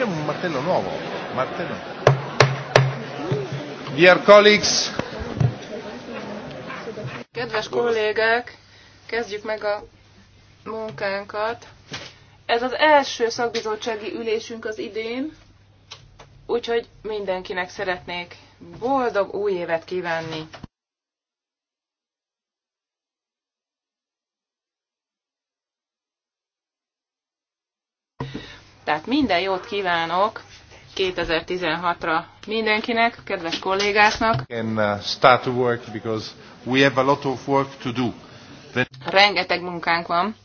abbiamo un martello nuovo. Martello. Dear colleagues. Kedves kollégák, kezdjük meg a munkánkat. Ez az első szakbizottsági ülésünk az idén, úgyhogy mindenkinek szeretnék boldog új évet kívánni. Tehát minden jót kívánok 2016-ra mindenkinek, kedves kollégáknak. And uh, start to work because we have a lot of work to do. Rengeteg munkánk van,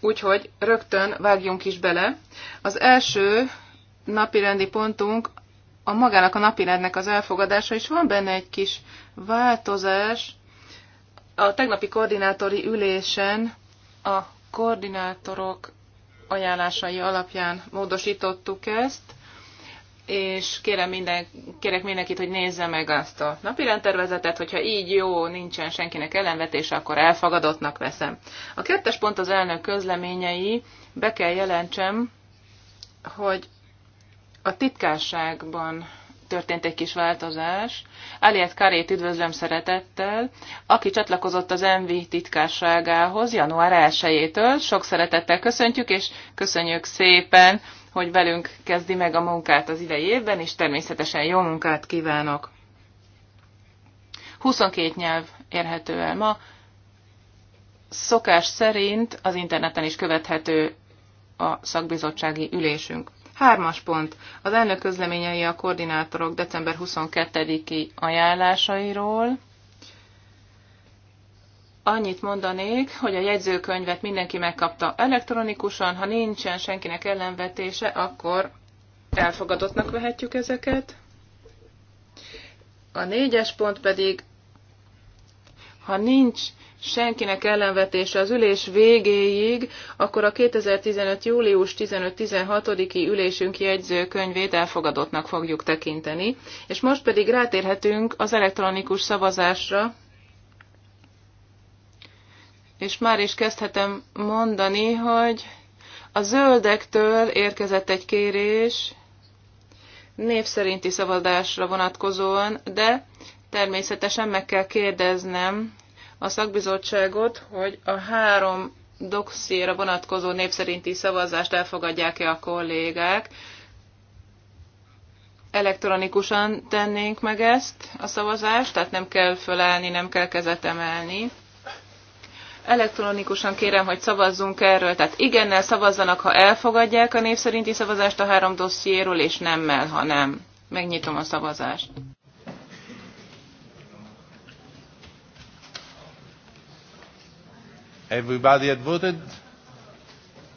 úgyhogy rögtön vágjunk is bele. Az első napirendi pontunk a magának a napirendnek az elfogadása, és van benne egy kis változás. A tegnapi koordinátori ülésen a koordinátorok ajánlásai alapján módosítottuk ezt, és kérem minden, kérek mindenkit, hogy nézze meg azt a napirendtervezetet, hogyha így jó, nincsen senkinek ellenvetése, akkor elfogadottnak veszem. A kettes pont az elnök közleményei, be kell jelentsem, hogy a titkárságban történt egy kis változás. Aliet Karét üdvözlöm szeretettel, aki csatlakozott az MV titkárságához január 1-től. Sok szeretettel köszöntjük, és köszönjük szépen, hogy velünk kezdi meg a munkát az idei évben, és természetesen jó munkát kívánok. 22 nyelv érhető el ma. Szokás szerint az interneten is követhető a szakbizottsági ülésünk. Hármas pont. Az elnök közleményei a koordinátorok december 22-i ajánlásairól. Annyit mondanék, hogy a jegyzőkönyvet mindenki megkapta elektronikusan, ha nincsen senkinek ellenvetése, akkor elfogadottnak vehetjük ezeket. A négyes pont pedig, ha nincs senkinek ellenvetése az ülés végéig, akkor a 2015. július 15-16-i ülésünk jegyzőkönyvét elfogadottnak fogjuk tekinteni. És most pedig rátérhetünk az elektronikus szavazásra, és már is kezdhetem mondani, hogy a zöldektől érkezett egy kérés név szerinti szavazásra vonatkozóan, de természetesen meg kell kérdeznem, a szakbizottságot, hogy a három dossziéra vonatkozó népszerinti szavazást elfogadják-e a kollégák. Elektronikusan tennénk meg ezt a szavazást, tehát nem kell fölállni, nem kell kezet emelni. Elektronikusan kérem, hogy szavazzunk erről, tehát igennel szavazzanak, ha elfogadják a népszerinti szavazást a három dossziéről, és nemmel, ha nem. Megnyitom a szavazást. Everybody had voted?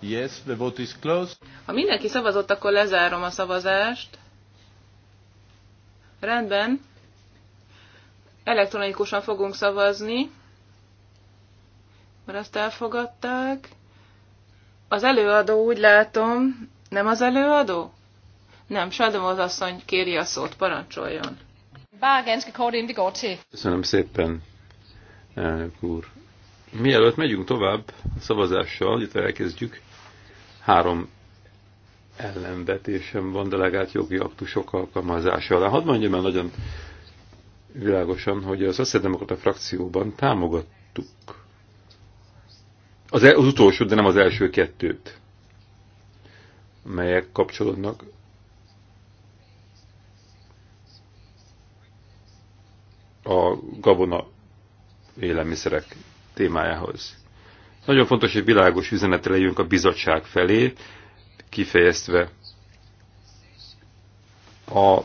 Yes, the vote is closed. Ha mindenki szavazott, akkor lezárom a szavazást. Rendben. Elektronikusan fogunk szavazni. Mert azt elfogadták. Az előadó úgy látom, nem az előadó? Nem, az asszony kéri a szót, parancsoljon. Köszönöm szépen, elnök úr. Mielőtt megyünk tovább a szavazással, itt elkezdjük, három ellenvetésem van delegált jogi aktusok alkalmazása alá. Hadd mondjam el nagyon világosan, hogy az Összedemokrata frakcióban támogattuk az, el, az utolsó, de nem az első kettőt, melyek kapcsolódnak a gabona élelmiszerek témájához. Nagyon fontos, hogy világos üzenetre legyünk a bizottság felé, kifejeztve a,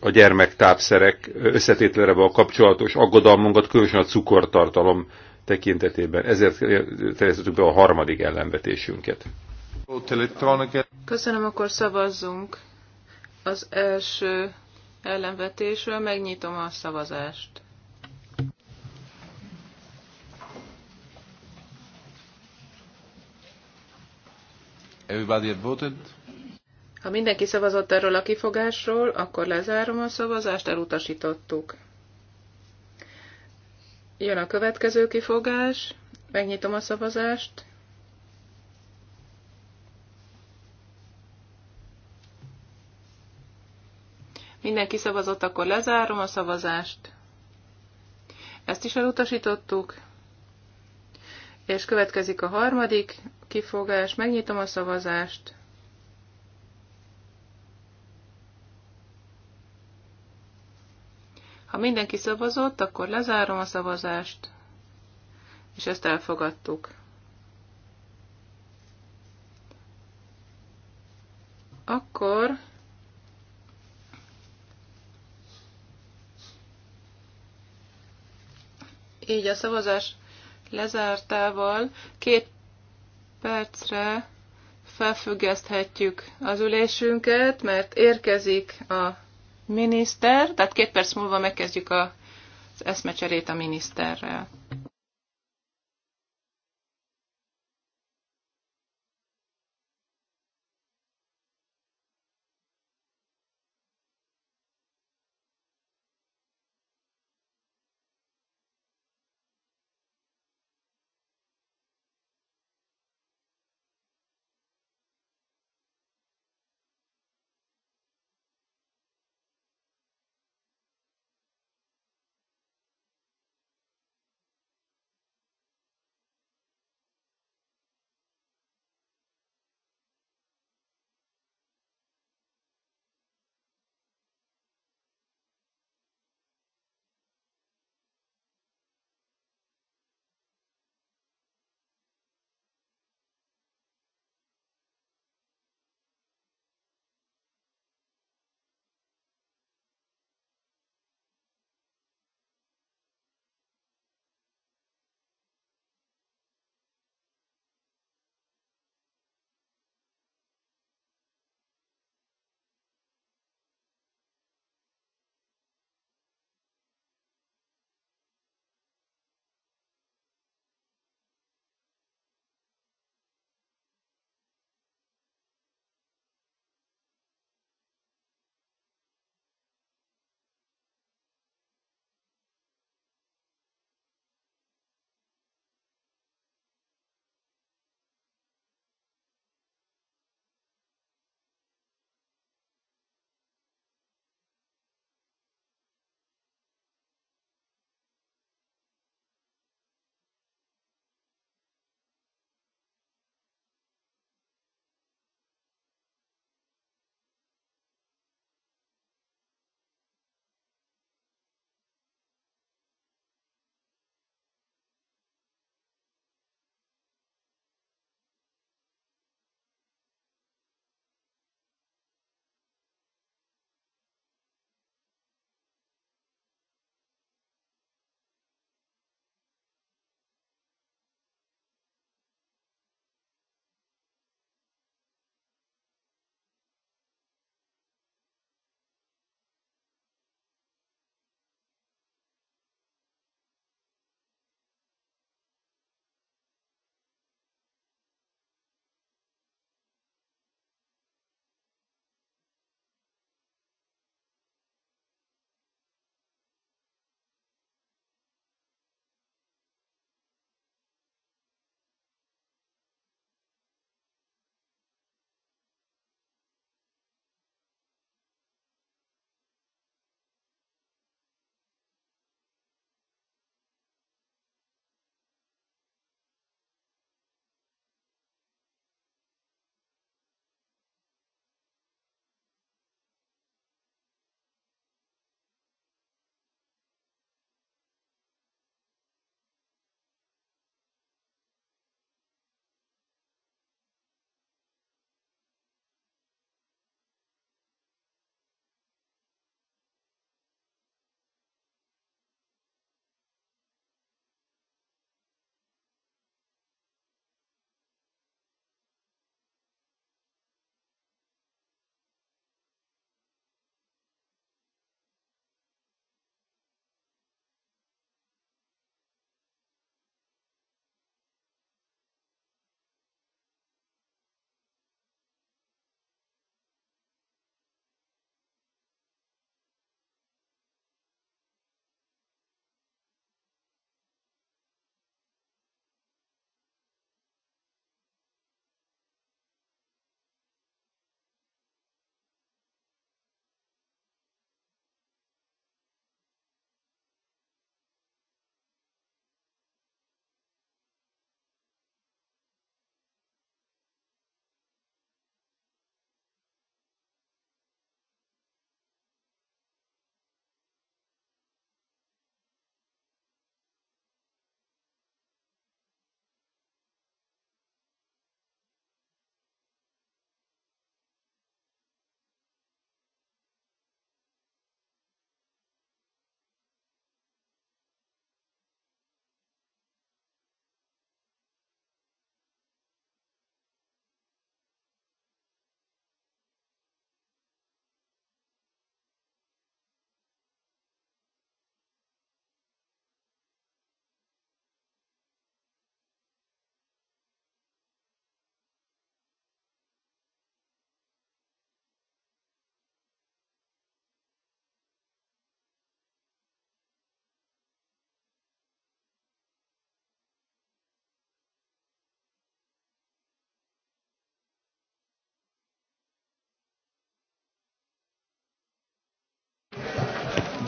a gyermektápszerek a kapcsolatos aggodalmunkat, különösen a cukortartalom tekintetében. Ezért terjesztettük be a harmadik ellenvetésünket. Köszönöm, akkor szavazzunk az első ellenvetésről. Megnyitom a szavazást. Everybody had voted? Ha mindenki szavazott erről a kifogásról, akkor lezárom a szavazást, elutasítottuk. Jön a következő kifogás, megnyitom a szavazást. Mindenki szavazott, akkor lezárom a szavazást. Ezt is elutasítottuk. És következik a harmadik, kifogás, megnyitom a szavazást. Ha mindenki szavazott, akkor lezárom a szavazást, és ezt elfogadtuk. Akkor így a szavazás lezártával két percre felfüggeszthetjük az ülésünket, mert érkezik a miniszter, tehát két perc múlva megkezdjük az eszmecserét a miniszterrel.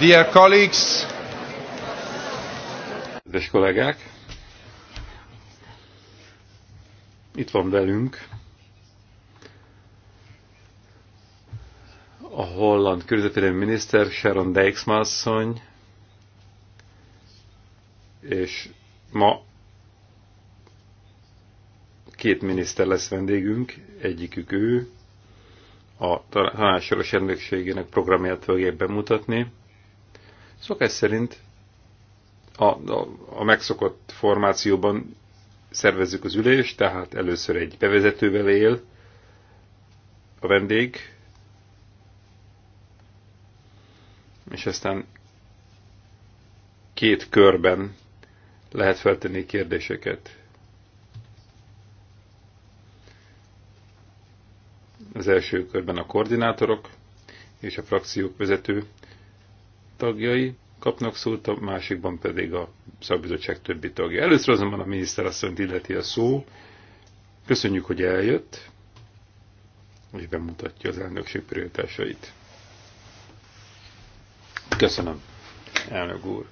Dear colleagues, kedves kollégák, itt van velünk a holland körzetérő miniszter Sharon Dijksmasszony, és ma két miniszter lesz vendégünk, egyikük ő, a tanácsoros elnökségének programját fogják bemutatni, Szokás szerint a, a, a megszokott formációban szervezzük az ülést, tehát először egy bevezetővel él a vendég, és aztán két körben lehet feltenni kérdéseket. Az első körben a koordinátorok és a frakciók vezető tagjai kapnak szót, a másikban pedig a szakbizottság többi tagja. Először azonban a miniszter miniszterasszonyt illeti a szó. Köszönjük, hogy eljött, és bemutatja az elnökség prioritásait. Köszönöm, elnök úr.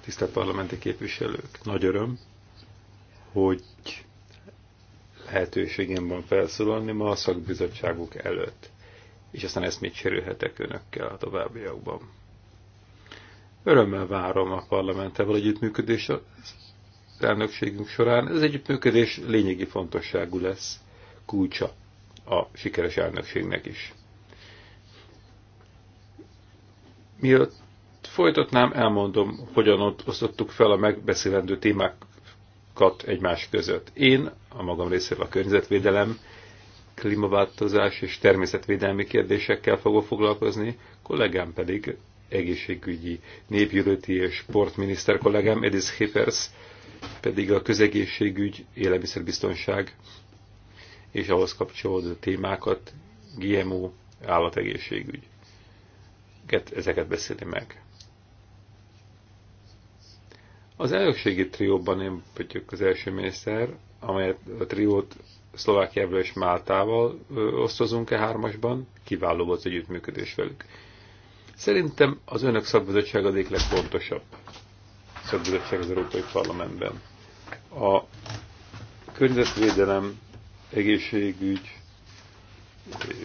Tisztelt parlamenti képviselők, nagy öröm, hogy lehetőségem van felszólalni ma a szakbizottságok előtt és aztán ezt még cserélhetek önökkel a továbbiakban. Örömmel várom a parlamentával együttműködés az elnökségünk során. Ez együttműködés lényegi fontosságú lesz, kulcsa a sikeres elnökségnek is. Mielőtt folytatnám, elmondom, hogyan ott osztottuk fel a megbeszélendő témákat egymás között. Én a magam részéről a környezetvédelem klímaváltozás és természetvédelmi kérdésekkel fogok foglalkozni, kollégám pedig egészségügyi, népjövőti és sportminiszter kollégám Edis Hippers, pedig a közegészségügy, élelmiszerbiztonság és ahhoz kapcsolódó témákat, GMO, állategészségügy. Ezeket beszélni meg. Az elnökségi trióban én vagyok az első miniszter, amelyet a triót Szlovákiával és Máltával osztozunk-e hármasban, kiváló volt az együttműködés velük. Szerintem az önök szakbizottság az egyik legfontosabb szakbizottság az Európai Parlamentben. A környezetvédelem, egészségügy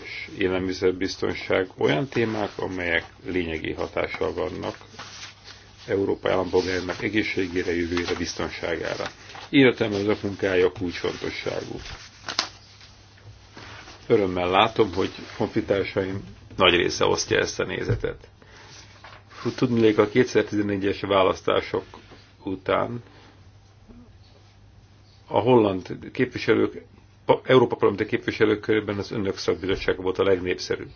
és élelmiszerbiztonság olyan témák, amelyek lényegi hatással vannak Európai állampolgárnak egészségére, jövőjére, biztonságára. Életem az a munkája kulcsfontosságú. Örömmel látom, hogy konfitársaim nagy része osztja ezt a nézetet. Tudni a 2014-es választások után a holland képviselők, Európa Parlamenti képviselők körében az önök szakbizottság volt a legnépszerűbb.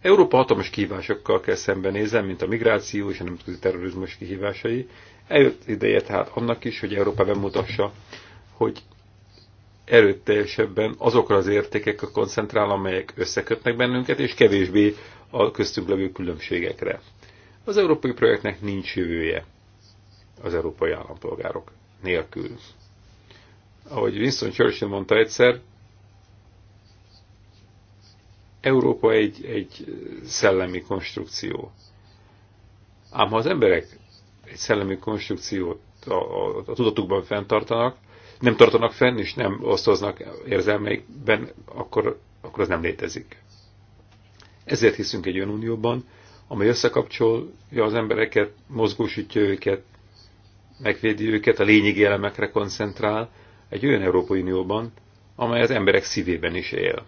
Európa hatalmas kihívásokkal kell szembenézni, mint a migráció és a nemzetközi terrorizmus kihívásai. Eljött ideje tehát annak is, hogy Európa bemutassa, hogy erőteljesebben azokra az értékekre koncentrál, amelyek összekötnek bennünket, és kevésbé a köztünk levő különbségekre. Az európai projektnek nincs jövője az európai állampolgárok nélkül. Ahogy Winston Churchill mondta egyszer, Európa egy, egy szellemi konstrukció. Ám ha az emberek egy szellemi konstrukciót a, a, a tudatukban fenntartanak, nem tartanak fenn, és nem osztoznak érzelmeikben, akkor, akkor az nem létezik. Ezért hiszünk egy olyan unióban, amely összekapcsolja az embereket, mozgósítja őket, megvédi őket, a lényegi elemekre koncentrál, egy olyan Európai Unióban, amely az emberek szívében is él.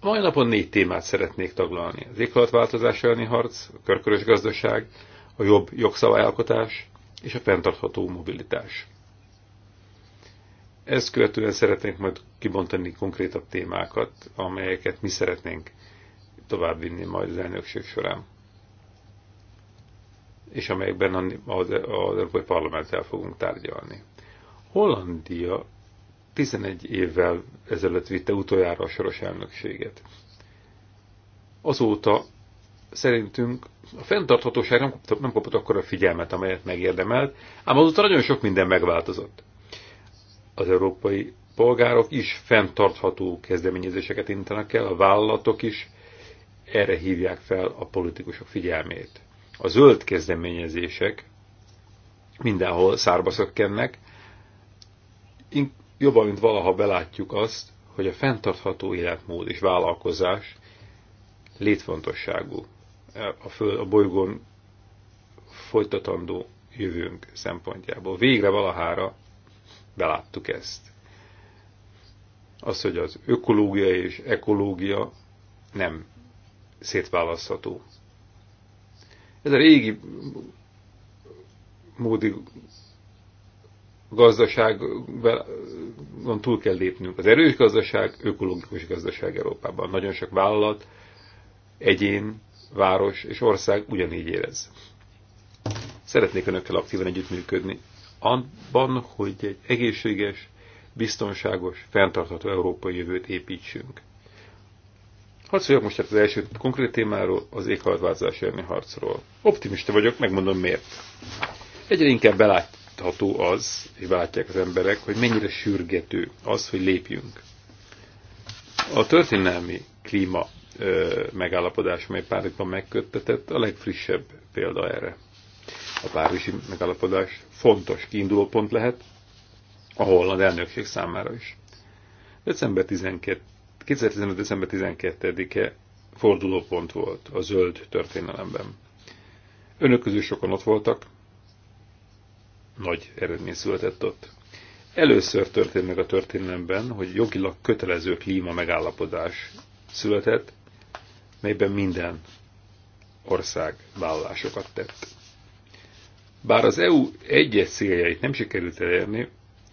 Mai napon négy témát szeretnék taglalni. Az éghajlatváltozás elleni harc, a körkörös gazdaság, a jobb jogszabályalkotás és a fenntartható mobilitás. Ezt követően szeretnénk majd kibontani konkrétabb témákat, amelyeket mi szeretnénk továbbvinni majd az elnökség során, és amelyekben az, az Európai Parlamenttel fogunk tárgyalni. Hollandia 11 évvel ezelőtt vitte utoljára a soros elnökséget. Azóta szerintünk a fenntarthatóság nem kapott, nem kapott akkora figyelmet, amelyet megérdemelt, ám azóta nagyon sok minden megváltozott az európai polgárok is fenntartható kezdeményezéseket intenek el, a vállalatok is erre hívják fel a politikusok figyelmét. A zöld kezdeményezések mindenhol szárba szökkennek, jobban, mint valaha belátjuk azt, hogy a fenntartható életmód és vállalkozás létfontosságú a, föl, a bolygón folytatandó jövőnk szempontjából. Végre valahára beláttuk ezt. Az, hogy az ökológia és ekológia nem szétválasztható. Ez a régi módi gazdaságban túl kell lépnünk. Az erős gazdaság, ökológikus gazdaság Európában. Nagyon sok vállalat, egyén, város és ország ugyanígy érez. Szeretnék önökkel aktívan együttműködni abban, hogy egy egészséges, biztonságos, fenntartható európai jövőt építsünk. Hadd szóljak most az első konkrét témáról, az éghajlatváltozás elleni harcról. Optimista vagyok, megmondom miért. Egyre inkább belátható az, és belátják az emberek, hogy mennyire sürgető az, hogy lépjünk. A történelmi klíma ö, megállapodás, amely Párizsban megköttetett, a legfrissebb példa erre a párizsi megállapodás fontos kiinduló pont lehet a holland elnökség számára is. December 12, 2015. december 12-e fordulópont volt a zöld történelemben. Önök közül sokan ott voltak, nagy eredmény született ott. Először történt meg a történelemben, hogy jogilag kötelező klíma megállapodás született, melyben minden ország vállalásokat tett. Bár az EU egyes céljait nem sikerült elérni,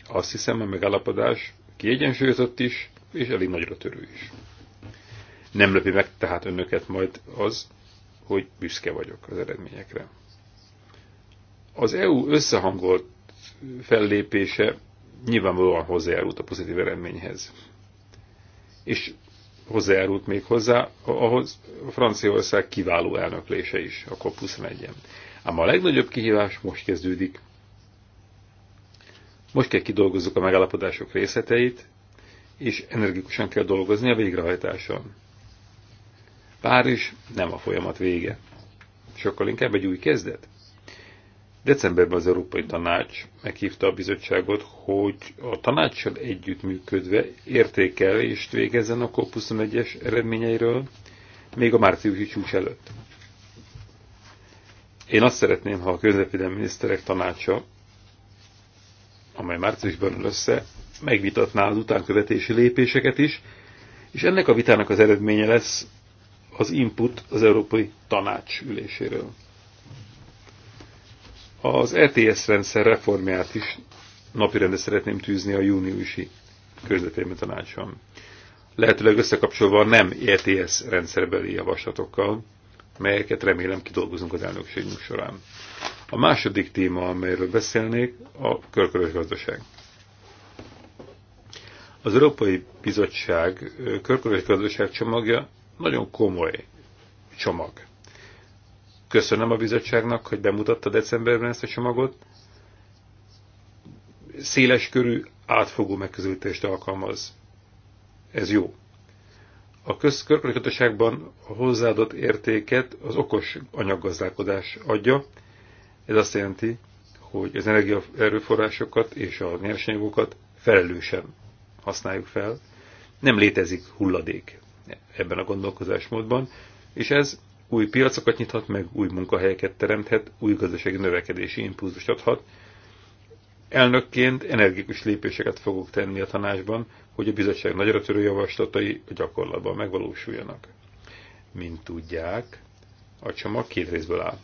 azt hiszem a megállapodás kiegyensúlyozott is, és elég nagyra törő is. Nem löpi meg tehát önöket majd az, hogy büszke vagyok az eredményekre. Az EU összehangolt fellépése nyilvánvalóan hozzájárult a pozitív eredményhez. És hozzájárult még hozzá ahhoz Franciaország kiváló elnöklése is a COP21-en. Ám a legnagyobb kihívás most kezdődik. Most kell kidolgozzuk a megállapodások részleteit, és energikusan kell dolgozni a végrehajtáson. Párizs nem a folyamat vége. Sokkal inkább egy új kezdet. Decemberben az Európai Tanács meghívta a bizottságot, hogy a tanácssal együttműködve értékelést végezzen a COP21-es eredményeiről, még a márciusi csúcs előtt. Én azt szeretném, ha a környezetvédelmi miniszterek tanácsa, amely márciusban ül össze, megvitatná az utánkövetési lépéseket is, és ennek a vitának az eredménye lesz az input az Európai Tanács üléséről. Az ETS rendszer reformját is napirendre szeretném tűzni a júniusi közvetélmi tanácson. Lehetőleg összekapcsolva a nem ETS rendszerbeli javaslatokkal, melyeket remélem kidolgozunk az elnökségünk során. A második téma, amelyről beszélnék, a körkörös gazdaság. Az Európai Bizottság körkörös gazdaság csomagja nagyon komoly csomag. Köszönöm a bizottságnak, hogy bemutatta decemberben ezt a csomagot. Széles körű, átfogó megközelítést alkalmaz. Ez jó. A közkörkötőságban a hozzáadott értéket az okos anyaggazdálkodás adja. Ez azt jelenti, hogy az energiaerőforrásokat és a nyersanyagokat felelősen használjuk fel. Nem létezik hulladék ebben a gondolkozásmódban, és ez új piacokat nyithat meg, új munkahelyeket teremthet, új gazdasági növekedési impulzust adhat, Elnökként energikus lépéseket fogok tenni a tanácsban, hogy a bizottság nagyra törő javaslatai a gyakorlatban megvalósuljanak. Mint tudják, a csomag két részből áll.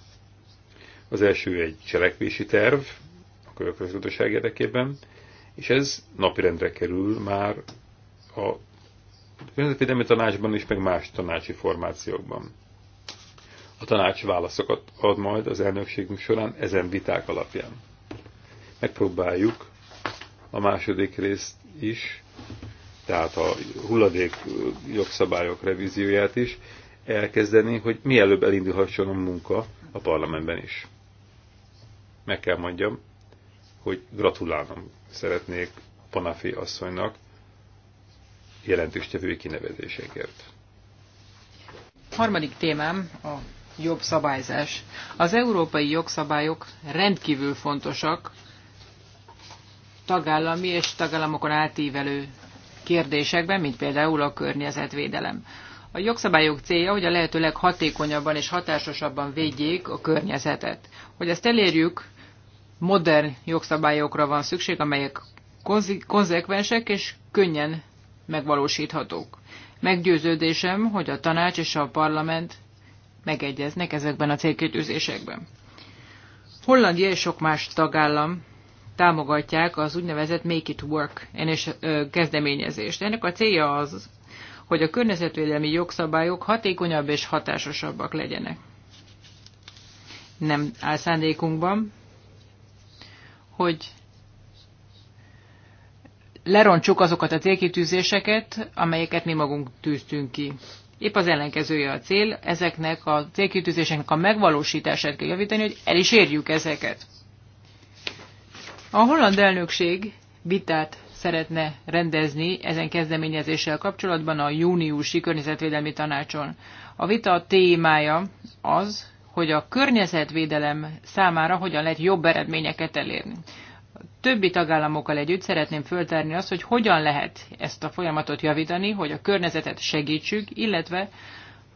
Az első egy cselekvési terv a körközgazdaság érdekében, és ez napirendre kerül már a Környezetvédelmi Tanácsban és meg más tanácsi formációkban. A tanács válaszokat ad majd az elnökségünk során ezen viták alapján. Megpróbáljuk a második részt is, tehát a hulladék jogszabályok revízióját is elkezdeni, hogy mielőbb elindulhasson a munka a parlamentben is. Meg kell mondjam, hogy gratulálnom szeretnék Panafi asszonynak jelentős tevői kinevezésekért. Harmadik témám a jobb szabályzás. Az európai jogszabályok rendkívül fontosak tagállami és tagállamokon átívelő kérdésekben, mint például a környezetvédelem. A jogszabályok célja, hogy a lehető leghatékonyabban és hatásosabban védjék a környezetet. Hogy ezt elérjük, modern jogszabályokra van szükség, amelyek konzekvensek és könnyen megvalósíthatók. Meggyőződésem, hogy a tanács és a parlament megegyeznek ezekben a célkitűzésekben. Hollandia és sok más tagállam támogatják az úgynevezett Make It Work kezdeményezést. Ennek a célja az, hogy a környezetvédelmi jogszabályok hatékonyabb és hatásosabbak legyenek. Nem áll szándékunkban, hogy lerontsuk azokat a célkitűzéseket, amelyeket mi magunk tűztünk ki. Épp az ellenkezője a cél, ezeknek a célkitűzéseknek a megvalósítását kell javítani, hogy el is érjük ezeket. A holland elnökség vitát szeretne rendezni ezen kezdeményezéssel kapcsolatban a júniusi környezetvédelmi tanácson. A vita témája az, hogy a környezetvédelem számára hogyan lehet jobb eredményeket elérni. A többi tagállamokkal együtt szeretném föltárni azt, hogy hogyan lehet ezt a folyamatot javítani, hogy a környezetet segítsük, illetve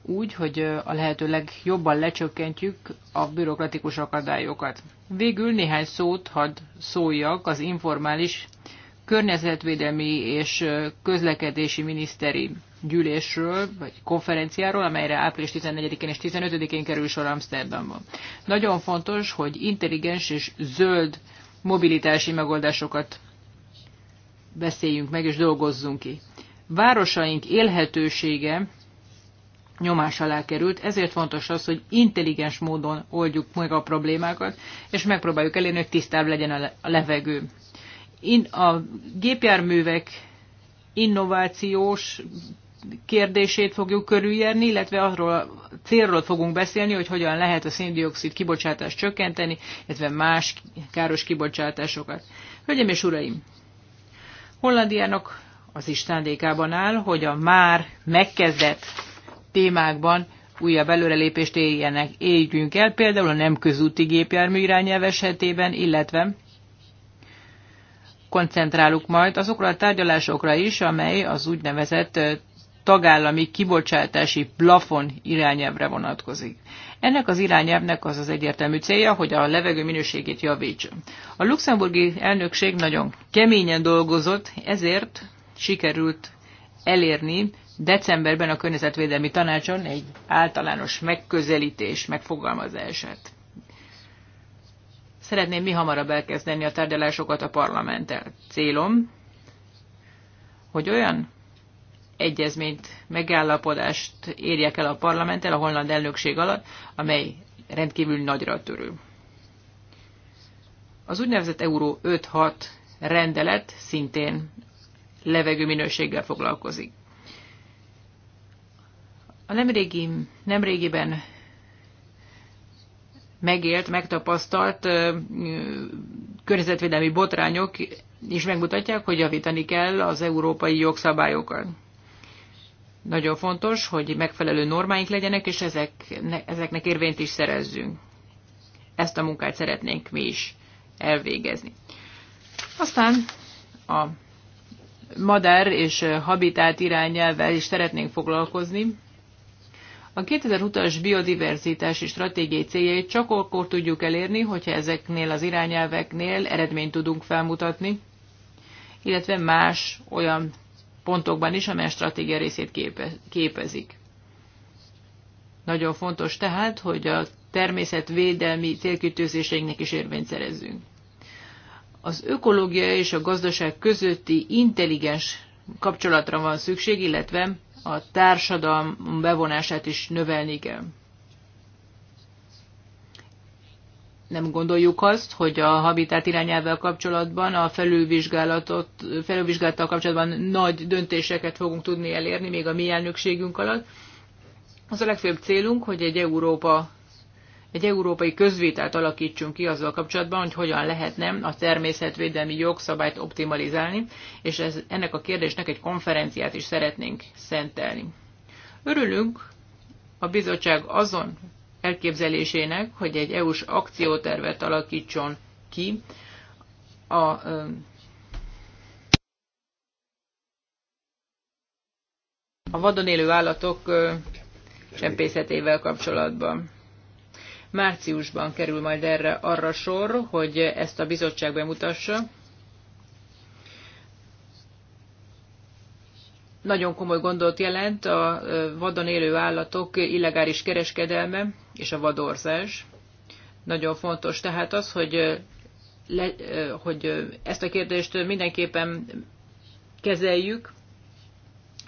úgy, hogy a lehető legjobban lecsökkentjük a bürokratikus akadályokat. Végül néhány szót hadd szóljak az informális környezetvédelmi és közlekedési miniszteri gyűlésről, vagy konferenciáról, amelyre április 14-én és 15-én kerül sor Amsterdamban. Nagyon fontos, hogy intelligens és zöld mobilitási megoldásokat beszéljünk meg és dolgozzunk ki. Városaink élhetősége nyomás alá került, ezért fontos az, hogy intelligens módon oldjuk meg a problémákat, és megpróbáljuk elérni, hogy tisztább legyen a levegő. a gépjárművek innovációs kérdését fogjuk körüljárni, illetve arról a célról fogunk beszélni, hogy hogyan lehet a széndiokszid kibocsátást csökkenteni, illetve más káros kibocsátásokat. Hölgyeim és uraim! Hollandiának az is szándékában áll, hogy a már megkezdett témákban újabb előrelépést érjenek, Éljünk el, például a nem közúti gépjármű irányelv esetében, illetve koncentrálunk majd azokra a tárgyalásokra is, amely az úgynevezett tagállami kibocsátási plafon irányelvre vonatkozik. Ennek az irányelvnek az az egyértelmű célja, hogy a levegő minőségét javítsa. A luxemburgi elnökség nagyon keményen dolgozott, ezért sikerült elérni decemberben a Környezetvédelmi Tanácson egy általános megközelítés megfogalmazását. Szeretném mi hamarabb elkezdeni a tárgyalásokat a parlamenttel. Célom, hogy olyan egyezményt, megállapodást érjek el a parlamenttel a holland elnökség alatt, amely rendkívül nagyra törő. Az úgynevezett Euró 5-6 rendelet szintén levegőminőséggel foglalkozik. A nemrégi, nemrégiben megélt, megtapasztalt környezetvédelmi botrányok is megmutatják, hogy javítani kell az európai jogszabályokat. Nagyon fontos, hogy megfelelő normáink legyenek, és ezek, ezeknek érvényt is szerezzünk. Ezt a munkát szeretnénk mi is elvégezni. Aztán a madár és habitát irányelvvel is szeretnénk foglalkozni. A 2020-as biodiverzitási stratégiai céljait csak akkor tudjuk elérni, hogyha ezeknél az irányelveknél eredményt tudunk felmutatni, illetve más olyan pontokban is, amely a stratégia részét képezik. Nagyon fontos tehát, hogy a természetvédelmi célkütőzéseinknek is érvényt szerezzünk. Az ökológia és a gazdaság közötti intelligens kapcsolatra van szükség, illetve a társadalom bevonását is növelni kell. Nem gondoljuk azt, hogy a habitát irányával kapcsolatban, a felülvizsgálatot, felülvizsgálattal kapcsolatban nagy döntéseket fogunk tudni elérni, még a mi elnökségünk alatt. Az a legfőbb célunk, hogy egy Európa egy európai közvételt alakítsunk ki azzal kapcsolatban, hogy hogyan lehetne a természetvédelmi jogszabályt optimalizálni, és ez, ennek a kérdésnek egy konferenciát is szeretnénk szentelni. Örülünk a bizottság azon elképzelésének, hogy egy EU-s akciótervet alakítson ki a a vadon élő állatok csempészetével kapcsolatban. Márciusban kerül majd erre arra sor, hogy ezt a bizottság bemutassa. Nagyon komoly gondot jelent a vadon élő állatok illegális kereskedelme és a vadorzás. Nagyon fontos tehát az, hogy, le, hogy ezt a kérdést mindenképpen kezeljük,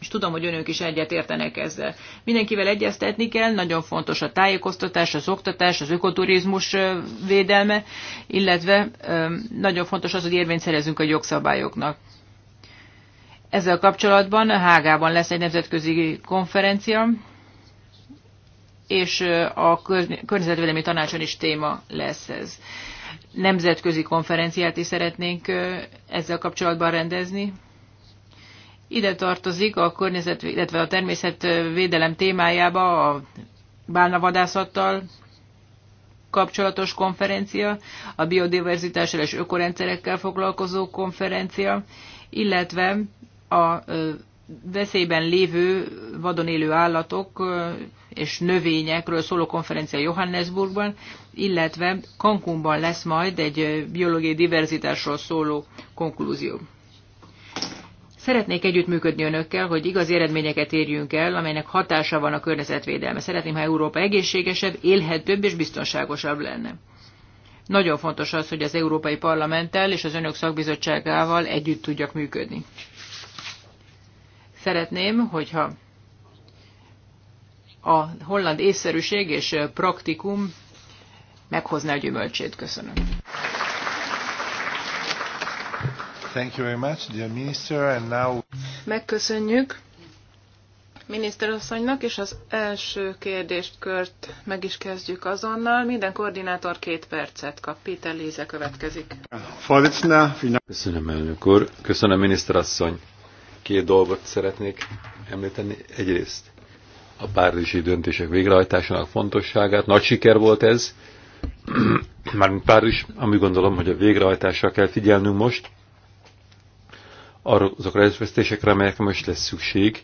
és tudom, hogy önök is egyet értenek ezzel. Mindenkivel egyeztetni kell, nagyon fontos a tájékoztatás, az oktatás, az ökoturizmus védelme, illetve nagyon fontos az, hogy érvényt szerezünk a jogszabályoknak. Ezzel kapcsolatban Hágában lesz egy nemzetközi konferencia, és a környezetvédelmi tanácson is téma lesz ez. Nemzetközi konferenciát is szeretnénk ezzel kapcsolatban rendezni. Ide tartozik a környezet, illetve a természetvédelem témájába a bálnavadászattal kapcsolatos konferencia, a biodiverzitással és ökorendszerekkel foglalkozó konferencia, illetve a veszélyben lévő vadon élő állatok és növényekről szóló konferencia Johannesburgban, illetve Cancúnban lesz majd egy biológiai diverzitásról szóló konklúzió. Szeretnék együttműködni önökkel, hogy igaz eredményeket érjünk el, amelynek hatása van a környezetvédelme. Szeretném, ha Európa egészségesebb, élhetőbb és biztonságosabb lenne. Nagyon fontos az, hogy az Európai Parlamenttel és az önök szakbizottságával együtt tudjak működni. Szeretném, hogyha a holland észszerűség és praktikum meghozná a gyümölcsét. Köszönöm. Thank you very much, dear minister, and now... Megköszönjük miniszterasszonynak, és az első kérdést kört meg is kezdjük azonnal. Minden koordinátor két percet kap. Péter Líze következik. Köszönöm, elnök úr. Köszönöm, miniszterasszony. Két dolgot szeretnék említeni. Egyrészt a párizsi döntések végrehajtásának fontosságát. Nagy siker volt ez. Mármint Párizs, ami gondolom, hogy a végrehajtásra kell figyelnünk most azokra az erőfeszítésekre, amelyekre most lesz szükség,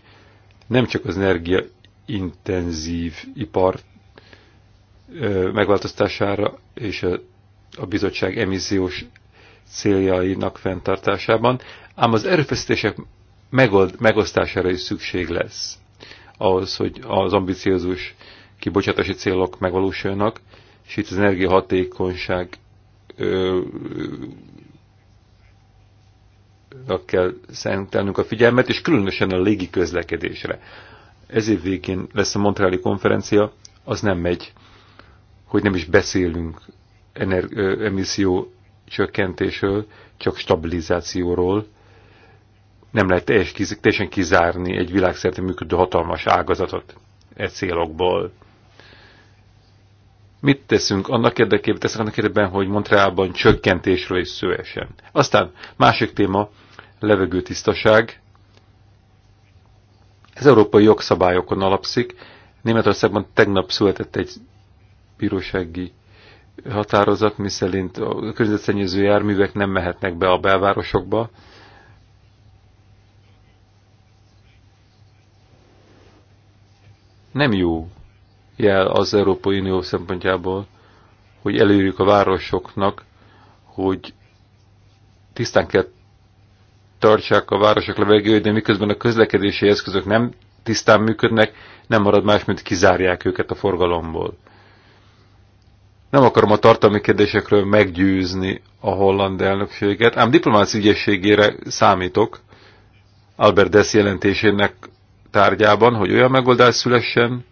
nem csak az energiaintenzív ipar megváltoztására és a bizottság emissziós céljainak fenntartásában, ám az erőfeszítések megold, megosztására is szükség lesz ahhoz, hogy az ambiciózus kibocsátási célok megvalósuljanak, és itt az energiahatékonyság kell szentelnünk a figyelmet, és különösen a légi közlekedésre. Ez év végén lesz a Montreali konferencia, az nem megy, hogy nem is beszélünk emisszió csökkentésről, csak stabilizációról. Nem lehet teljesen kizárni egy világszerte működő hatalmas ágazatot e célokból mit teszünk annak érdekében, teszek annak érdekében, hogy Montrealban csökkentésről is szó Aztán másik téma, levegőtisztaság. Ez európai jogszabályokon alapszik. Németországban tegnap született egy bírósági határozat, miszerint a környezetszennyező járművek nem mehetnek be a belvárosokba. Nem jó jel az Európai Unió szempontjából, hogy előírjuk a városoknak, hogy tisztán kell tartsák a városok levegőjét, de miközben a közlekedési eszközök nem tisztán működnek, nem marad más, mint kizárják őket a forgalomból. Nem akarom a tartalmi kérdésekről meggyőzni a holland elnökséget, ám diplomáci ügyességére számítok Albert Dess jelentésének tárgyában, hogy olyan megoldás szülessen,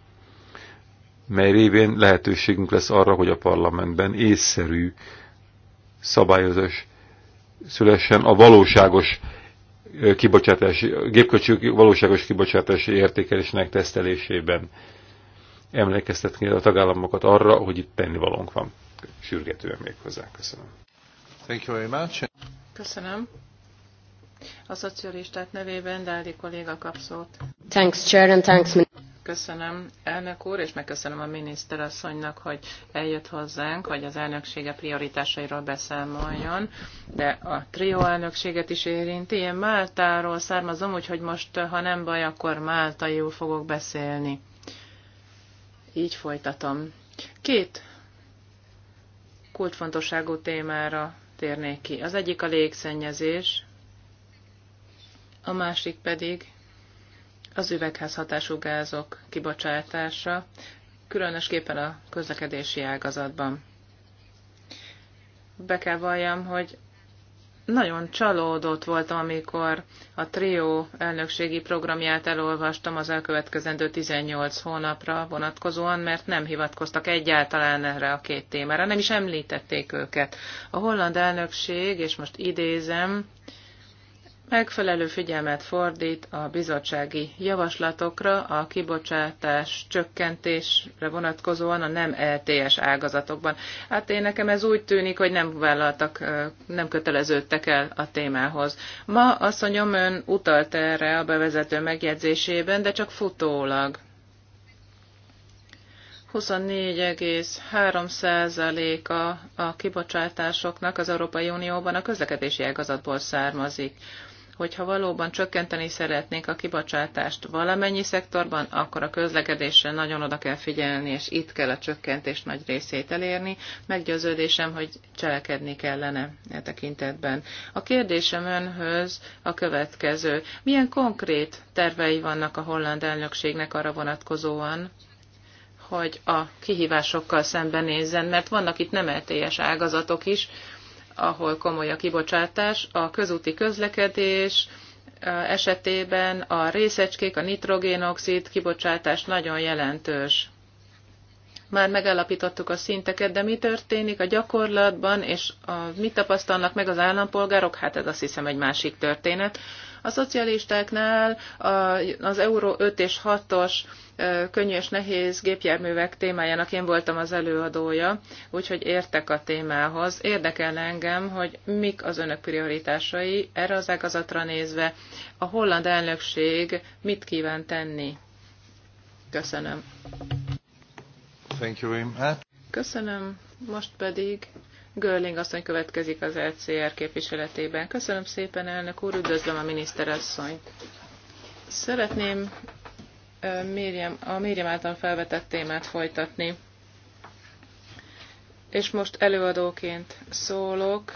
mely révén lehetőségünk lesz arra, hogy a parlamentben észszerű, szabályozás szülessen a valóságos kibocsátási, gépkocsi valóságos kibocsátási értékelésnek tesztelésében. Emlékeztetni a tagállamokat arra, hogy itt tennivalónk van. Sürgetően még hozzá. Köszönöm. Thank you very much. Köszönöm. A szocialisták nevében Dáli kolléga kap szót. Thanks, Chair, and thanks, Köszönöm, elnök úr, és megköszönöm a miniszterasszonynak, hogy eljött hozzánk, hogy az elnöksége prioritásairól beszámoljon, de a trió elnökséget is érinti. Én Máltáról származom, úgyhogy most, ha nem baj, akkor máltaiul fogok beszélni. Így folytatom. Két kultfontosságú témára térnék ki. Az egyik a légszennyezés, a másik pedig az üvegházhatású gázok kibocsátása, különösképpen a közlekedési ágazatban. Be kell valljam, hogy nagyon csalódott voltam, amikor a trió elnökségi programját elolvastam az elkövetkezendő 18 hónapra vonatkozóan, mert nem hivatkoztak egyáltalán erre a két témára, nem is említették őket. A holland elnökség, és most idézem, megfelelő figyelmet fordít a bizottsági javaslatokra a kibocsátás csökkentésre vonatkozóan a nem LTS ágazatokban. Hát én nekem ez úgy tűnik, hogy nem vállaltak, nem köteleződtek el a témához. Ma asszonyom ön utalt erre a bevezető megjegyzésében, de csak futólag. 24,3%-a a kibocsátásoknak az Európai Unióban a közlekedési ágazatból származik hogyha valóban csökkenteni szeretnénk a kibocsátást valamennyi szektorban, akkor a közlekedésre nagyon oda kell figyelni, és itt kell a csökkentés nagy részét elérni. Meggyőződésem, hogy cselekedni kellene e tekintetben. A kérdésem önhöz a következő. Milyen konkrét tervei vannak a holland elnökségnek arra vonatkozóan, hogy a kihívásokkal szembenézzen, mert vannak itt nem ágazatok is, ahol komoly a kibocsátás, a közúti közlekedés esetében a részecskék, a nitrogénoxid kibocsátás nagyon jelentős. Már megállapítottuk a szinteket, de mi történik a gyakorlatban, és a, mit tapasztalnak meg az állampolgárok? Hát ez azt hiszem egy másik történet. A szocialistáknál az Euró 5 és 6-os könnyű és nehéz gépjárművek témájának én voltam az előadója, úgyhogy értek a témához. Érdekelne engem, hogy mik az önök prioritásai erre az ágazatra nézve, a holland elnökség mit kíván tenni. Köszönöm. Thank you Köszönöm. Most pedig Görling asszony következik az LCR e képviseletében. Köszönöm szépen, elnök úr, üdvözlöm a miniszterasszonyt. Szeretném Mérjem, a Mériam által felvetett témát folytatni. És most előadóként szólok.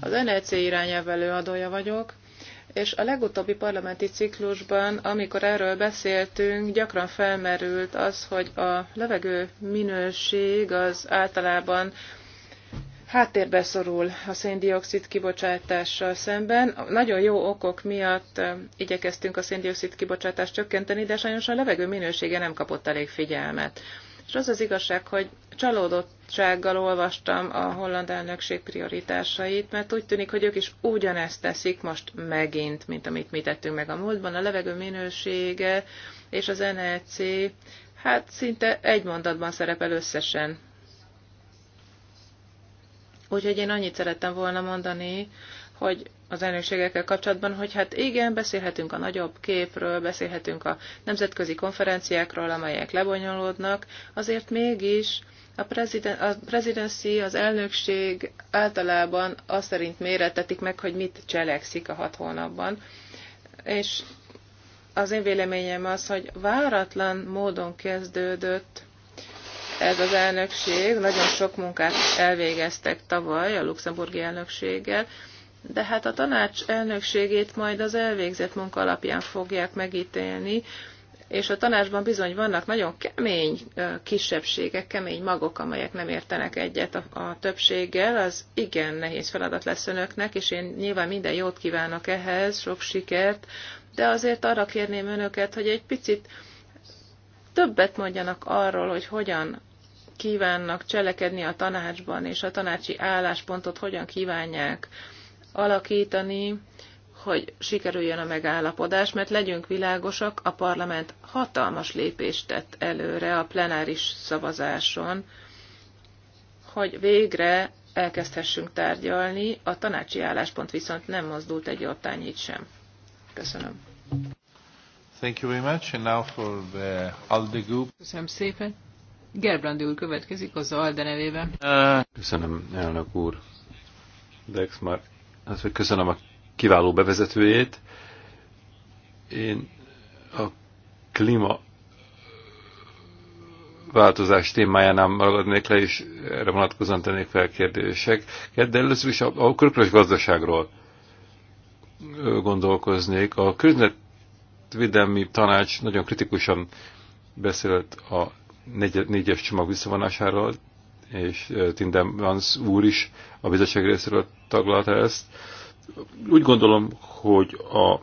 Az NEC irányelv előadója vagyok, és a legutóbbi parlamenti ciklusban, amikor erről beszéltünk, gyakran felmerült az, hogy a levegő minőség az általában háttérbe szorul a széndiokszid kibocsátással szemben. Nagyon jó okok miatt igyekeztünk a széndiokszid kibocsátást csökkenteni, de sajnos a levegő minősége nem kapott elég figyelmet. És az az igazság, hogy csalódottsággal olvastam a holland elnökség prioritásait, mert úgy tűnik, hogy ők is ugyanezt teszik most megint, mint amit mi tettünk meg a múltban. A levegő minősége és az NEC hát szinte egy mondatban szerepel összesen Úgyhogy én annyit szerettem volna mondani, hogy az elnökségekkel kapcsolatban, hogy hát igen, beszélhetünk a nagyobb képről, beszélhetünk a nemzetközi konferenciákról, amelyek lebonyolódnak, azért mégis a, preziden, a prezidenci, az elnökség általában azt szerint méretetik meg, hogy mit cselekszik a hat hónapban. És az én véleményem az, hogy váratlan módon kezdődött ez az elnökség. Nagyon sok munkát elvégeztek tavaly a luxemburgi elnökséggel, de hát a tanács elnökségét majd az elvégzett munka alapján fogják megítélni, és a tanácsban bizony vannak nagyon kemény kisebbségek, kemény magok, amelyek nem értenek egyet a, a többséggel, az igen nehéz feladat lesz önöknek, és én nyilván minden jót kívánok ehhez, sok sikert, de azért arra kérném önöket, hogy egy picit többet mondjanak arról, hogy hogyan kívánnak cselekedni a tanácsban, és a tanácsi álláspontot hogyan kívánják alakítani, hogy sikerüljön a megállapodás, mert legyünk világosak, a parlament hatalmas lépést tett előre a plenáris szavazáson, hogy végre elkezdhessünk tárgyalni, a tanácsi álláspont viszont nem mozdult egy ottányit sem. Köszönöm. Thank you very much. And now for the ALDE group. Köszönöm szépen. Gerbrandi úr következik az Alde nevében. Köszönöm, elnök úr. Dex már, az, hát, hogy köszönöm a kiváló bevezetőjét. Én a klíma változás témájánál maradnék le, és erre vonatkozóan tennék fel kérdések. de először is a, a körkörös gazdaságról gondolkoznék. A környezetvédelmi tanács nagyon kritikusan beszélt a négy, négyes csomag visszavonásáról, és Tindemans úr is a bizottság részéről taglalta ezt. Úgy gondolom, hogy a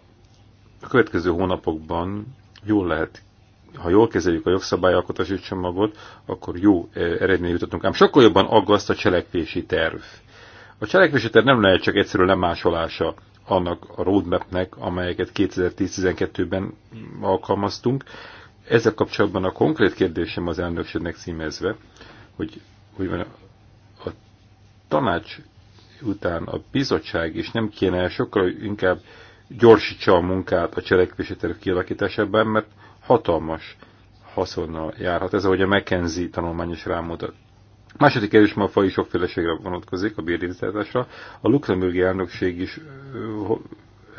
következő hónapokban jól lehet, ha jól kezeljük a jogszabályalkotási csomagot, akkor jó eredmény jutottunk. Ám sokkal jobban aggaszt a cselekvési terv. A cselekvési terv nem lehet csak egyszerű lemásolása annak a roadmapnek, amelyeket 2010-12-ben alkalmaztunk, ezzel kapcsolatban a konkrét kérdésem az elnökségnek címezve, hogy, hogy van a tanács után a bizottság is nem kéne sokkal inkább gyorsítsa a munkát a cselekvési terv kialakításában, mert hatalmas haszonnal járhat. Ez, ahogy a McKenzie tanulmány is rámutat. Második kérdés ma a fai sokféleségre vonatkozik, a bérintázásra. A luxemburgi elnökség is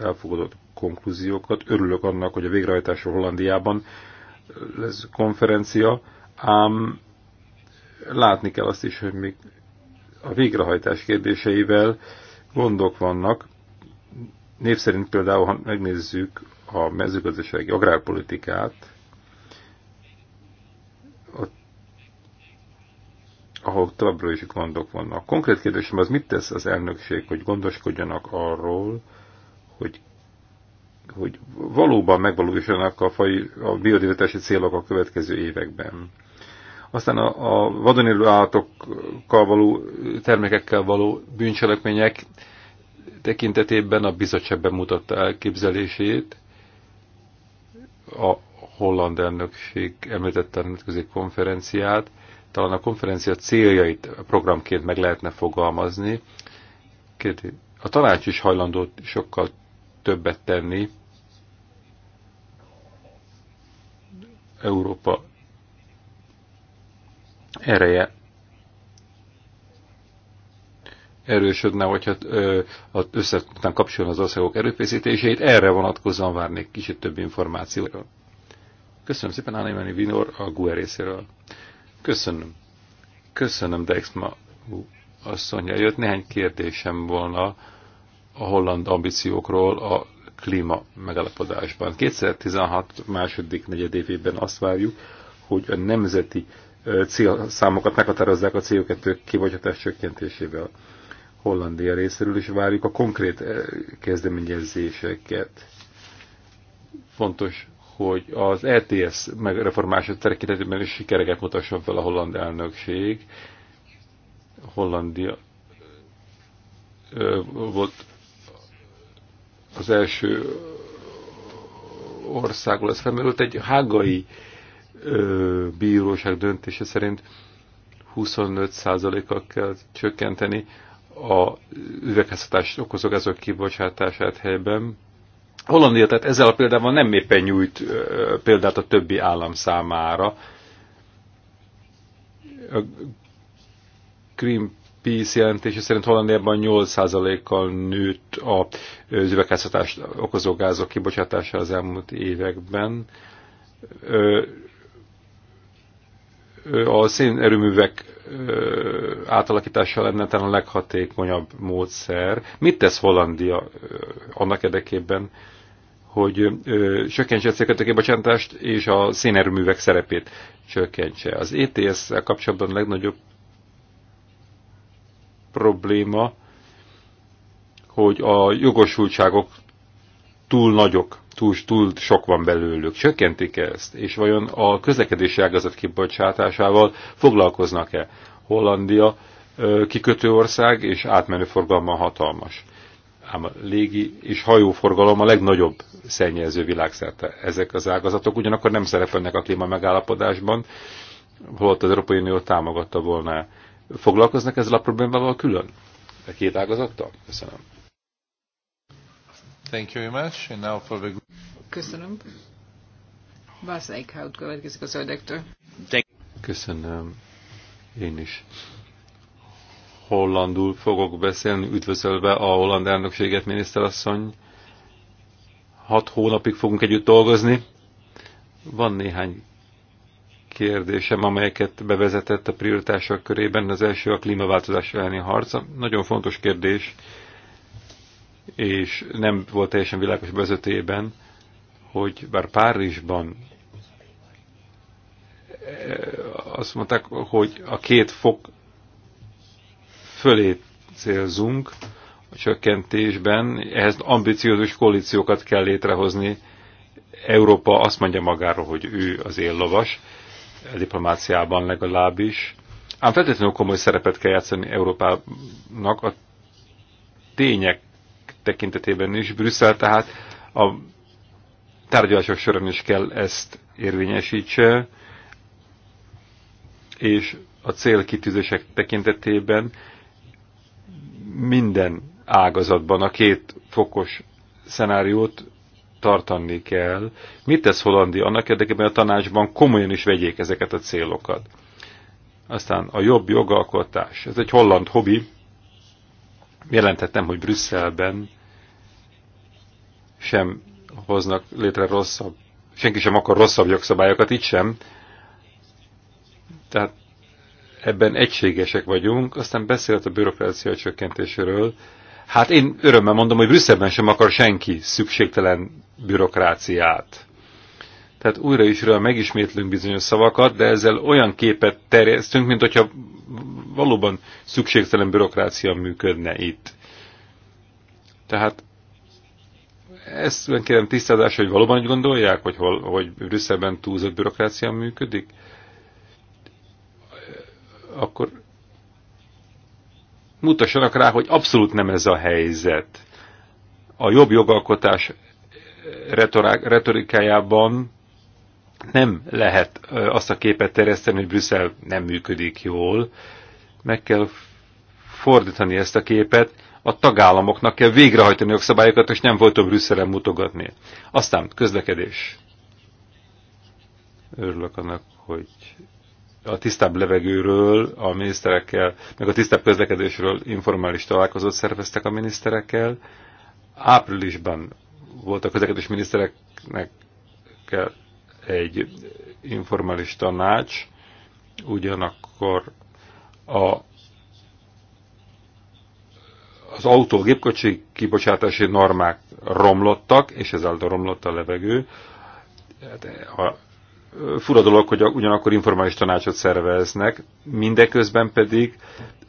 elfogadott konklúziókat. Örülök annak, hogy a végrehajtásról Hollandiában lesz konferencia, ám látni kell azt is, hogy még a végrehajtás kérdéseivel gondok vannak. Név szerint például, ha megnézzük a mezőgazdasági agrárpolitikát, ahol továbbra is gondok vannak. A konkrét kérdésem az, mit tesz az elnökség, hogy gondoskodjanak arról, hogy hogy valóban megvalósulnak a, faj, a biodiverzitási célok a következő években. Aztán a, a vadon élő állatokkal való, termékekkel való bűncselekmények tekintetében a bizottság bemutatta elképzelését. A holland elnökség említette a nemzetközi konferenciát. Talán a konferencia céljait programként meg lehetne fogalmazni. a tanács is hajlandó sokkal többet tenni Európa ereje erősödne, hogyha össze tudnám kapcsolni az országok erőfeszítéseit, erre vonatkozóan várnék kicsit több információra Köszönöm szépen Ánémeni Vinor a GUE részéről. Köszönöm. Köszönöm Dexma asszonyja. Jött néhány kérdésem volna a holland ambíciókról a klíma megalapodásban. 2016 második negyedévében azt várjuk, hogy a nemzeti célszámokat meghatározzák a CO2 kibocsátás csökkentésével. Hollandia részéről is várjuk a konkrét kezdeményezéseket. Fontos, hogy az ETS megreformása tekintetében is sikereket mutasson fel a holland elnökség. Hollandia volt az első országul ez felmerült, egy hágai ö, bíróság döntése szerint 25%-kal kell csökkenteni a üvegházhatást okozó gázok kibocsátását helyben. Hollandia, tehát ezzel a példával nem éppen nyújt ö, példát a többi állam számára. A Green PISZ jelentése szerint Hollandiában 8%-kal nőtt az üvegházhatást okozó gázok kibocsátása az elmúlt években. A szénerőművek átalakítása lenne talán a leghatékonyabb módszer. Mit tesz Hollandia annak érdekében, hogy csökkentse a co kibocsátást és a szénerőművek szerepét csökkentse. Az ETS-szel kapcsolatban a legnagyobb probléma, hogy a jogosultságok túl nagyok, túl, túl sok van belőlük. Csökkentik -e ezt? És vajon a közlekedési ágazat kibocsátásával foglalkoznak-e? Hollandia kikötőország és átmenő forgalma hatalmas. Ám a légi és hajóforgalom a legnagyobb szennyező világszerte. Ezek az ágazatok ugyanakkor nem szerepelnek a klíma megállapodásban, holott az Európai Unió támogatta volna Foglalkoznak ezzel a problémával külön? A e két ágazattal? Köszönöm. Thank you very much. And now for the... Köszönöm. Bász Eichhout következik a zöldektől. Köszönöm. Én is hollandul fogok beszélni, üdvözölve a holland elnökséget, miniszterasszony. Hat hónapig fogunk együtt dolgozni. Van néhány kérdésem, amelyeket bevezetett a prioritások körében. Az első a klímaváltozás elleni harca. Nagyon fontos kérdés, és nem volt teljesen világos vezetében, hogy bár Párizsban eh, azt mondták, hogy a két fok fölé célzunk a csökkentésben, ehhez ambiciózus koalíciókat kell létrehozni. Európa azt mondja magáról, hogy ő az éllovas, a diplomáciában legalábbis. Ám feltétlenül komoly szerepet kell játszani Európának a tények tekintetében is. Brüsszel tehát a tárgyalások során is kell ezt érvényesítse, és a célkitűzések tekintetében minden ágazatban a két fokos szenáriót tartani kell. Mit tesz Hollandi annak érdekében, a tanácsban komolyan is vegyék ezeket a célokat? Aztán a jobb jogalkotás. Ez egy holland hobbi. Jelentettem, hogy Brüsszelben sem hoznak létre rosszabb, senki sem akar rosszabb jogszabályokat, itt sem. Tehát ebben egységesek vagyunk. Aztán beszélt a bürokrácia csökkentéséről, Hát én örömmel mondom, hogy Brüsszelben sem akar senki szükségtelen bürokráciát. Tehát újra is újra megismétlünk bizonyos szavakat, de ezzel olyan képet terjesztünk, mint hogyha valóban szükségtelen bürokrácia működne itt. Tehát ezt kérem tisztázásra, hogy valóban úgy gondolják, hogy, hol, hogy Brüsszelben túlzott bürokrácia működik? Akkor mutassanak rá, hogy abszolút nem ez a helyzet. A jobb jogalkotás retorikájában nem lehet azt a képet terjeszteni, hogy Brüsszel nem működik jól. Meg kell fordítani ezt a képet, a tagállamoknak kell végrehajtani jogszabályokat, és nem volt a Brüsszelen mutogatni. Aztán közlekedés. Örülök annak, hogy a tisztább levegőről, a miniszterekkel, meg a tisztább közlekedésről informális találkozót szerveztek a miniszterekkel. Áprilisban volt a közlekedés minisztereknek egy informális tanács, ugyanakkor a, az autó gépkocsi kibocsátási normák romlottak, és ezáltal romlott a levegő. Hát, a fura dolog, hogy ugyanakkor informális tanácsot szerveznek, mindeközben pedig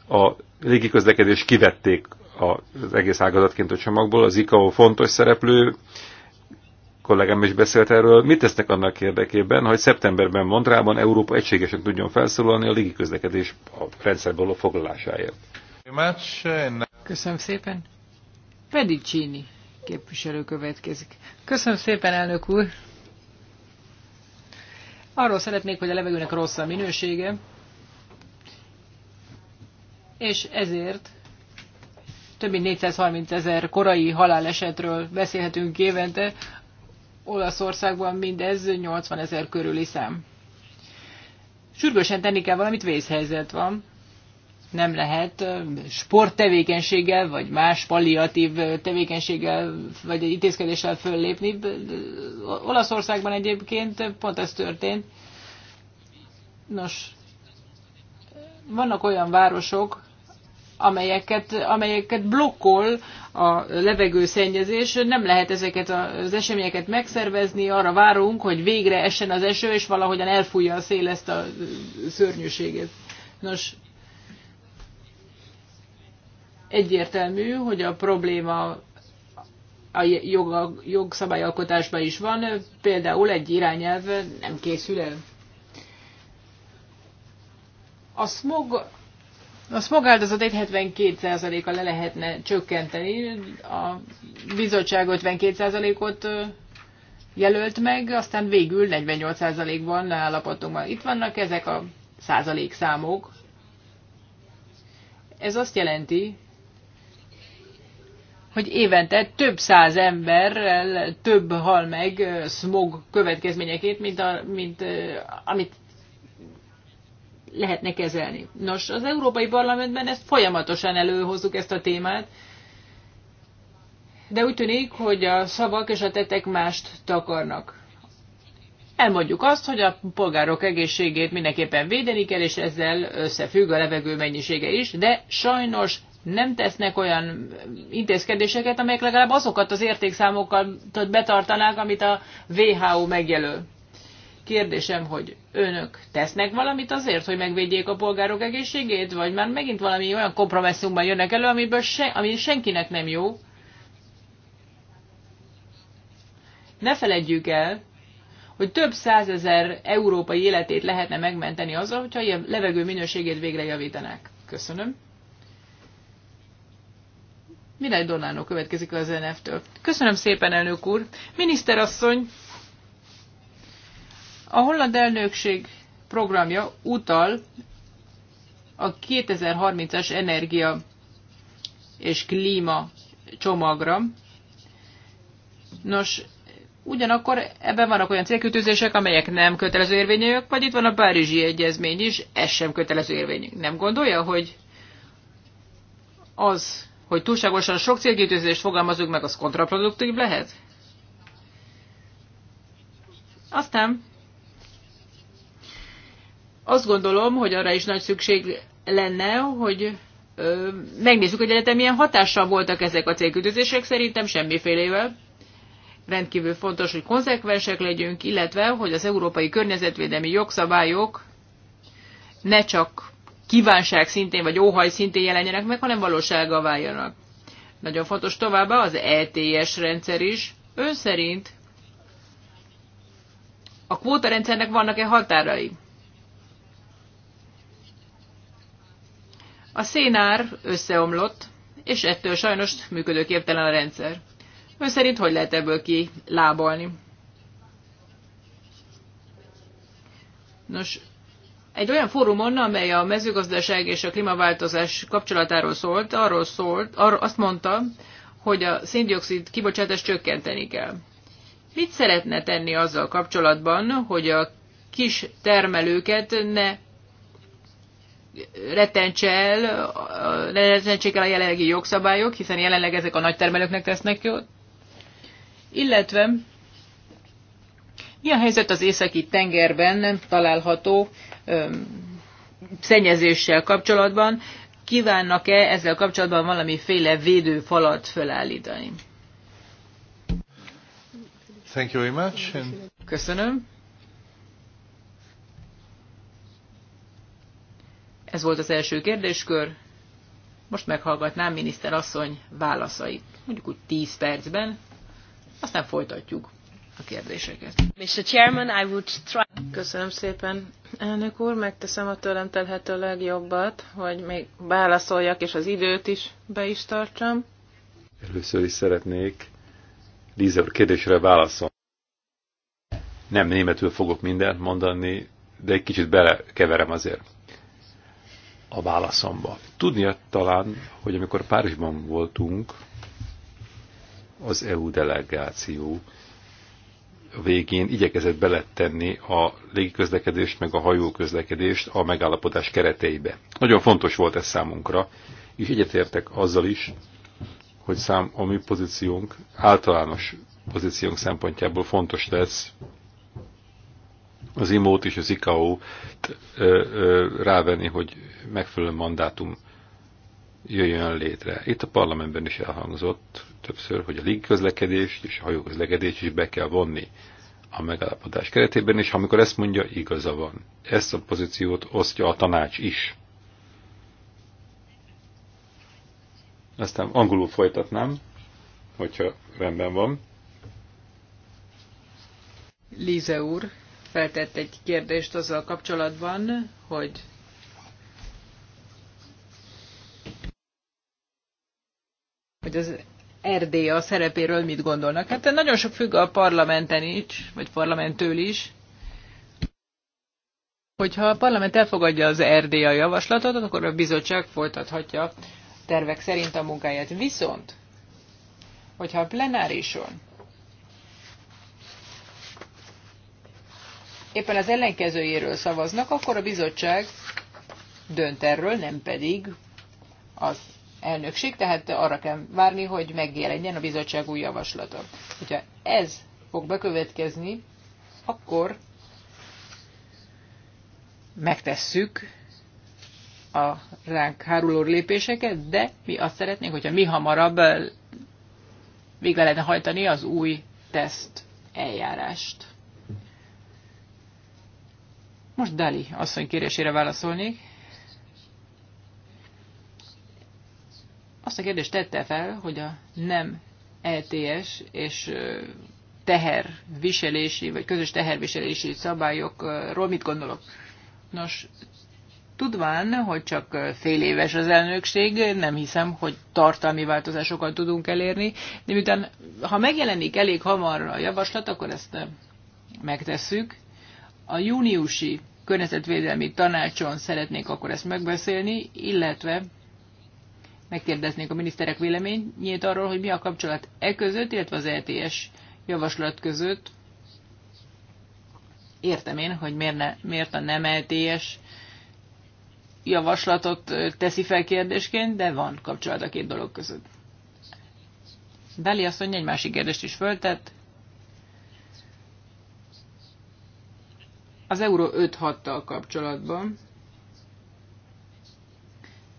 a légiközlekedés kivették az egész ágazatként a csomagból, az ICAO fontos szereplő, kollégám is beszélt erről, mit tesznek annak érdekében, hogy szeptemberben mondrában Európa egységesen tudjon felszólalni a légiközlekedés a rendszerből a foglalásáért. Köszönöm szépen. Pedicini képviselő következik. Köszönöm szépen, elnök úr. Arról szeretnék, hogy a levegőnek rossz a minősége, és ezért több mint 430 ezer korai halálesetről beszélhetünk évente, Olaszországban mindez 80 ezer körüli szám. Sürgősen tenni kell valamit, vészhelyzet van nem lehet sporttevékenységgel, vagy más palliatív tevékenységgel, vagy egy intézkedéssel föllépni. Olaszországban egyébként pont ez történt. Nos, vannak olyan városok, amelyeket, amelyeket blokkol a levegőszennyezés. Nem lehet ezeket az eseményeket megszervezni, arra várunk, hogy végre essen az eső, és valahogyan elfújja a szél ezt a szörnyűséget. Nos, Egyértelmű, hogy a probléma a jog, a jogszabályalkotásban is van, például egy irányelv nem készül el. A smog, a smog áldozatait 72%-a le lehetne csökkenteni, a bizottság 52%-ot jelölt meg, aztán végül 48%-ban állapotunkban. Itt vannak ezek a százalékszámok. Ez azt jelenti, hogy évente több száz emberrel több hal meg smog következményekét, mint, a, mint amit lehetne kezelni. Nos, az Európai Parlamentben ezt folyamatosan előhozzuk ezt a témát, de úgy tűnik, hogy a szavak és a tetek mást takarnak. Elmondjuk azt, hogy a polgárok egészségét mindenképpen védeni kell, és ezzel összefügg a levegő mennyisége is, de sajnos nem tesznek olyan intézkedéseket, amelyek legalább azokat az értékszámokat betartanák, amit a WHO megjelöl. Kérdésem, hogy önök tesznek valamit azért, hogy megvédjék a polgárok egészségét, vagy már megint valami olyan kompromisszumban jönnek elő, amiből se, ami senkinek nem jó? Ne feledjük el, hogy több százezer európai életét lehetne megmenteni azzal, hogyha a levegő minőségét végre javítanák. Köszönöm. Mirály Donánó következik az NF-től. Köszönöm szépen, elnök úr. Miniszterasszony, a holland elnökség programja utal a 2030-as energia és klíma csomagra. Nos, ugyanakkor ebben vannak olyan célkütőzések, amelyek nem kötelező érvényűek, vagy itt van a Párizsi Egyezmény is, ez sem kötelező érvényű. Nem gondolja, hogy az hogy túlságosan sok célkitűzést fogalmazunk meg, az kontraproduktív lehet? Aztán azt gondolom, hogy arra is nagy szükség lenne, hogy ö, megnézzük, hogy egyetem milyen hatással voltak ezek a célkütőzések, szerintem semmifélével. Rendkívül fontos, hogy konzekvensek legyünk, illetve, hogy az európai környezetvédelmi jogszabályok ne csak kívánság szintén, vagy óhaj szintén jelenjenek meg, hanem valósággal váljanak. Nagyon fontos továbbá az ETS rendszer is. Ön szerint a kvóta rendszernek vannak-e határai? A szénár összeomlott, és ettől sajnos működőképtelen a rendszer. Ön szerint hogy lehet ebből ki lábalni? Nos, egy olyan fórumon, amely a mezőgazdaság és a klímaváltozás kapcsolatáról szólt, arról szólt, arról azt mondta, hogy a széndiokszid kibocsátást csökkenteni kell. Mit szeretne tenni azzal kapcsolatban, hogy a kis termelőket ne retentse el, ne rettentsék el a jelenlegi jogszabályok, hiszen jelenleg ezek a nagy termelőknek tesznek jót. Illetve mi a helyzet az északi tengerben nem található szennyezéssel kapcsolatban, kívánnak-e ezzel kapcsolatban valamiféle védőfalat felállítani? Thank you very much. Köszönöm. Ez volt az első kérdéskör. Most meghallgatnám miniszter asszony válaszait, mondjuk úgy 10 percben, aztán folytatjuk a kérdéseket. Mr. Chairman, I would try... Köszönöm szépen. Elnök úr, megteszem a tőlem telhető legjobbat, hogy még válaszoljak, és az időt is be is tartsam. Először is szeretnék Líze úr kérdésre válaszolni. Nem németül fogok mindent mondani, de egy kicsit belekeverem azért a válaszomba. Tudnia talán, hogy amikor Párizsban voltunk, az EU delegáció végén igyekezett beletenni a légiközlekedést meg a hajóközlekedést a megállapodás kereteibe. Nagyon fontos volt ez számunkra, és egyetértek azzal is, hogy szám, a mi pozíciónk, általános pozíciónk szempontjából fontos lesz az IMO-t és az ICAO-t rávenni, hogy megfelelő mandátum jöjjön létre. Itt a parlamentben is elhangzott többször, hogy a légközlekedés és a hajóközlekedés is be kell vonni a megállapodás keretében, és amikor ezt mondja, igaza van. Ezt a pozíciót osztja a tanács is. Aztán angolul folytatnám, hogyha rendben van. Líze úr feltett egy kérdést azzal kapcsolatban, hogy hogy az Erdély a szerepéről mit gondolnak. Hát nagyon sok függ a parlamenten is, vagy parlamenttől is. Hogyha a parlament elfogadja az Erdély a javaslatot, akkor a bizottság folytathatja tervek szerint a munkáját. Viszont, hogyha a plenárison éppen az ellenkezőjéről szavaznak, akkor a bizottság dönt erről, nem pedig az elnökség, tehát arra kell várni, hogy megjelenjen a bizottság új javaslata. Hogyha ez fog bekövetkezni, akkor megtesszük a ránk háruló lépéseket, de mi azt szeretnénk, hogyha mi hamarabb végre lehetne hajtani az új teszt eljárást. Most Dali asszony kérésére válaszolnék. Azt a kérdést tette fel, hogy a nem ETS és teherviselési, vagy közös teherviselési szabályokról mit gondolok? Nos, tudván, hogy csak fél éves az elnökség, nem hiszem, hogy tartalmi változásokat tudunk elérni, de miután, ha megjelenik elég hamar a javaslat, akkor ezt megtesszük. A júniusi környezetvédelmi tanácson szeretnék akkor ezt megbeszélni, illetve megkérdeznék a miniszterek véleményét arról, hogy mi a kapcsolat e között, illetve az LTS e javaslat között. Értem én, hogy miért, ne, miért a nem LTS e javaslatot teszi fel kérdésként, de van kapcsolat a két dolog között. Beli asszony egy másik kérdést is föltett. Az Euró 5-6-tal kapcsolatban.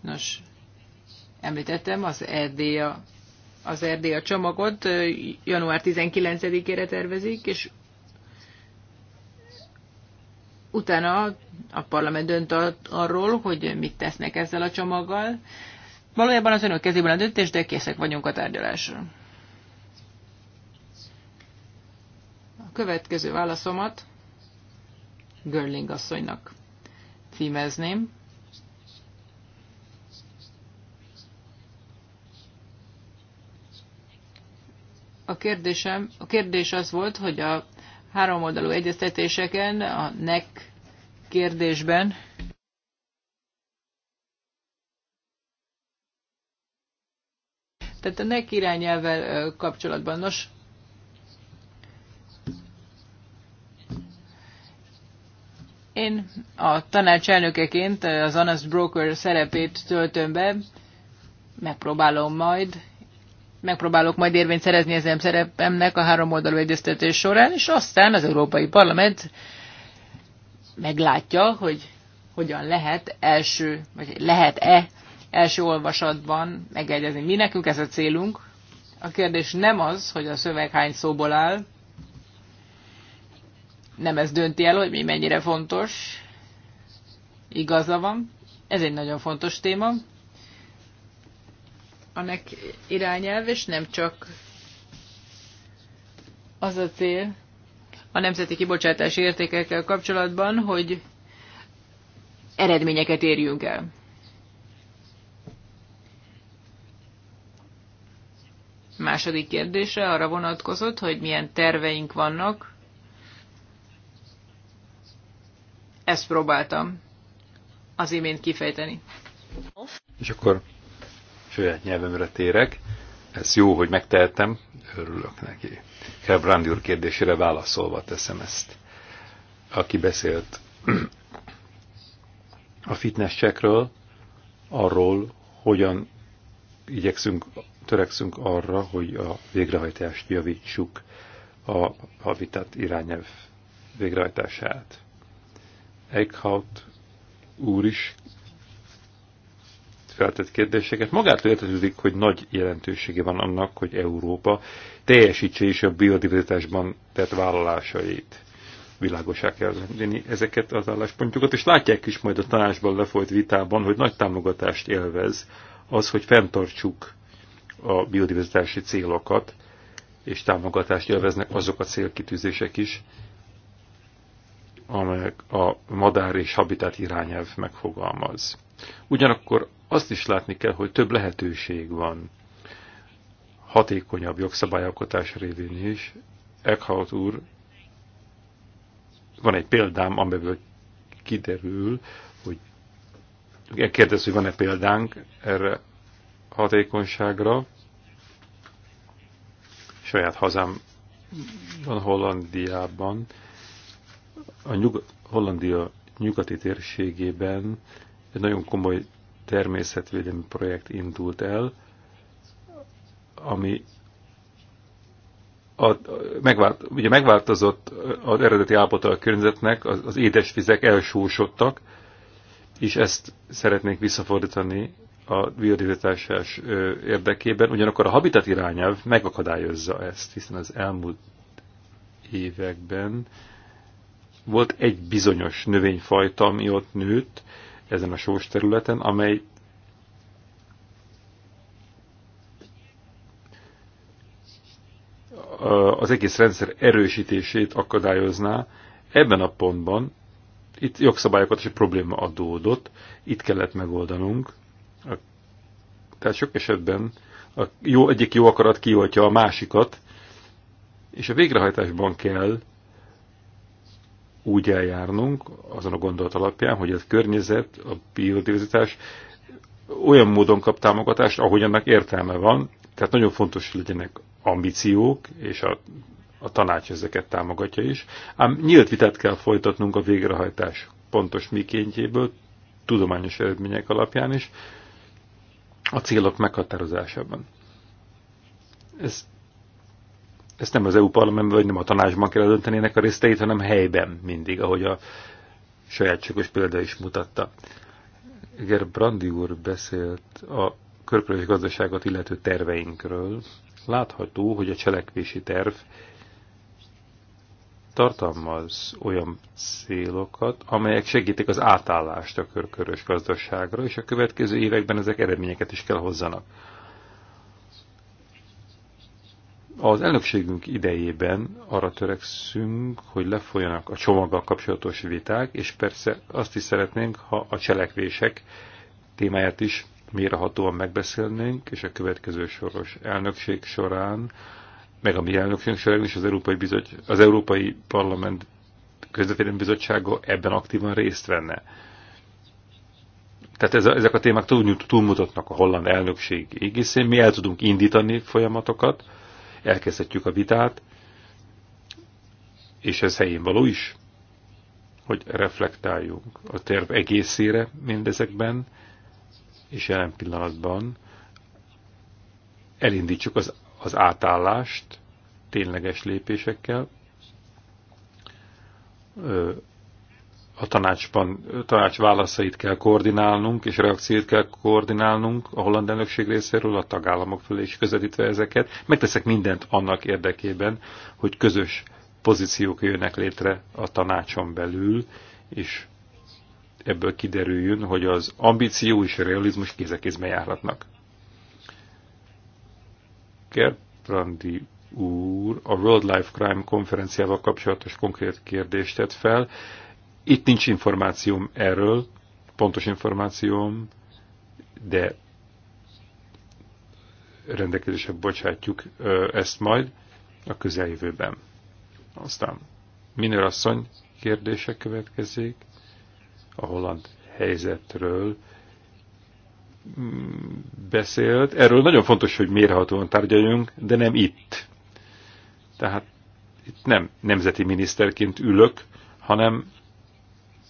Nos, Említettem az Erdélya, az Erdélya csomagot január 19-ére tervezik, és utána a parlament dönt arról, hogy mit tesznek ezzel a csomaggal. Valójában az önök kezében a döntés, de készek vagyunk a tárgyalásra. A következő válaszomat Görling asszonynak címezném. A, kérdésem, a kérdés az volt, hogy a háromoldalú egyeztetéseken, a NEC kérdésben Tehát a NEC irányelvel kapcsolatban. Nos, én a tanácselnökeként az Honest Broker szerepét töltöm be, megpróbálom majd megpróbálok majd érvényt szerezni ezen szerepemnek a három oldalú egyeztetés során, és aztán az Európai Parlament meglátja, hogy hogyan lehet első, vagy lehet-e első olvasatban megegyezni. Mi nekünk ez a célunk. A kérdés nem az, hogy a szöveg hány szóból áll, nem ez dönti el, hogy mi mennyire fontos. Igaza van. Ez egy nagyon fontos téma. A nek irányelv, és nem csak az a cél a nemzeti kibocsátási értékekkel kapcsolatban, hogy eredményeket érjünk el. Második kérdése arra vonatkozott, hogy milyen terveink vannak. Ezt próbáltam az imént kifejteni. És akkor saját nyelvemre térek. Ez jó, hogy megtehetem, örülök neki. Kevrándi úr kérdésére válaszolva teszem ezt. Aki beszélt a fitness checkről, arról, hogyan igyekszünk, törekszünk arra, hogy a végrehajtást javítsuk a habitat irányelv végrehajtását. Eichhout úr is feltett kérdéseket. Magától értetődik, hogy nagy jelentősége van annak, hogy Európa teljesítse is a biodiverzitásban tett vállalásait. Világosá kell lenni ezeket az álláspontjukat, és látják is majd a tanácsban lefolyt vitában, hogy nagy támogatást élvez az, hogy fenntartsuk a biodiverzitási célokat, és támogatást élveznek azok a célkitűzések is, amelyek a madár és habitat irányelv megfogalmaz. Ugyanakkor azt is látni kell, hogy több lehetőség van hatékonyabb jogszabályalkotás révén is. Eckhout úr, van egy példám, amiből kiderül, hogy kérdez, hogy van-e példánk erre hatékonyságra. Saját hazámban, Hollandiában, a nyug Hollandia nyugati térségében egy nagyon komoly természetvédelmi projekt indult el, ami a, megvált, ugye megváltozott az eredeti állapota a környezetnek, az, az édesvizek elsúsodtak, és ezt szeretnénk visszafordítani a biodiversitás érdekében. Ugyanakkor a habitat irányelv megakadályozza ezt, hiszen az elmúlt években volt egy bizonyos növényfajta, ami ott nőtt, ezen a sós területen, amely az egész rendszer erősítését akadályozná. Ebben a pontban itt jogszabályokat és egy probléma adódott, itt kellett megoldanunk. Tehát sok esetben a jó, egyik jó akarat kioltja a másikat, és a végrehajtásban kell úgy eljárnunk, azon a gondolat alapján, hogy a környezet, a biodiverzitás olyan módon kap támogatást, ahogy annak értelme van, tehát nagyon fontos, hogy legyenek ambíciók, és a, a tanács ezeket támogatja is. Ám nyílt vitát kell folytatnunk a végrehajtás pontos mikéntjéből, tudományos eredmények alapján is, a célok meghatározásában. Ez ezt nem az EU parlamentben, vagy nem a tanácsban kell ennek a részteit, hanem helyben mindig, ahogy a sajátságos példa is mutatta. Eger Brandi úr beszélt a körkörös gazdaságot illető terveinkről. Látható, hogy a cselekvési terv tartalmaz olyan célokat, amelyek segítik az átállást a körkörös gazdaságra, és a következő években ezek eredményeket is kell hozzanak. Az elnökségünk idejében arra törekszünk, hogy lefolyjanak a csomaggal kapcsolatos viták, és persze azt is szeretnénk, ha a cselekvések témáját is mérehatóan megbeszélnénk, és a következő soros elnökség során, meg a mi elnökségünk során is az Európai, bizottság, az Európai Parlament közvetlenül bizottsága ebben aktívan részt venne. Tehát ez, ezek a témák túl, túlmutatnak a holland elnökség égiszén. Mi el tudunk indítani folyamatokat, elkezdhetjük a vitát, és ez helyén való is, hogy reflektáljunk a terv egészére mindezekben, és jelen pillanatban elindítsuk az, az átállást tényleges lépésekkel, a tanácsban, tanács válaszait kell koordinálnunk, és reakciót kell koordinálnunk a holland elnökség részéről, a tagállamok felé is közvetítve ezeket. Megteszek mindent annak érdekében, hogy közös pozíciók jönnek létre a tanácson belül, és ebből kiderüljön, hogy az ambíció és a realizmus kézekézbe járhatnak. Gerbrandi úr a World Life Crime konferenciával kapcsolatos konkrét kérdést tett fel. Itt nincs információm erről, pontos információm, de rendelkezésre bocsátjuk ezt majd a közeljövőben. Aztán Minőr asszony kérdése következik a holland helyzetről mm, beszélt. Erről nagyon fontos, hogy mérhatóan tárgyaljunk, de nem itt. Tehát itt nem nemzeti miniszterként ülök, hanem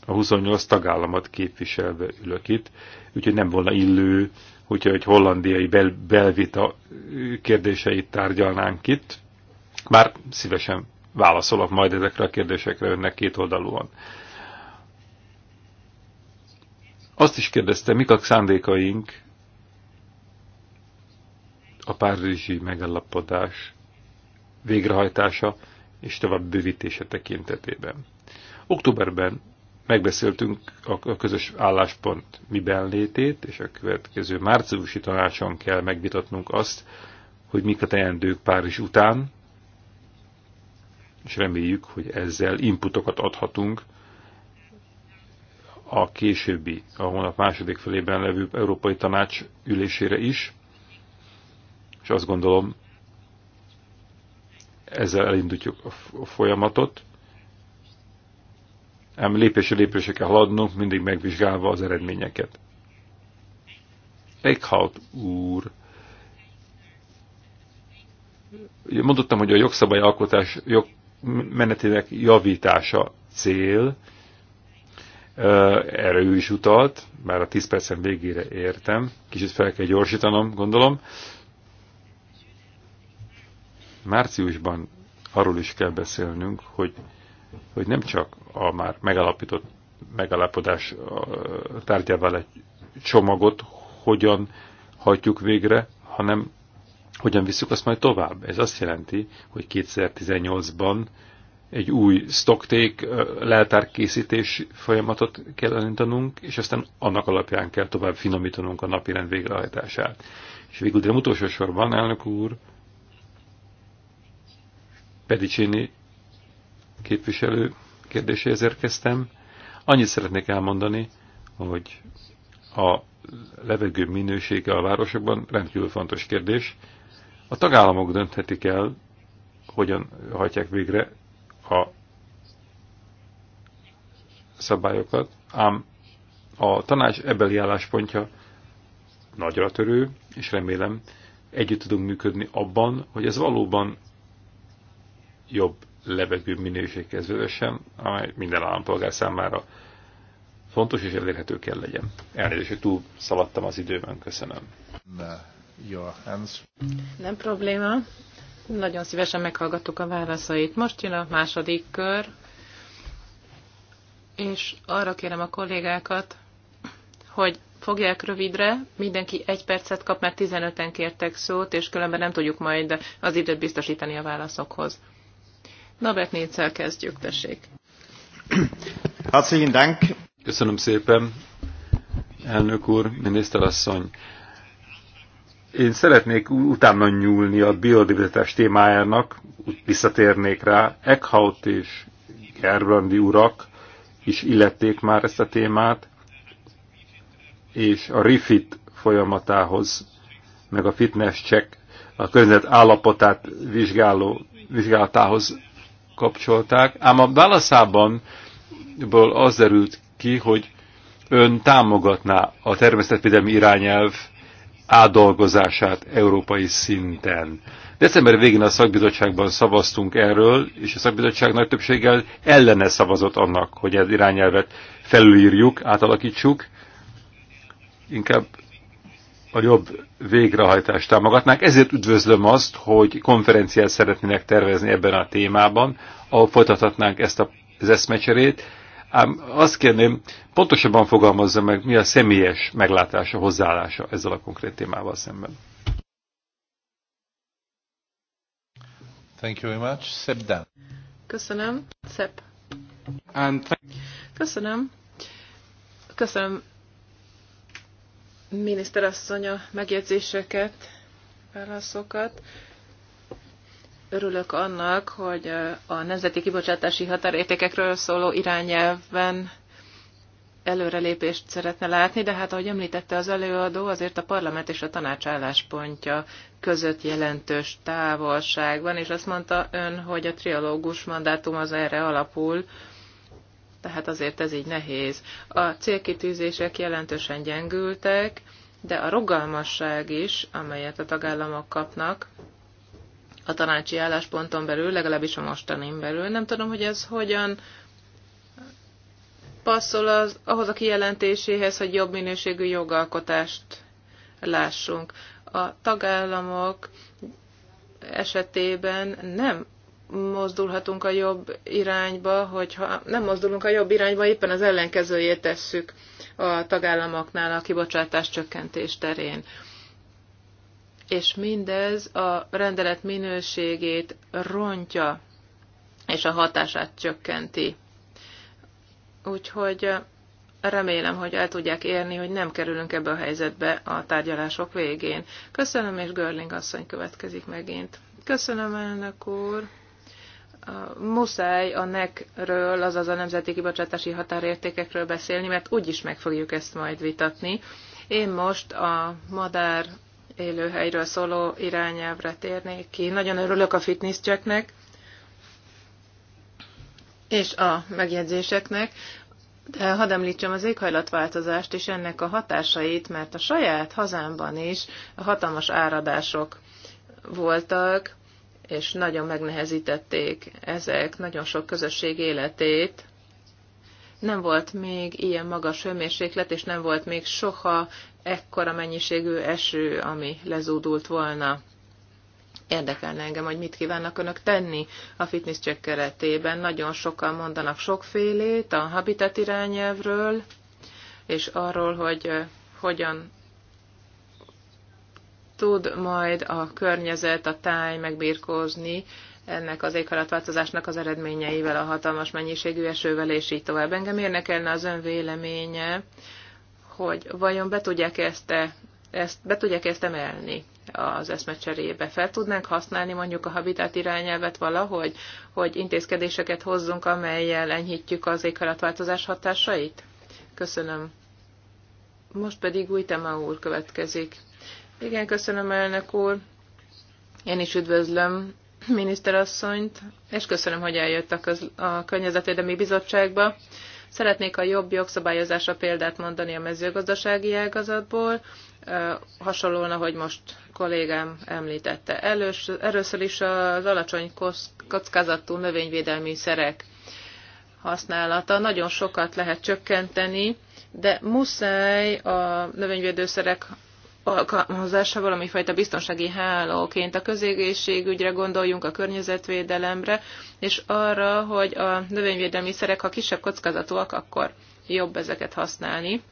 a 28 tagállamot képviselve ülök itt, úgyhogy nem volna illő, hogyha egy hollandiai bel belvita kérdéseit tárgyalnánk itt, bár szívesen válaszolok majd ezekre a kérdésekre önnek két oldalúan. Azt is kérdezte, mik a szándékaink a párizsi megállapodás végrehajtása és tovább bővítése tekintetében. Októberben Megbeszéltünk a közös álláspont miben létét, és a következő márciusi tanácson kell megvitatnunk azt, hogy mik a teendők Párizs után, és reméljük, hogy ezzel inputokat adhatunk a későbbi, a hónap második felében levő Európai Tanács ülésére is, és azt gondolom, ezzel elindítjuk a folyamatot, ám lépésre lépésre kell haladnunk, mindig megvizsgálva az eredményeket. Eckhout úr, ugye mondottam, hogy a jogszabályalkotás alkotás menetének javítása cél, erre ő is utalt, már a 10 percen végére értem, kicsit fel kell gyorsítanom, gondolom. Márciusban arról is kell beszélnünk, hogy hogy nem csak a már megalapított megalapodás tárgyával egy csomagot hogyan hajtjuk végre, hanem hogyan visszük azt majd tovább. Ez azt jelenti, hogy 2018-ban egy új stockték leltárkészítés folyamatot kell elindítanunk, és aztán annak alapján kell tovább finomítanunk a napirend végrehajtását. És végül, de utolsó sorban, elnök úr, Pedicini képviselő kérdéséhez érkeztem. Annyit szeretnék elmondani, hogy a levegő minősége a városokban rendkívül fontos kérdés. A tagállamok dönthetik el, hogyan hajtják végre a szabályokat, ám a tanács ebeli álláspontja nagyra törő, és remélem együtt tudunk működni abban, hogy ez valóban jobb lebegő minőséghez vörösen, amely minden állampolgár számára fontos és elérhető kell legyen. Elnézést, hogy túl szaladtam az időben, köszönöm. Nem probléma. Nagyon szívesen meghallgattuk a válaszait. Most jön a második kör, és arra kérem a kollégákat, hogy fogják rövidre, mindenki egy percet kap, mert 15-en kértek szót, és különben nem tudjuk majd az időt biztosítani a válaszokhoz. Norbert Nézzel kezdjük, tessék. Herzlichen Dank. Köszönöm szépen, elnök úr, miniszterasszony. Én szeretnék utána nyúlni a biodiverzitás témájának, visszatérnék rá. Eckhout és Gerbrandi urak is illették már ezt a témát, és a RIFIT folyamatához, meg a fitness check, a környezet állapotát vizsgáló, vizsgálatához kapcsolták, ám a válaszában az derült ki, hogy ön támogatná a természetvédelmi irányelv átdolgozását európai szinten. December végén a szakbizottságban szavaztunk erről, és a szakbizottság nagy többséggel ellene szavazott annak, hogy az irányelvet felülírjuk, átalakítsuk. Inkább a jobb végrehajtást támogatnák. Ezért üdvözlöm azt, hogy konferenciát szeretnének tervezni ebben a témában, ahol folytathatnánk ezt a, az eszmecserét. Ám azt kérném, pontosabban fogalmazza meg, mi a személyes meglátása, hozzáállása ezzel a konkrét témával szemben. Thank you very much. Szép Dan. Köszönöm. Szép. And Köszönöm. Köszönöm miniszterasszony a megjegyzéseket, válaszokat. Örülök annak, hogy a nemzeti kibocsátási határértékekről szóló irányelvben előrelépést szeretne látni, de hát ahogy említette az előadó, azért a parlament és a tanács álláspontja között jelentős távolság van, és azt mondta ön, hogy a trialógus mandátum az erre alapul, tehát azért ez így nehéz. A célkitűzések jelentősen gyengültek, de a rogalmasság is, amelyet a tagállamok kapnak, a tanácsi állásponton belül, legalábbis a mostanin belül, nem tudom, hogy ez hogyan passzol az, ahhoz a kijelentéséhez, hogy jobb minőségű jogalkotást lássunk. A tagállamok esetében nem mozdulhatunk a jobb irányba, hogyha nem mozdulunk a jobb irányba, éppen az ellenkezőjét tesszük a tagállamoknál a kibocsátás csökkentés terén. És mindez a rendelet minőségét rontja, és a hatását csökkenti. Úgyhogy remélem, hogy el tudják érni, hogy nem kerülünk ebbe a helyzetbe a tárgyalások végén. Köszönöm, és Görling asszony következik megint. Köszönöm, elnök úr! muszáj a nek ről azaz a nemzeti kibocsátási határértékekről beszélni, mert úgyis meg fogjuk ezt majd vitatni. Én most a madár élőhelyről szóló irányelvre térnék ki. Nagyon örülök a fitness checknek és a megjegyzéseknek, de hadd említsem az éghajlatváltozást és ennek a hatásait, mert a saját hazámban is hatalmas áradások voltak, és nagyon megnehezítették ezek nagyon sok közösség életét. Nem volt még ilyen magas hőmérséklet, és nem volt még soha ekkora mennyiségű eső, ami lezúdult volna. Érdekelne engem, hogy mit kívánnak önök tenni a fitness check keretében. Nagyon sokan mondanak sokfélét a habitat irányelvről, és arról, hogy eh, hogyan tud majd a környezet, a táj megbírkozni ennek az éghajlatváltozásnak az eredményeivel, a hatalmas mennyiségű esővel, és így tovább. Engem érdekelne az ön véleménye, hogy vajon be tudják ezt, -e, ezt, be tudják ezt emelni az eszmecserébe. Fel tudnánk használni mondjuk a habitat irányelvet valahogy, hogy intézkedéseket hozzunk, amelyel enyhítjük az éghajlatváltozás hatásait? Köszönöm. Most pedig tema úr következik. Igen, köszönöm elnök úr. Én is üdvözlöm miniszterasszonyt, és köszönöm, hogy eljött a, köz, a Környezetvédelmi Bizottságba. Szeretnék a jobb jogszabályozásra példát mondani a mezőgazdasági ágazatból, hasonlóan, ahogy most kollégám említette. Elős, először is az alacsony kockázatú növényvédelmi szerek használata. Nagyon sokat lehet csökkenteni, de muszáj a növényvédőszerek alkalmazása valamifajta biztonsági hálóként. A közégészségügyre gondoljunk, a környezetvédelemre, és arra, hogy a növényvédelmi szerek, ha kisebb kockázatúak, akkor jobb ezeket használni.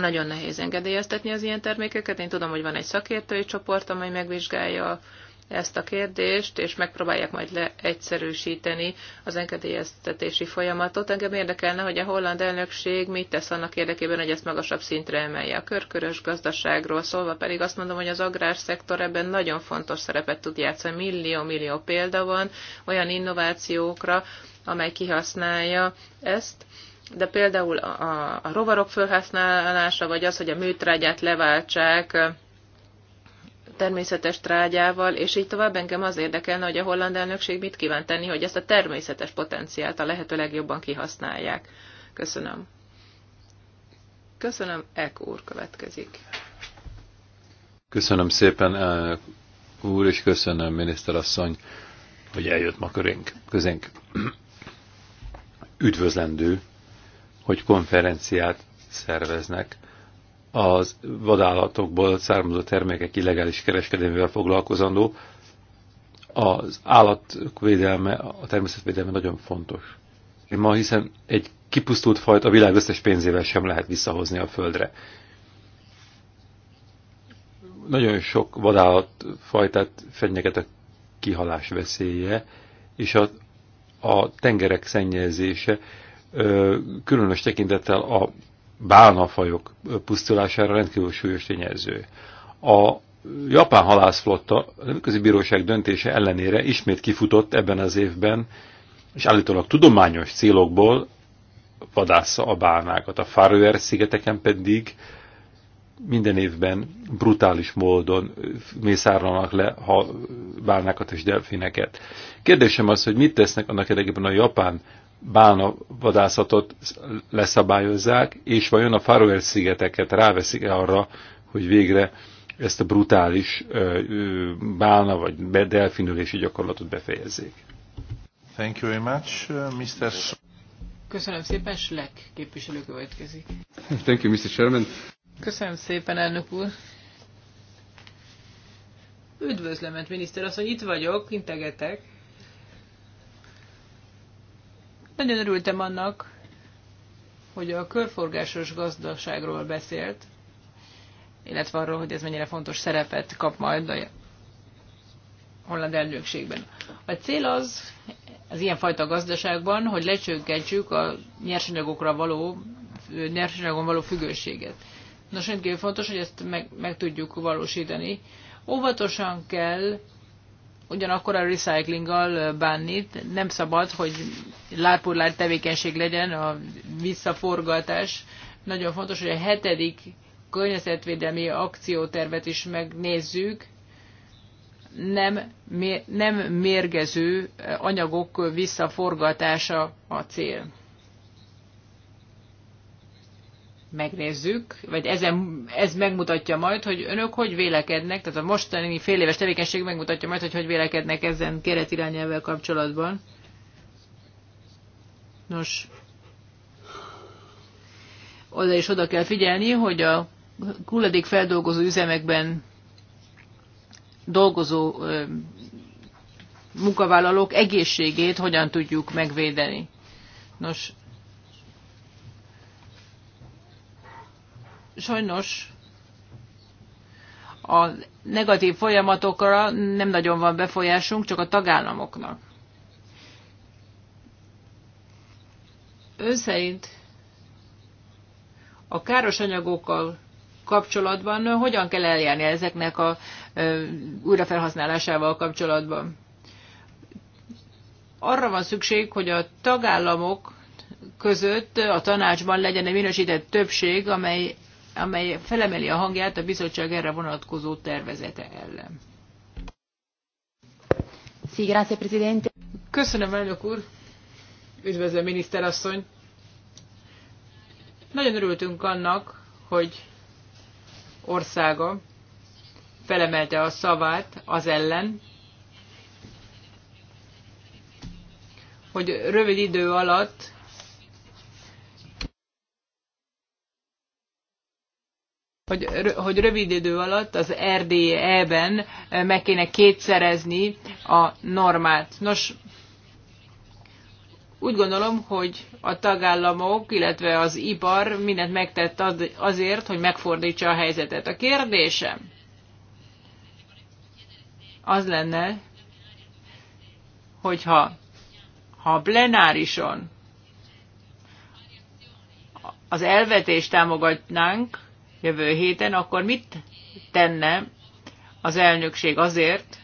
Nagyon nehéz engedélyeztetni az ilyen termékeket. Én tudom, hogy van egy szakértői csoport, amely megvizsgálja a ezt a kérdést, és megpróbálják majd leegyszerűsíteni az engedélyeztetési folyamatot. Engem érdekelne, hogy a holland elnökség mit tesz annak érdekében, hogy ezt magasabb szintre emelje. A körkörös gazdaságról szólva pedig azt mondom, hogy az agrárszektor ebben nagyon fontos szerepet tud játszani. Millió-millió példa van olyan innovációkra, amely kihasználja ezt de például a, a rovarok felhasználása, vagy az, hogy a műtrágyát leváltsák természetes trágyával, és így tovább engem az érdekelne, hogy a holland elnökség mit kíván tenni, hogy ezt a természetes potenciált a lehető legjobban kihasználják. Köszönöm. Köszönöm, Ek úr következik. Köszönöm szépen, úr, és köszönöm, miniszterasszony, hogy eljött ma körénk, közénk. Üdvözlendő, hogy konferenciát szerveznek az vadállatokból származó termékek illegális kereskedelmével foglalkozandó, az védelme, a természetvédelme nagyon fontos. Ma hiszen egy kipusztult fajt a világ összes pénzével sem lehet visszahozni a földre. Nagyon sok vadállatfajtát fenyeget a kihalás veszélye, és a, a tengerek szennyezése különös tekintettel a bálnafajok pusztulására rendkívül súlyos tényező. A japán halászflotta a nemzetközi bíróság döntése ellenére ismét kifutott ebben az évben, és állítólag tudományos célokból vadásza a bálnákat. A Faroer szigeteken pedig minden évben brutális módon mészárolnak le ha bálnákat és delfineket. Kérdésem az, hogy mit tesznek annak érdekében, a japán bálna vadászatot leszabályozzák, és vajon a Faroe szigeteket ráveszik-e arra, hogy végre ezt a brutális bálna vagy delfinülési gyakorlatot befejezzék. Thank you very much, uh, Mr. Köszönöm szépen, Slek képviselő következik. Thank you, Mr. Chairman. Köszönöm szépen, elnök úr. Üdvözlöm, miniszter asszony, itt vagyok, integetek. Nagyon örültem annak, hogy a körforgásos gazdaságról beszélt, illetve arról, hogy ez mennyire fontos szerepet kap majd a holland elnökségben. A cél az, az ilyenfajta gazdaságban, hogy lecsökkentsük a nyersanyagokra való, nyersanyagon való függőséget. Nos, rendkívül fontos, hogy ezt meg, meg tudjuk valósítani. Óvatosan kell ugyanakkor a recyclinggal bánni. Nem szabad, hogy lárpurlár tevékenység legyen a visszaforgatás. Nagyon fontos, hogy a hetedik környezetvédelmi akciótervet is megnézzük. Nem, nem mérgező anyagok visszaforgatása a cél. megnézzük, vagy ezen, ez megmutatja majd, hogy önök hogy vélekednek, tehát a mostani fél éves tevékenység megmutatja majd, hogy hogy vélekednek ezen keretirányelvvel kapcsolatban. Nos, oda is, oda kell figyelni, hogy a kulcsik-feldolgozó üzemekben dolgozó munkavállalók egészségét hogyan tudjuk megvédeni. Nos, sajnos a negatív folyamatokra nem nagyon van befolyásunk, csak a tagállamoknak. Ön szerint a káros anyagokkal kapcsolatban hogyan kell eljárni ezeknek a újrafelhasználásával kapcsolatban? Arra van szükség, hogy a tagállamok között a tanácsban legyen egy minősített többség, amely amely felemeli a hangját a bizottság erre vonatkozó tervezete ellen. Sí, grazie, Presidente. Köszönöm, elnök úr. Üdvözlöm, miniszterasszony. Nagyon örültünk annak, hogy országa felemelte a szavát az ellen, hogy rövid idő alatt hogy, hogy rövid idő alatt az RDE-ben eh, meg kéne kétszerezni a normát. Nos, úgy gondolom, hogy a tagállamok, illetve az ipar mindent megtett azért, hogy megfordítsa a helyzetet. A kérdésem az lenne, hogyha ha plenárison az elvetést támogatnánk, jövő héten, akkor mit tenne az elnökség azért,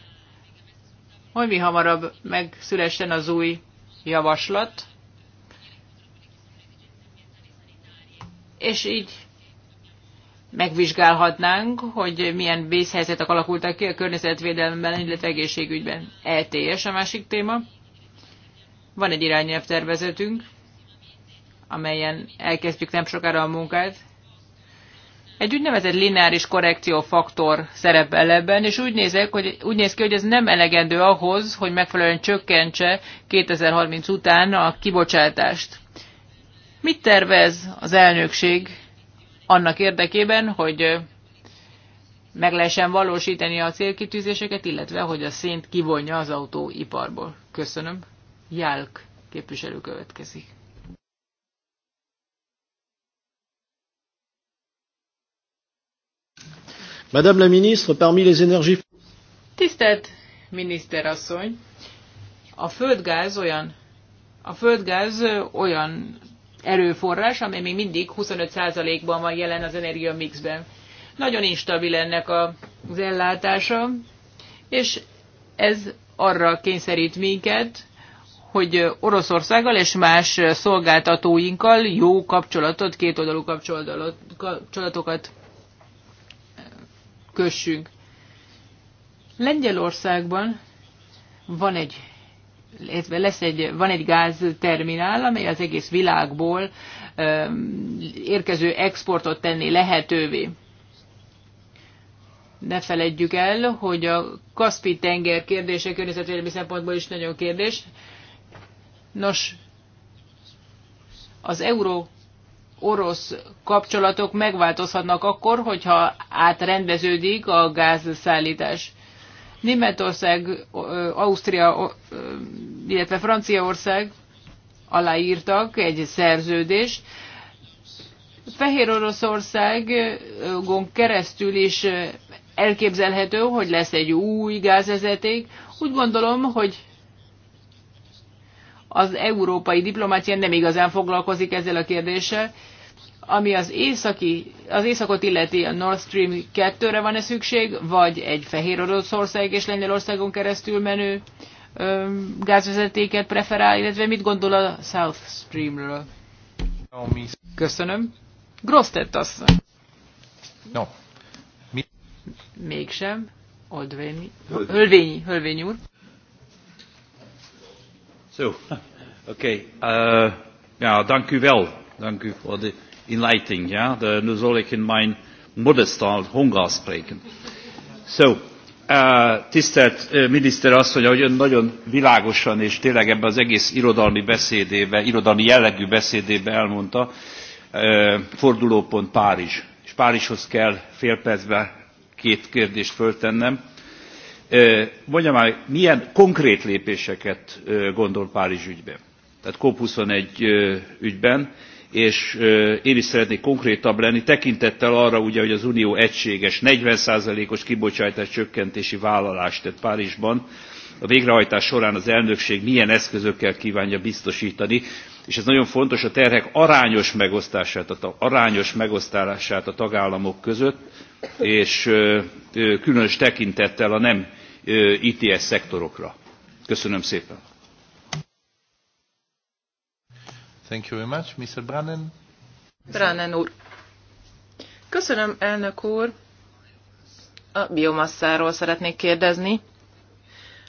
hogy mi hamarabb megszülessen az új javaslat, és így megvizsgálhatnánk, hogy milyen vészhelyzetek alakultak ki a környezetvédelemben, illetve egészségügyben. LTS e a másik téma. Van egy irányelvtervezetünk, amelyen elkezdjük nem sokára a munkát. Egy úgynevezett lineáris korrekciófaktor faktor szerepel ebben, és úgy, nézek, hogy, úgy néz ki, hogy ez nem elegendő ahhoz, hogy megfelelően csökkentse 2030 után a kibocsátást. Mit tervez az elnökség annak érdekében, hogy meg lehessen valósítani a célkitűzéseket, illetve hogy a szint kivonja az autóiparból. Köszönöm. Jálk képviselő következik. Madame la ministre, parmi les énergies... Tisztelt miniszterasszony, a földgáz olyan, a földgáz olyan erőforrás, amely még mindig 25%-ban van jelen az energiamixben. Nagyon instabil ennek az ellátása, és ez arra kényszerít minket, hogy Oroszországgal és más szolgáltatóinkkal jó kapcsolatot, kétoldalú kapcsolatokat kössünk. Lengyelországban van egy lesz egy, van egy gázterminál, amely az egész világból érkező exportot tenni lehetővé. Ne feledjük el, hogy a Kaspi-tenger kérdése környezetvédelmi szempontból is nagyon kérdés. Nos, az euró orosz kapcsolatok megváltozhatnak akkor, hogyha átrendeződik a gázszállítás. Németország, Ausztria, illetve Franciaország aláírtak egy szerződést. Fehér Oroszországon keresztül is elképzelhető, hogy lesz egy új gázvezeték. Úgy gondolom, hogy az európai diplomácia nem igazán foglalkozik ezzel a kérdéssel. Ami az, északi, az északot illeti, a Nord Stream 2-re van-e szükség, vagy egy Fehér Oroszország és Lengyelországon keresztül menő ö, gázvezetéket preferál, illetve mit gondol a South Streamről? Köszönöm. Grosztett asszony. No. Mi? Mégsem. Oldvényi. Hölvényi, Hölvényi úr. Zo, so, oké. Okay. Uh, eh, ja, dank u wel. Dank u voor de inleiding. Ja? De, nu zal ik in mijn moederstaal Hongaars spreken. Zo, so, uh, eh, tisztelt uh, miniszter azt mondja, hogy ön nagyon világosan és tényleg ebbe az egész irodalmi beszédébe, irodalmi jellegű beszédébe elmondta, uh, fordulópont Párizs. És Párizshoz kell fél percben két kérdést föltennem mondja már, milyen konkrét lépéseket gondol Párizs ügyben? Tehát COP21 ügyben, és én is szeretnék konkrétabb lenni, tekintettel arra ugye, hogy az Unió egységes 40%-os kibocsátás csökkentési vállalást tett Párizsban, a végrehajtás során az elnökség milyen eszközökkel kívánja biztosítani, és ez nagyon fontos, a terhek arányos megosztását, a, arányos megosztását a tagállamok között, és különös tekintettel a nem ITS szektorokra. Köszönöm szépen. Thank you very much. Mr. Brannen. Brannen úr. Köszönöm, elnök úr. A biomasszáról szeretnék kérdezni.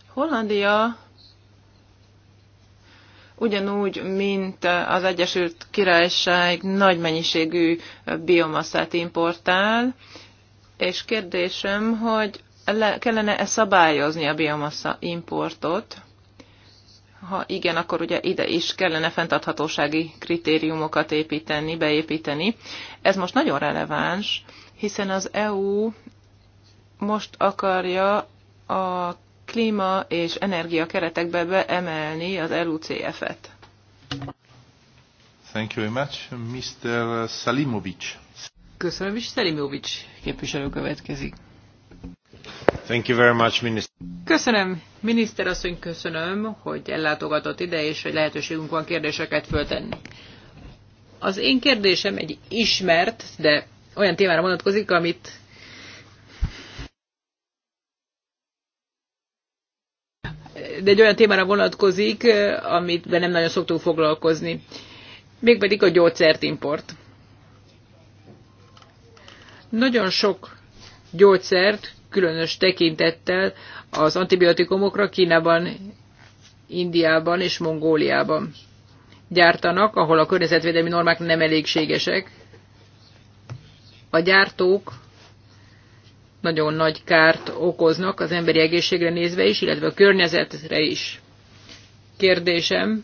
Hollandia ugyanúgy, mint az Egyesült Királyság nagy mennyiségű biomasszát importál, és kérdésem, hogy le, kellene-e szabályozni a biomassa importot? Ha igen, akkor ugye ide is kellene fenntarthatósági kritériumokat építeni, beépíteni. Ez most nagyon releváns, hiszen az EU most akarja a klíma és energia keretekbe beemelni az LUCF-et. Thank you very much. Mr. Salimovic. Köszönöm, és Salimovic képviselő következik. Köszönöm, miniszter asszony, köszönöm, hogy ellátogatott ide, és hogy lehetőségünk van kérdéseket föltenni. Az én kérdésem egy ismert, de olyan témára vonatkozik, amit de egy olyan témára vonatkozik, amit be nem nagyon szoktunk foglalkozni. Mégpedig a import. Nagyon sok gyógyszert különös tekintettel az antibiotikumokra Kínában, Indiában és Mongóliában gyártanak, ahol a környezetvédelmi normák nem elégségesek. A gyártók nagyon nagy kárt okoznak az emberi egészségre nézve is, illetve a környezetre is. Kérdésem,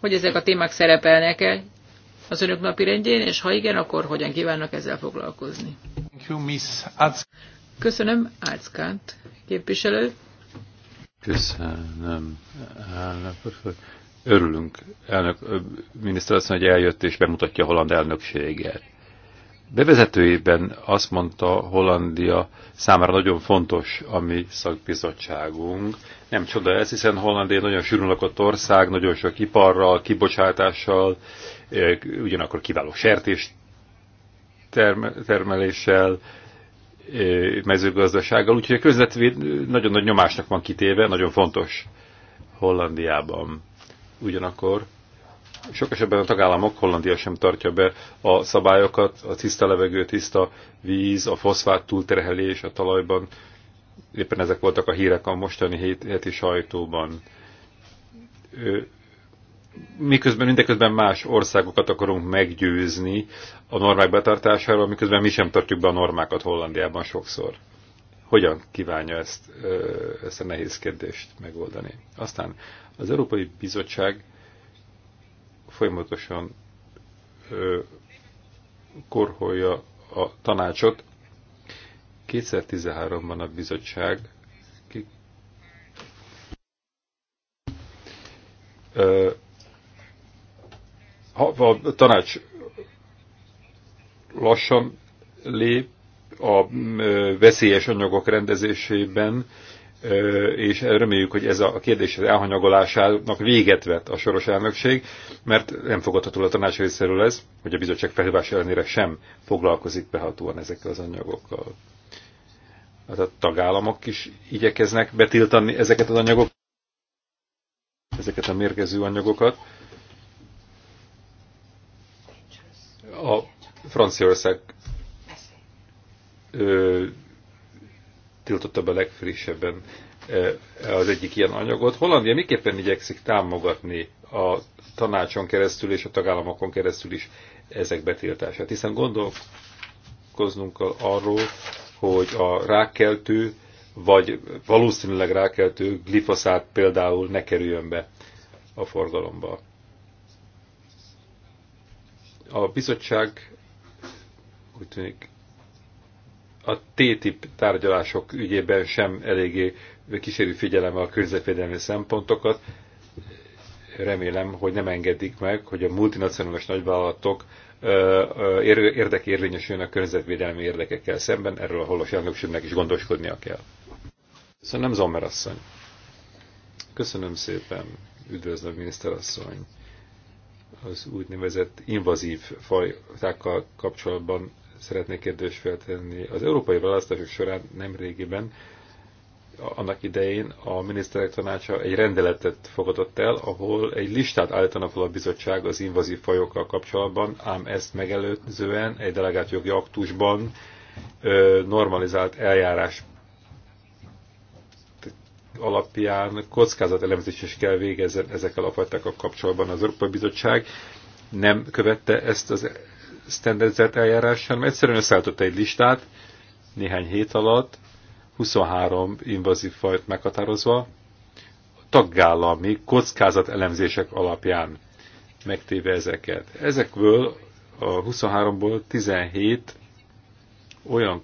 hogy ezek a témák szerepelnek-e az önök napi rendjén, és ha igen, akkor hogyan kívánnak ezzel foglalkozni? Köszönöm, Álckánt képviselő. Köszönöm, elnök Örülünk, elnök miniszter azt mondja, hogy eljött és bemutatja a holland elnökséget. Bevezetőjében azt mondta Hollandia számára nagyon fontos a mi szakbizottságunk. Nem csoda ez, hiszen Hollandia nagyon sűrűn lakott ország, nagyon sok iparral, kibocsátással, ugyanakkor kiváló sertés termeléssel, mezőgazdasággal, úgyhogy a közvetvéd nagyon nagy nyomásnak van kitéve, nagyon fontos Hollandiában. Ugyanakkor sok esetben a tagállamok, Hollandia sem tartja be a szabályokat, a tiszta levegő, tiszta víz, a foszfát túlterhelés a talajban. Éppen ezek voltak a hírek a mostani heti sajtóban miközben mindeközben más országokat akarunk meggyőzni a normák betartásáról, miközben mi sem tartjuk be a normákat Hollandiában sokszor. Hogyan kívánja ezt, ezt a nehéz kérdést megoldani? Aztán az Európai Bizottság folyamatosan korholja a tanácsot. 2013-ban a bizottság ha a tanács lassan lép a veszélyes anyagok rendezésében, és reméljük, hogy ez a kérdés elhanyagolásának véget vet a soros elnökség, mert nem fogadható a tanács részéről ez, hogy a bizottság felhívás ellenére sem foglalkozik behatóan ezekkel az anyagokkal. Hát a tagállamok is igyekeznek betiltani ezeket az anyagokat, ezeket a mérgező anyagokat a Franciaország ö, tiltotta be legfrissebben az egyik ilyen anyagot. Hollandia miképpen igyekszik támogatni a tanácson keresztül és a tagállamokon keresztül is ezek betiltását, hiszen gondolkoznunk kell arról, hogy a rákkeltő, vagy valószínűleg rákeltő glifoszát például ne kerüljön be a forgalomba. A bizottság úgy tűnik a TTIP tárgyalások ügyében sem eléggé kísérő figyelemmel a környezetvédelmi szempontokat. Remélem, hogy nem engedik meg, hogy a multinacionális nagyvállalatok érdekérvényesüljön a környezetvédelmi érdekekkel szemben, erről a holos elnökségnek is gondoskodnia kell. Szóval nem Zomer asszony. Köszönöm szépen, üdvözlöm miniszterasszony az úgynevezett invazív fajtákkal kapcsolatban szeretnék kérdést feltenni. Az európai választások során nemrégiben, annak idején a miniszterek tanácsa egy rendeletet fogadott el, ahol egy listát állítana fel a bizottság az invazív fajokkal kapcsolatban, ám ezt megelőzően egy delegált jogi aktusban normalizált eljárás alapján kockázatelemzést is kell végezzen ezekkel a fajtákkal kapcsolatban. Az Európai Bizottság nem követte ezt az standardizált eljárás, hanem egyszerűen összeállította egy listát néhány hét alatt, 23 invazív fajt meghatározva, kockázat elemzések alapján megtéve ezeket. Ezekből a 23-ból 17 olyan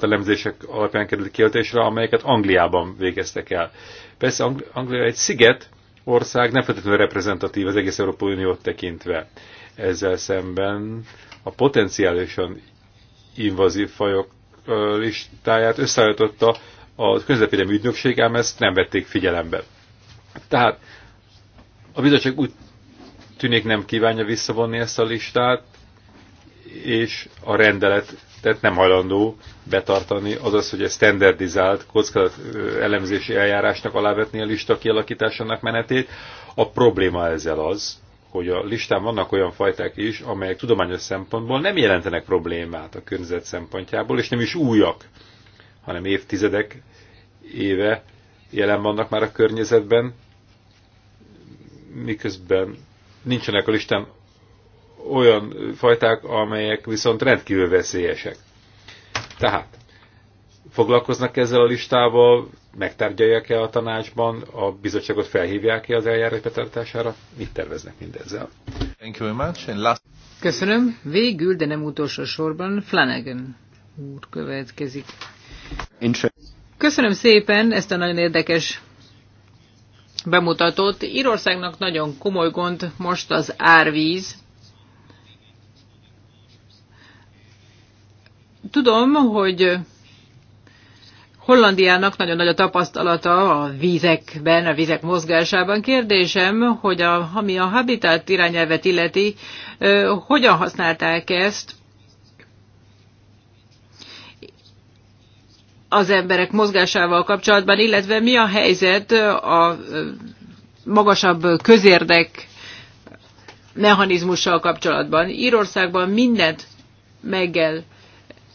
elemzések alapján került kiöltésre, amelyeket Angliában végeztek el. Persze Anglia egy sziget ország, nem feltétlenül reprezentatív az egész Európai Uniót tekintve. Ezzel szemben a potenciálisan invazív fajok listáját összeállította a közlepidemi ügynökség, ám ezt nem vették figyelembe. Tehát a bizottság úgy tűnik nem kívánja visszavonni ezt a listát, és a rendelet tehát nem hajlandó betartani, azaz, hogy egy standardizált kockázat elemzési eljárásnak alávetni a lista kialakításának menetét. A probléma ezzel az, hogy a listán vannak olyan fajták is, amelyek tudományos szempontból nem jelentenek problémát a környezet szempontjából, és nem is újak, hanem évtizedek éve jelen vannak már a környezetben, miközben nincsenek a listán olyan fajták, amelyek viszont rendkívül veszélyesek. Tehát foglalkoznak ezzel a listával, megtárgyalják-e a tanácsban, a bizottságot felhívják-e az eljárás betartására, mit terveznek mindezzel? Thank you very much. And last... Köszönöm. Végül, de nem utolsó sorban, Flanagan úr következik. Köszönöm szépen ezt a nagyon érdekes bemutatót. Írországnak nagyon komoly gond most az árvíz, Tudom, hogy Hollandiának nagyon nagy a tapasztalata a vízekben, a vízek mozgásában. Kérdésem, hogy a, ami a habitat irányelvet illeti, hogyan használták ezt az emberek mozgásával kapcsolatban, illetve mi a helyzet a magasabb közérdek mechanizmussal kapcsolatban. Írországban mindent meggel kell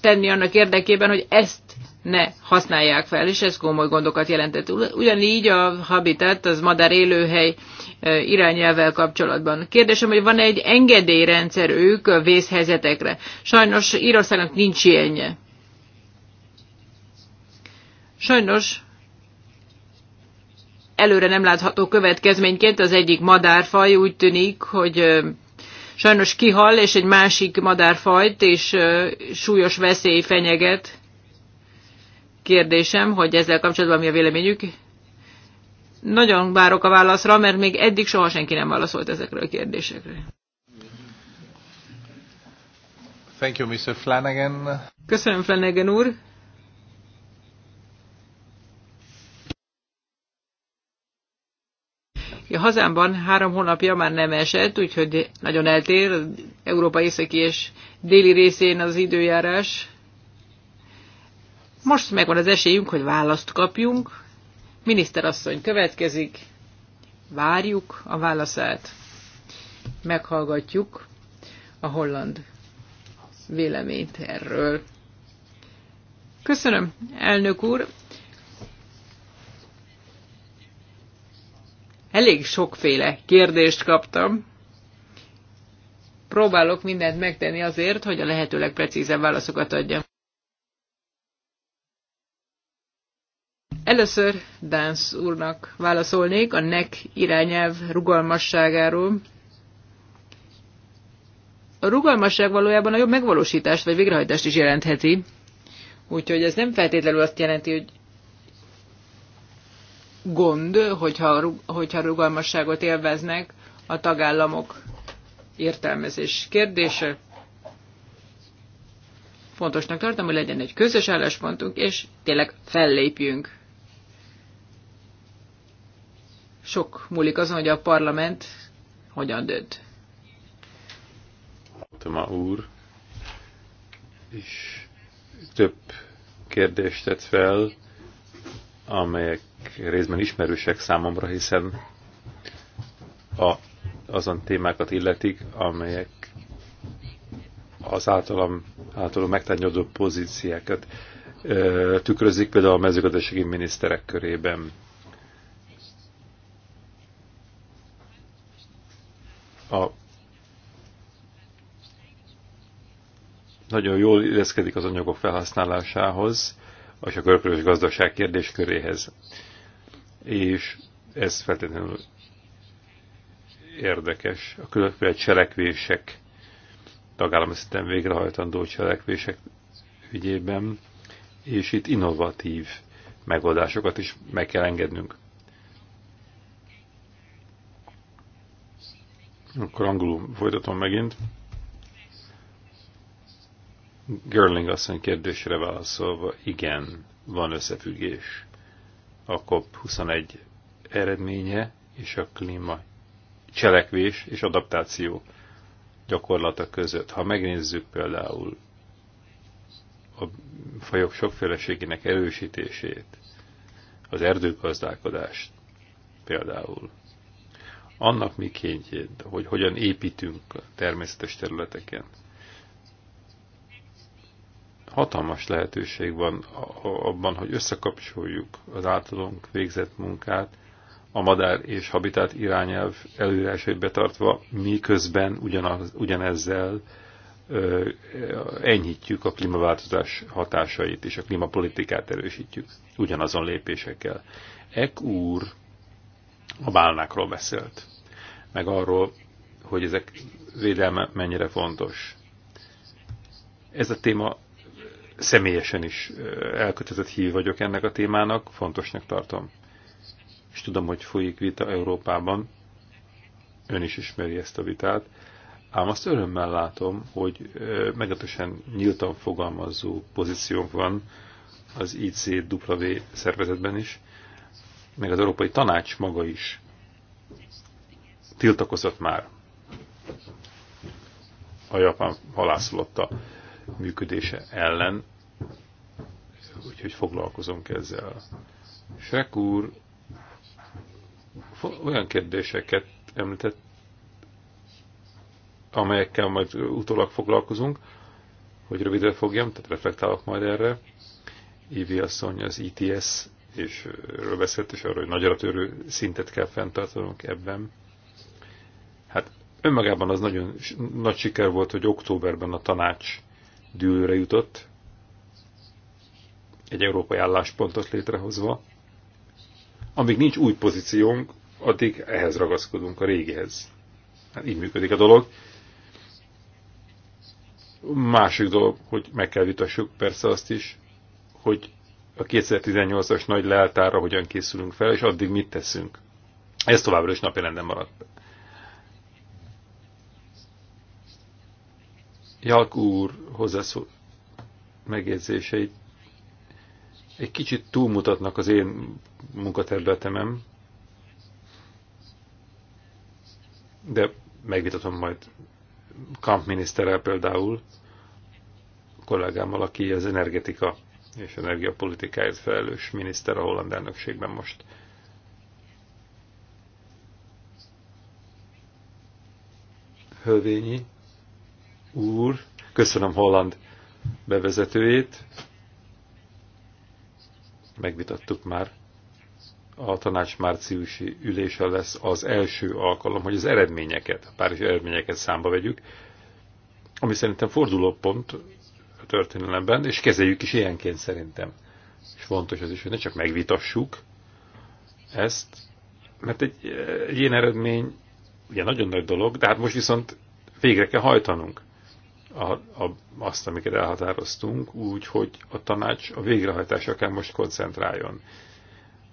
tenni annak érdekében, hogy ezt ne használják fel, és ez komoly gondokat jelentett. Ugyanígy a habitat, az madár élőhely irányelvel kapcsolatban. Kérdésem, hogy van -e egy engedélyrendszer ők a vészhelyzetekre. Sajnos Írországnak nincs ilyenje. Sajnos előre nem látható következményként az egyik madárfaj úgy tűnik, hogy sajnos kihal, és egy másik madárfajt, és súlyos veszély fenyeget. Kérdésem, hogy ezzel kapcsolatban mi a véleményük? Nagyon várok a válaszra, mert még eddig soha senki nem válaszolt ezekről a kérdésekre. Thank you, Mr. Flanagan. Köszönöm, Flanagan úr. A hazámban három hónapja már nem esett, úgyhogy nagyon eltér az Európa északi és déli részén az időjárás. Most megvan az esélyünk, hogy választ kapjunk. Miniszterasszony következik. Várjuk a válaszát. Meghallgatjuk a holland véleményt erről. Köszönöm, elnök úr. Elég sokféle kérdést kaptam. Próbálok mindent megtenni azért, hogy a lehetőleg precízebb válaszokat adjam. Először Dánsz úrnak válaszolnék a nek irányelv rugalmasságáról. A rugalmasság valójában a jobb megvalósítást vagy végrehajtást is jelentheti, úgyhogy ez nem feltétlenül azt jelenti, hogy gond, hogyha, hogyha rugalmasságot élveznek a tagállamok értelmezés kérdése. Fontosnak tartom, hogy legyen egy közös álláspontunk, és tényleg fellépjünk. Sok múlik azon, hogy a parlament hogyan dönt. Toma úr is több kérdést tett fel, amelyek részben ismerősek számomra, hiszen a, azon témákat illetik, amelyek az általam, általam megtárgyaló pozíciákat ö, tükrözik, például a mezőgazdasági miniszterek körében. A nagyon jól illeszkedik az anyagok felhasználásához, és a körkörös gazdaság kérdésköréhez és ez feltétlenül érdekes. A különböző cselekvések, tagállami szinten végrehajtandó cselekvések ügyében, és itt innovatív megoldásokat is meg kell engednünk. Akkor angolul folytatom megint. azt asszony kérdésre válaszolva, igen, van összefüggés a COP21 eredménye és a klíma cselekvés és adaptáció gyakorlata között. Ha megnézzük például a fajok sokféleségének erősítését, az erdőgazdálkodást például, annak mikéntjét, hogy hogyan építünk természetes területeken, hatalmas lehetőség van abban, hogy összekapcsoljuk az általunk végzett munkát, a madár és habitát irányelv előírásait betartva, miközben ugyanaz, ugyanezzel ö, enyhítjük a klímaváltozás hatásait és a klímapolitikát erősítjük ugyanazon lépésekkel. Ek úr a bálnákról beszélt, meg arról, hogy ezek védelme mennyire fontos. Ez a téma személyesen is elkötelezett hív vagyok ennek a témának, fontosnak tartom. És tudom, hogy folyik vita Európában, ön is ismeri ezt a vitát, ám azt örömmel látom, hogy meglehetősen nyíltan fogalmazó pozíciónk van az ICW szervezetben is, meg az Európai Tanács maga is tiltakozott már a japán halászlotta működése ellen, úgyhogy foglalkozunk ezzel. Sek úr olyan kérdéseket említett, amelyekkel majd utólag foglalkozunk, hogy rövidre fogjam, tehát reflektálok majd erre. Évi asszony az ITS, e és erről beszélt, és arról, hogy nagyra törő szintet kell fenntartanunk ebben. Hát önmagában az nagyon nagy siker volt, hogy októberben a tanács dűlőre jutott, egy európai álláspontot létrehozva. Amíg nincs új pozíciónk, addig ehhez ragaszkodunk, a régihez. Hát így működik a dolog. Másik dolog, hogy meg kell vitassuk persze azt is, hogy a 2018-as nagy leltára hogyan készülünk fel, és addig mit teszünk. Ez továbbra is napjelenden maradt Jalk úr hozzászó megjegyzései egy kicsit túlmutatnak az én munkaterületemem, de megvitatom majd Kamp miniszterrel például, kollégámmal, aki az energetika és energiapolitikáért felelős miniszter a holland elnökségben most. Hövényi úr, köszönöm Holland bevezetőjét. Megvitattuk már. A tanács márciusi ülése lesz az első alkalom, hogy az eredményeket, a párizsi eredményeket számba vegyük, ami szerintem fordulópont a történelemben, és kezeljük is ilyenként szerintem. És fontos az is, hogy ne csak megvitassuk ezt, mert egy, egy ilyen eredmény ugye nagyon nagy dolog, de hát most viszont végre kell hajtanunk a, a, azt, amiket elhatároztunk, úgy, hogy a tanács a végrehajtásra kell most koncentráljon.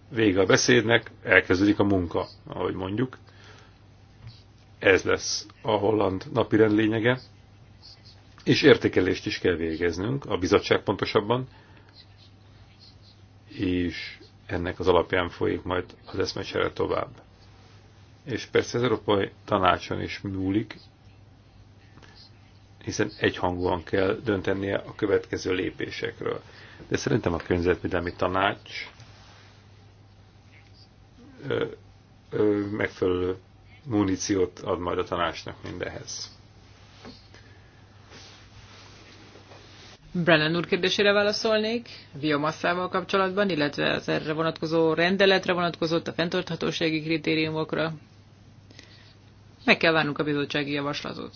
Vége a beszédnek, elkezdődik a munka, ahogy mondjuk. Ez lesz a holland napirend lényege, és értékelést is kell végeznünk, a bizottság pontosabban, és ennek az alapján folyik majd az eszmecsere tovább. És persze az Európai Tanácson is múlik, hiszen egyhangúan kell döntenie a következő lépésekről. De szerintem a környezetvédelmi tanács ö, ö, megfelelő muníciót ad majd a tanácsnak mindehez. Brennan úr kérdésére válaszolnék, biomasszával kapcsolatban, illetve az erre vonatkozó rendeletre vonatkozott a fenntarthatósági kritériumokra. Meg kell várnunk a bizottsági javaslatot.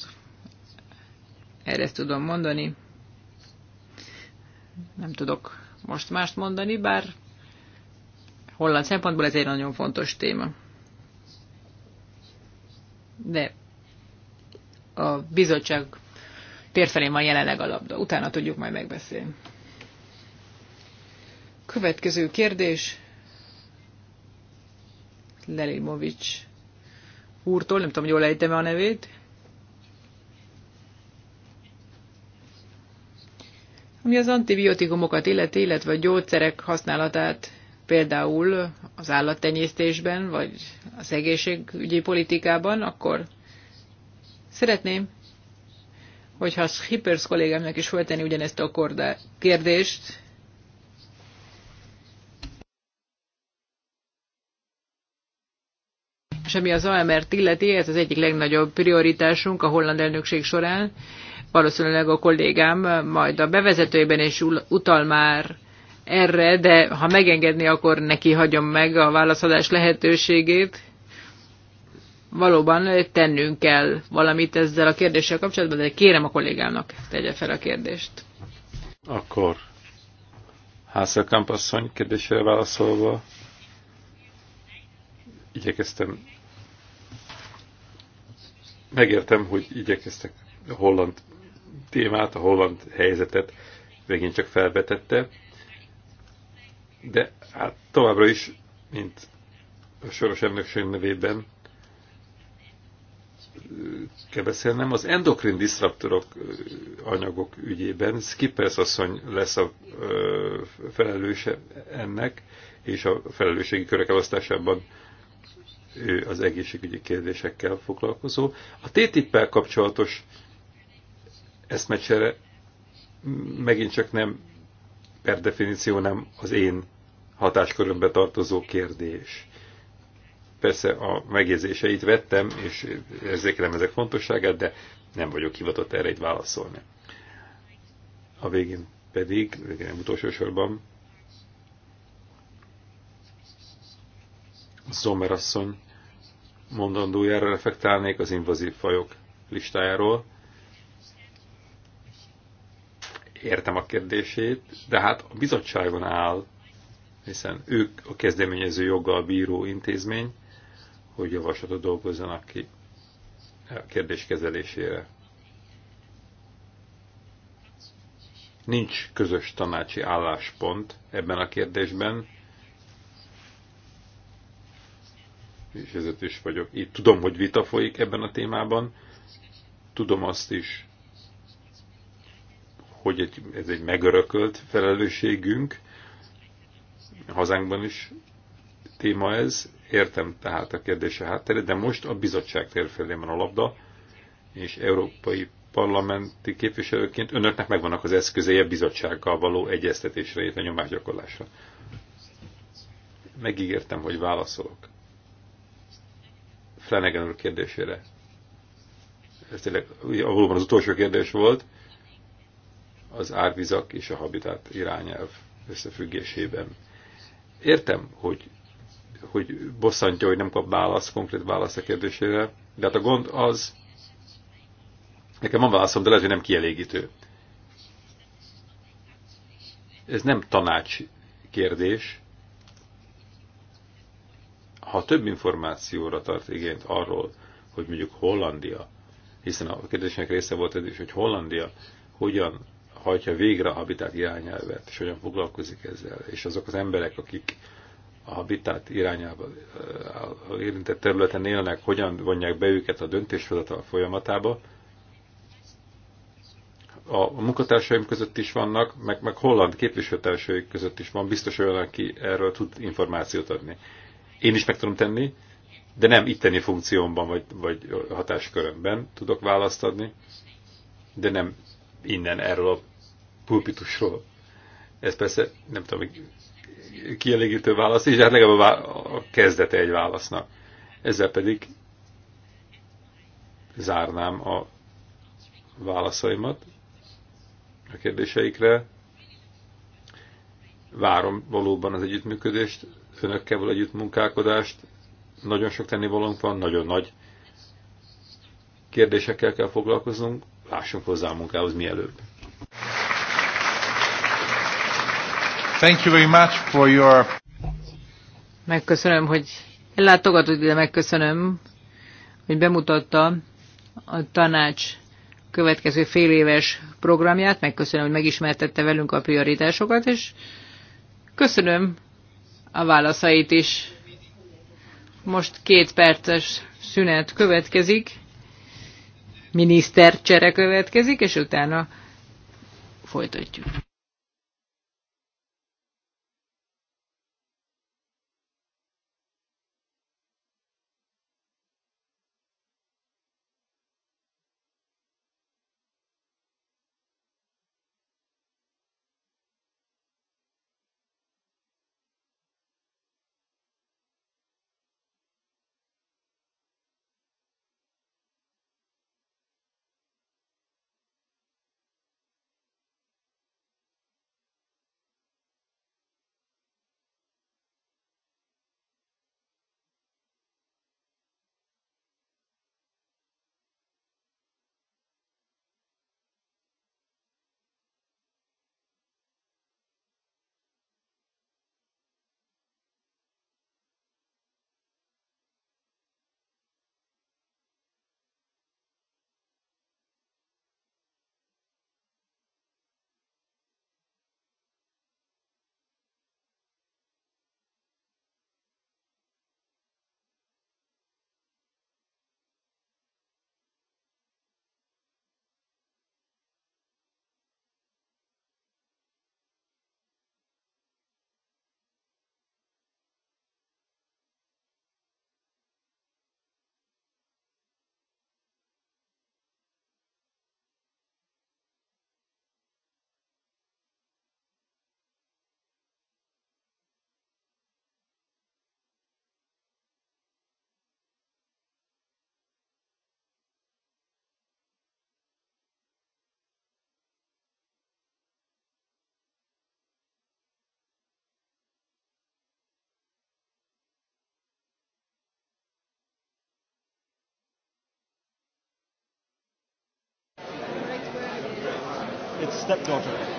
Erre ezt tudom mondani. Nem tudok most mást mondani, bár holland szempontból ez egy nagyon fontos téma. De a bizottság térfelén van jelenleg a labda. Utána tudjuk majd megbeszélni. Következő kérdés. Lelimovics úrtól, nem tudom, jól lejtem a nevét. Ami az antibiotikumokat illeti, illetve a gyógyszerek használatát például az állattenyésztésben, vagy az egészségügyi politikában, akkor szeretném, hogyha Schippers kollégámnak is föltenni ugyanezt a kérdést, és ami az AMR-t illeti, ez az egyik legnagyobb prioritásunk a holland elnökség során, Valószínűleg a kollégám majd a bevezetőjében is utal már erre, de ha megengedni, akkor neki hagyom meg a válaszadás lehetőségét. Valóban tennünk kell valamit ezzel a kérdéssel kapcsolatban, de kérem a kollégámnak, tegye fel a kérdést. Akkor Hászelkamp asszony kérdésére válaszolva igyekeztem megértem, hogy igyekeztek a holland témát, a holland helyzetet megint csak felvetette, de hát továbbra is, mint a soros emlékség nevében kell beszélnem, az endokrin disruptorok anyagok ügyében Skippers asszony lesz a felelőse ennek, és a felelősségi körök elosztásában ő az egészségügyi kérdésekkel foglalkozó. A ttip el kapcsolatos eszmecsere megint csak nem per definíció nem az én hatáskörömbe tartozó kérdés. Persze a megjegyzéseit vettem, és érzékelem ezek fontosságát, de nem vagyok hivatott erre egy válaszolni. A végén pedig, nem utolsó sorban, Zomer asszony mondandójára reflektálnék az invazív fajok listájáról. értem a kérdését, de hát a bizottságon áll, hiszen ők a kezdeményező joggal bíró intézmény, hogy javaslatot dolgozzanak ki a kérdés kezelésére. Nincs közös tanácsi álláspont ebben a kérdésben, és ezért is vagyok itt. Tudom, hogy vita folyik ebben a témában, tudom azt is, hogy egy, ez egy megörökölt felelősségünk, hazánkban is téma ez, értem tehát a kérdése háttere, de most a bizottság térfelé van a labda, és európai parlamenti képviselőként önöknek megvannak az eszközei a bizottsággal való egyeztetésre, illetve nyomásgyakorlásra. Megígértem, hogy válaszolok. Flanagan úr kérdésére. Ez tényleg ugye, az utolsó kérdés volt az árvizak és a habitat irányelv összefüggésében. Értem, hogy, hogy bosszantja, hogy nem kap választ, konkrét választ a kérdésére, de hát a gond az, nekem van válaszom, de lehet, hogy nem kielégítő. Ez nem tanács kérdés. Ha több információra tart igényt arról, hogy mondjuk Hollandia, hiszen a kérdésnek része volt ez is, hogy Hollandia hogyan hajtja végre a habitat irányelvet, és hogyan foglalkozik ezzel, és azok az emberek, akik a habitat irányába a érintett területen élnek, hogyan vonják be őket a döntéshozatal folyamatába. A munkatársaim között is vannak, meg, meg holland képviselőtársaik között is van, biztos olyan, aki erről tud információt adni. Én is meg tudom tenni, de nem itteni funkciómban vagy, vagy hatáskörömben tudok választ adni, de nem innen erről a pulpitusról. Ez persze, nem tudom, kielégítő válasz, és hát legalább a, a kezdete egy válasznak. Ezzel pedig zárnám a válaszaimat a kérdéseikre. Várom valóban az együttműködést, önökkel való együttmunkálkodást. Nagyon sok tennivalónk van, nagyon nagy kérdésekkel kell foglalkoznunk. Lássunk hozzá a munkához mielőbb. Thank you very much for your... Megköszönöm, hogy ellátogatott ide, megköszönöm, hogy bemutatta a tanács következő fél éves programját, megköszönöm, hogy megismertette velünk a prioritásokat, és köszönöm a válaszait is. Most két perces szünet következik, minisztercsere következik, és utána folytatjuk. stepdaughter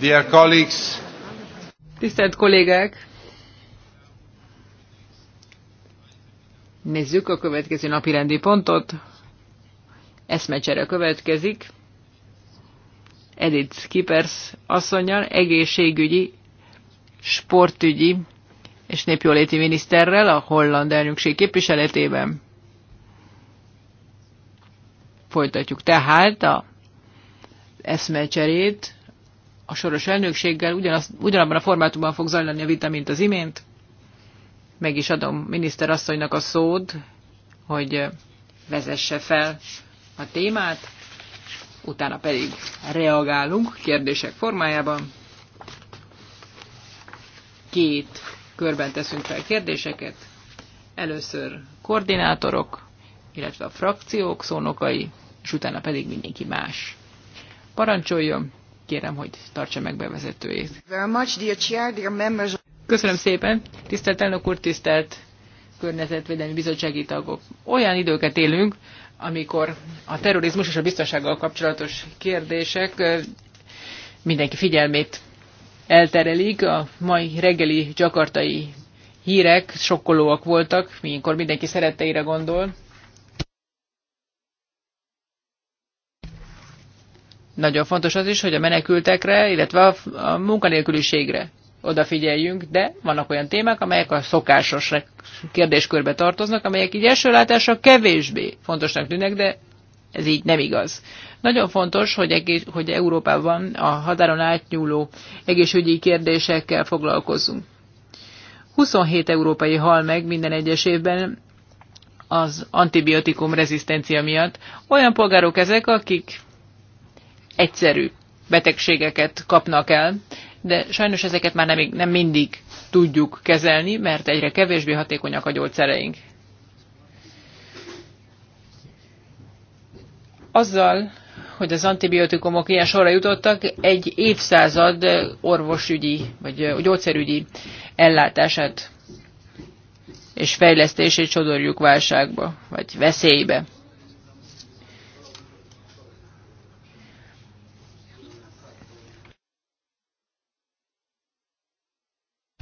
Dear colleagues. Tisztelt kollégák! Nézzük a következő napi rendi pontot. Eszmecsere következik. Edith Kipers asszonyal egészségügyi, sportügyi és népjóléti miniszterrel a holland elnökség képviseletében. Folytatjuk tehát a eszmecserét a soros elnökséggel, ugyanaz, ugyanabban a formátumban fog zajlani a vita, mint az imént. Meg is adom miniszter asszonynak a szót, hogy vezesse fel a témát, utána pedig reagálunk kérdések formájában. Két körben teszünk fel kérdéseket. Először koordinátorok, illetve a frakciók szónokai, és utána pedig mindenki más. Parancsoljon! Kérem, hogy tartsa meg bevezetőjét. Köszönöm szépen, tisztelt elnök úr, tisztelt környezetvédelmi bizottsági tagok. Olyan időket élünk, amikor a terrorizmus és a biztonsággal kapcsolatos kérdések mindenki figyelmét elterelik. A mai reggeli gyakartai hírek sokkolóak voltak, mikor mindenki szeretteire gondol. Nagyon fontos az is, hogy a menekültekre, illetve a munkanélküliségre odafigyeljünk, de vannak olyan témák, amelyek a szokásos kérdéskörbe tartoznak, amelyek így első látásra kevésbé fontosnak tűnnek, de ez így nem igaz. Nagyon fontos, hogy, egész, hogy Európában a határon átnyúló egészségügyi kérdésekkel foglalkozzunk. 27 európai hal meg minden egyes évben az antibiotikum rezisztencia miatt. Olyan polgárok ezek, akik egyszerű betegségeket kapnak el, de sajnos ezeket már nem, nem mindig tudjuk kezelni, mert egyre kevésbé hatékonyak a gyógyszereink. Azzal, hogy az antibiotikumok ilyen sorra jutottak, egy évszázad orvosügyi vagy gyógyszerügyi ellátását és fejlesztését sodorjuk válságba, vagy veszélybe.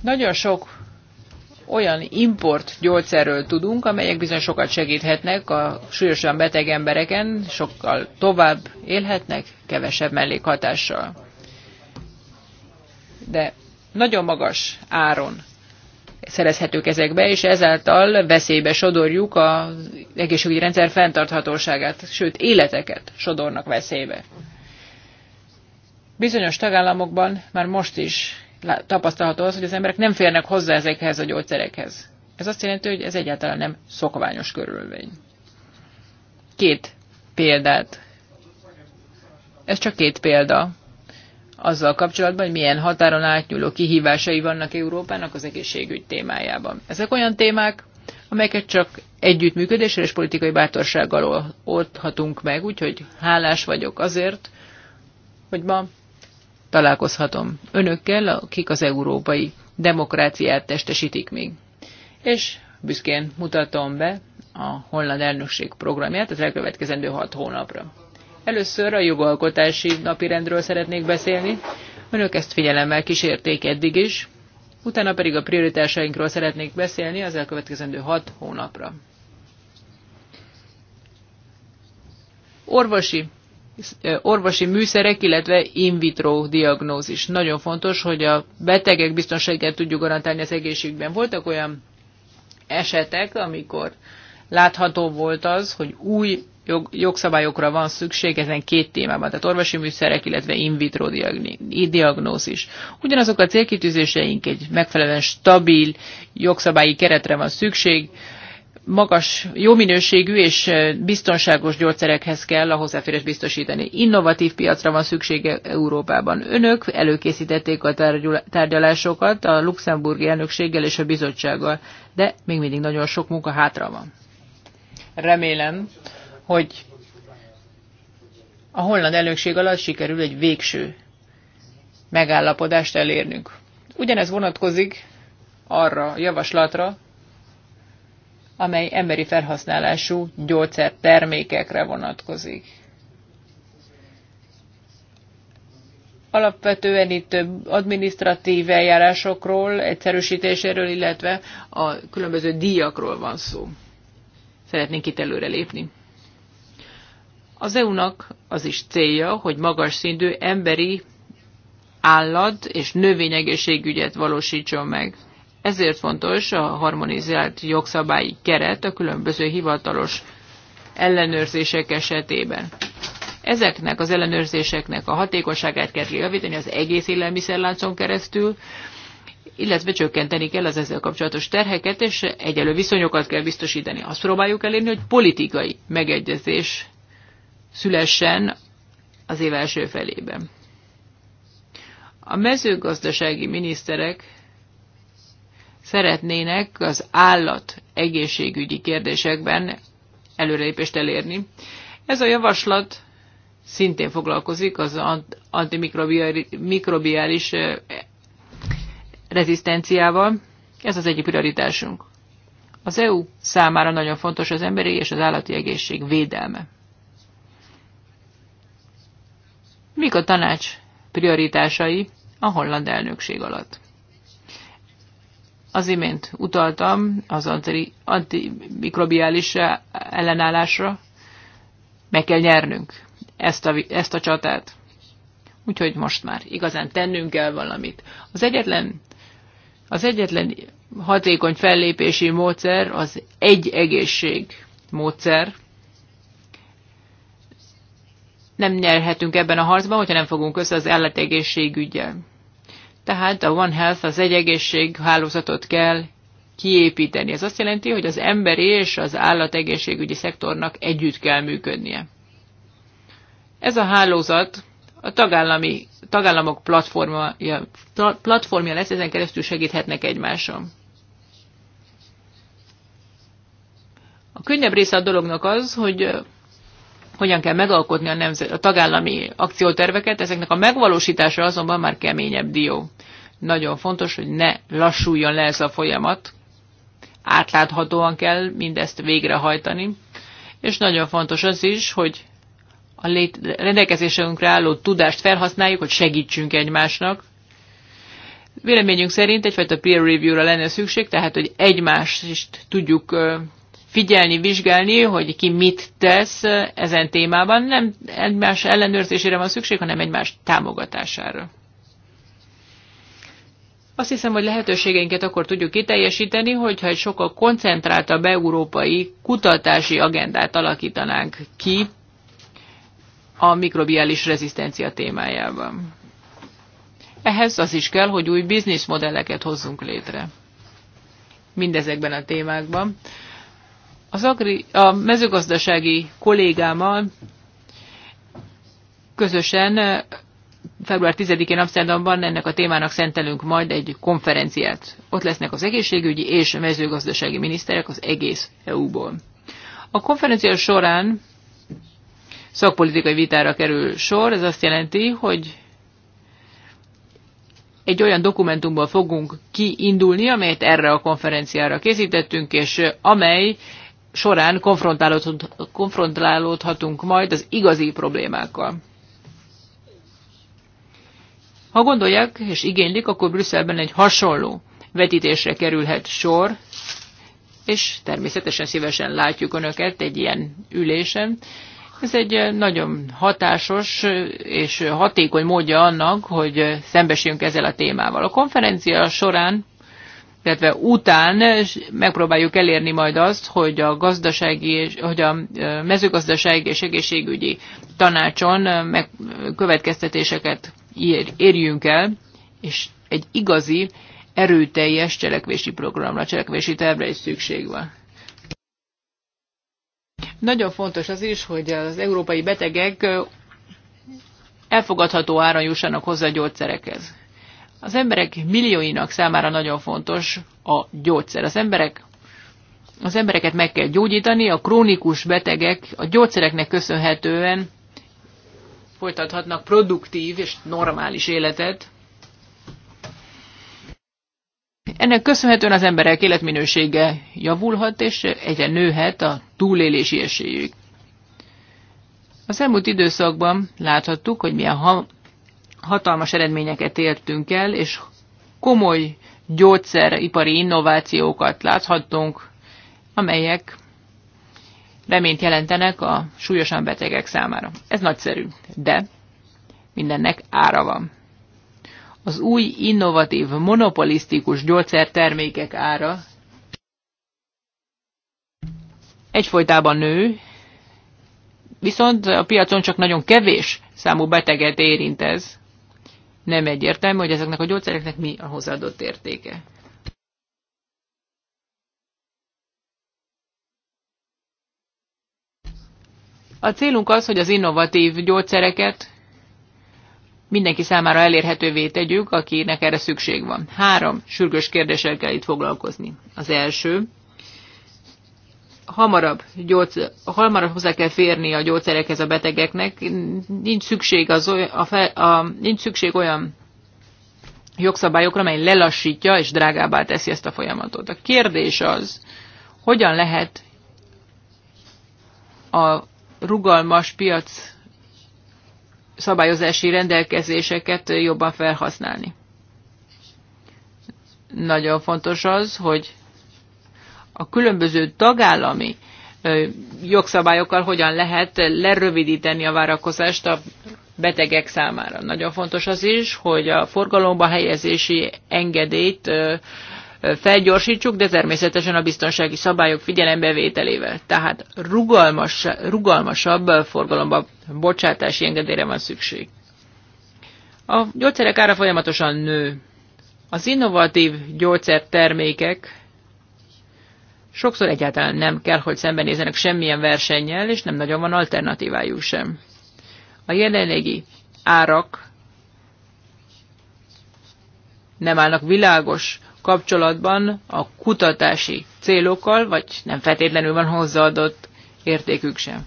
Nagyon sok olyan import gyógyszerről tudunk, amelyek bizony sokat segíthetnek a súlyosan beteg embereken, sokkal tovább élhetnek, kevesebb mellékhatással. De nagyon magas áron szerezhetők ezekbe, és ezáltal veszélybe sodorjuk az egészségügyi rendszer fenntarthatóságát, sőt életeket sodornak veszélybe. Bizonyos tagállamokban már most is tapasztalható az, hogy az emberek nem férnek hozzá ezekhez a gyógyszerekhez. Ez azt jelenti, hogy ez egyáltalán nem szokványos körülmény. Két példát. Ez csak két példa azzal kapcsolatban, hogy milyen határon átnyúló kihívásai vannak Európának az egészségügy témájában. Ezek olyan témák, amelyeket csak együttműködésre és politikai bátorsággal oldhatunk meg, úgyhogy hálás vagyok azért, hogy ma találkozhatom önökkel, akik az európai demokráciát testesítik még. És büszkén mutatom be a holland elnökség programját az elkövetkezendő hat hónapra. Először a jogalkotási napirendről szeretnék beszélni. Önök ezt figyelemmel kísérték eddig is, utána pedig a prioritásainkról szeretnék beszélni az elkövetkezendő hat hónapra. Orvosi orvosi műszerek, illetve in vitro diagnózis. Nagyon fontos, hogy a betegek biztonságát tudjuk garantálni az egészségben. Voltak olyan esetek, amikor látható volt az, hogy új jog, jogszabályokra van szükség ezen két témában, tehát orvosi műszerek, illetve in vitro diagnózis. Ugyanazok a célkitűzéseink egy megfelelően stabil jogszabályi keretre van szükség, magas, jó minőségű és biztonságos gyógyszerekhez kell a hozzáférés biztosítani. Innovatív piacra van szüksége Európában. Önök előkészítették a tárgyalásokat a luxemburgi elnökséggel és a bizottsággal, de még mindig nagyon sok munka hátra van. Remélem, hogy a holland elnökség alatt sikerül egy végső megállapodást elérnünk. Ugyanez vonatkozik arra a javaslatra, amely emberi felhasználású termékekre vonatkozik. Alapvetően itt adminisztratív eljárásokról, egyszerűsítéséről, illetve a különböző díjakról van szó. Szeretnénk itt előre lépni. Az EU-nak az is célja, hogy magas szintű emberi állat és növényegészségügyet valósítson meg. Ezért fontos a harmonizált jogszabályi keret a különböző hivatalos ellenőrzések esetében. Ezeknek az ellenőrzéseknek a hatékonyságát kell javítani az egész élelmiszerláncon keresztül, illetve csökkenteni kell az ezzel kapcsolatos terheket, és egyelő viszonyokat kell biztosítani. Azt próbáljuk elérni, hogy politikai megegyezés szülessen az év első felében. A mezőgazdasági miniszterek szeretnének az állat egészségügyi kérdésekben előrelépést elérni. Ez a javaslat szintén foglalkozik az antimikrobiális rezisztenciával. Ez az egyik prioritásunk. Az EU számára nagyon fontos az emberi és az állati egészség védelme. Mik a tanács prioritásai a holland elnökség alatt? Az imént utaltam az antimikrobiális ellenállásra. Meg kell nyernünk ezt a, ezt a csatát. Úgyhogy most már igazán tennünk kell valamit. Az egyetlen, az egyetlen hatékony fellépési módszer az egy egészség módszer. Nem nyerhetünk ebben a harcban, hogyha nem fogunk össze az állategészségügyel. Tehát a One Health, az egy egészség hálózatot kell kiépíteni. Ez azt jelenti, hogy az emberi és az állategészségügyi szektornak együtt kell működnie. Ez a hálózat a tagállami, tagállamok platformja, platformja lesz, ezen keresztül segíthetnek egymáson. A könnyebb része a dolognak az, hogy hogyan kell megalkotni a, nemzet, a tagállami akcióterveket, ezeknek a megvalósítása azonban már keményebb dió. Nagyon fontos, hogy ne lassuljon le ez a folyamat, átláthatóan kell mindezt végrehajtani, és nagyon fontos az is, hogy a rendelkezésünkre álló tudást felhasználjuk, hogy segítsünk egymásnak. Véleményünk szerint egyfajta peer review-ra lenne szükség, tehát hogy egymást is tudjuk figyelni, vizsgálni, hogy ki mit tesz ezen témában. Nem egymás ellenőrzésére van szükség, hanem egymás támogatására. Azt hiszem, hogy lehetőségeinket akkor tudjuk kiteljesíteni, hogyha egy sokkal koncentráltabb európai kutatási agendát alakítanánk ki a mikrobiális rezisztencia témájában. Ehhez az is kell, hogy új bizniszmodelleket hozzunk létre mindezekben a témákban. Az agri, a mezőgazdasági kollégámmal közösen február 10-én Amsterdamban ennek a témának szentelünk majd egy konferenciát. Ott lesznek az egészségügyi és mezőgazdasági miniszterek az egész EU-ból. A konferencia során szakpolitikai vitára kerül sor, ez azt jelenti, hogy egy olyan dokumentumból fogunk kiindulni, amelyet erre a konferenciára készítettünk, és amely során konfrontálódhatunk majd az igazi problémákkal. Ha gondolják és igénylik, akkor Brüsszelben egy hasonló vetítésre kerülhet sor, és természetesen szívesen látjuk Önöket egy ilyen ülésen. Ez egy nagyon hatásos és hatékony módja annak, hogy szembesüljünk ezzel a témával. A konferencia során illetve után megpróbáljuk elérni majd azt, hogy a gazdasági hogy a mezőgazdasági és egészségügyi tanácson meg, következtetéseket érjünk el, és egy igazi, erőteljes cselekvési programra, cselekvési tervre is szükség van. Nagyon fontos az is, hogy az európai betegek elfogadható áron jussanak hozzá a gyógyszerekhez. Az emberek millióinak számára nagyon fontos a gyógyszer. Az emberek az embereket meg kell gyógyítani, a krónikus betegek a gyógyszereknek köszönhetően folytathatnak produktív és normális életet. Ennek köszönhetően az emberek életminősége javulhat, és egyre nőhet a túlélési esélyük. Az elmúlt időszakban láthattuk, hogy milyen hatalmas eredményeket értünk el, és komoly gyógyszeripari innovációkat láthattunk, amelyek reményt jelentenek a súlyosan betegek számára. Ez nagyszerű, de mindennek ára van. Az új innovatív, monopolisztikus gyógyszertermékek ára egyfolytában nő, viszont a piacon csak nagyon kevés számú beteget érint ez nem egyértelmű, hogy ezeknek a gyógyszereknek mi a hozzáadott értéke. A célunk az, hogy az innovatív gyógyszereket mindenki számára elérhetővé tegyük, akinek erre szükség van. Három sürgős kérdéssel kell itt foglalkozni. Az első, hamarabb, gyógyszer, hamarabb hozzá kell férni a gyógyszerekhez a betegeknek. Nincs szükség, az olyan, a fel, a, nincs szükség olyan jogszabályokra, amely lelassítja és drágábbá teszi ezt a folyamatot. A kérdés az, hogyan lehet a rugalmas piac szabályozási rendelkezéseket jobban felhasználni. Nagyon fontos az, hogy a különböző tagállami jogszabályokkal hogyan lehet lerövidíteni a várakozást a betegek számára. Nagyon fontos az is, hogy a forgalomba helyezési engedélyt felgyorsítsuk, de természetesen a biztonsági szabályok figyelembevételével. Tehát rugalmas, rugalmasabb forgalomba bocsátási engedélyre van szükség. A gyógyszerek ára folyamatosan nő. Az innovatív gyógyszertermékek sokszor egyáltalán nem kell, hogy szembenézzenek semmilyen versennyel, és nem nagyon van alternatívájuk sem. A jelenlegi árak nem állnak világos kapcsolatban a kutatási célokkal, vagy nem feltétlenül van hozzáadott értékük sem.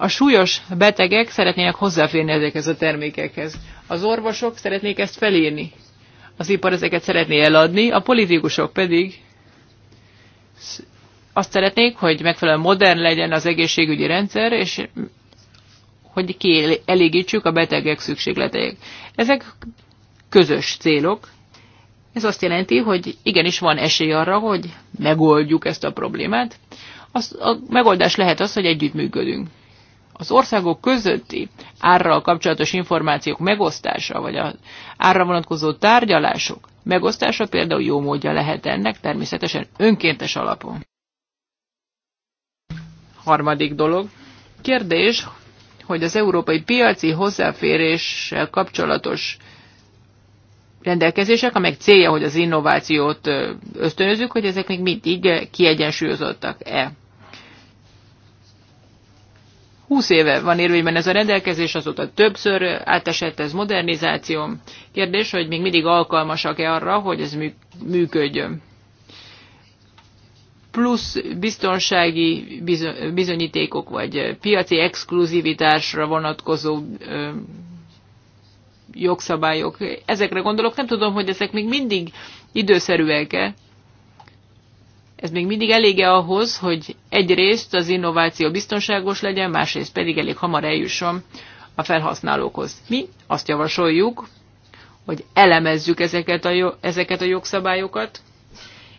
A súlyos betegek szeretnének hozzáférni ezekhez a termékekhez. Az orvosok szeretnék ezt felírni az ipar ezeket szeretné eladni, a politikusok pedig azt szeretnék, hogy megfelelően modern legyen az egészségügyi rendszer, és hogy kielégítsük a betegek szükségleteit. Ezek közös célok. Ez azt jelenti, hogy igenis van esély arra, hogy megoldjuk ezt a problémát. Az, a megoldás lehet az, hogy együttműködünk az országok közötti árral kapcsolatos információk megosztása, vagy az árra vonatkozó tárgyalások megosztása például jó módja lehet ennek, természetesen önkéntes alapon. Harmadik dolog. Kérdés, hogy az európai piaci hozzáféréssel kapcsolatos rendelkezések, amelyek célja, hogy az innovációt ösztönözzük, hogy ezek még mindig kiegyensúlyozottak-e. 20 éve van érvényben ez a rendelkezés, azóta többször átesett ez modernizáció. Kérdés, hogy még mindig alkalmasak-e arra, hogy ez működjön. Plusz biztonsági bizonyítékok, vagy piaci exkluzivitásra vonatkozó jogszabályok. Ezekre gondolok, nem tudom, hogy ezek még mindig időszerűek-e, ez még mindig elége ahhoz, hogy egyrészt az innováció biztonságos legyen, másrészt pedig elég hamar eljusson a felhasználókhoz. Mi azt javasoljuk, hogy elemezzük ezeket a, jo- ezeket a jogszabályokat,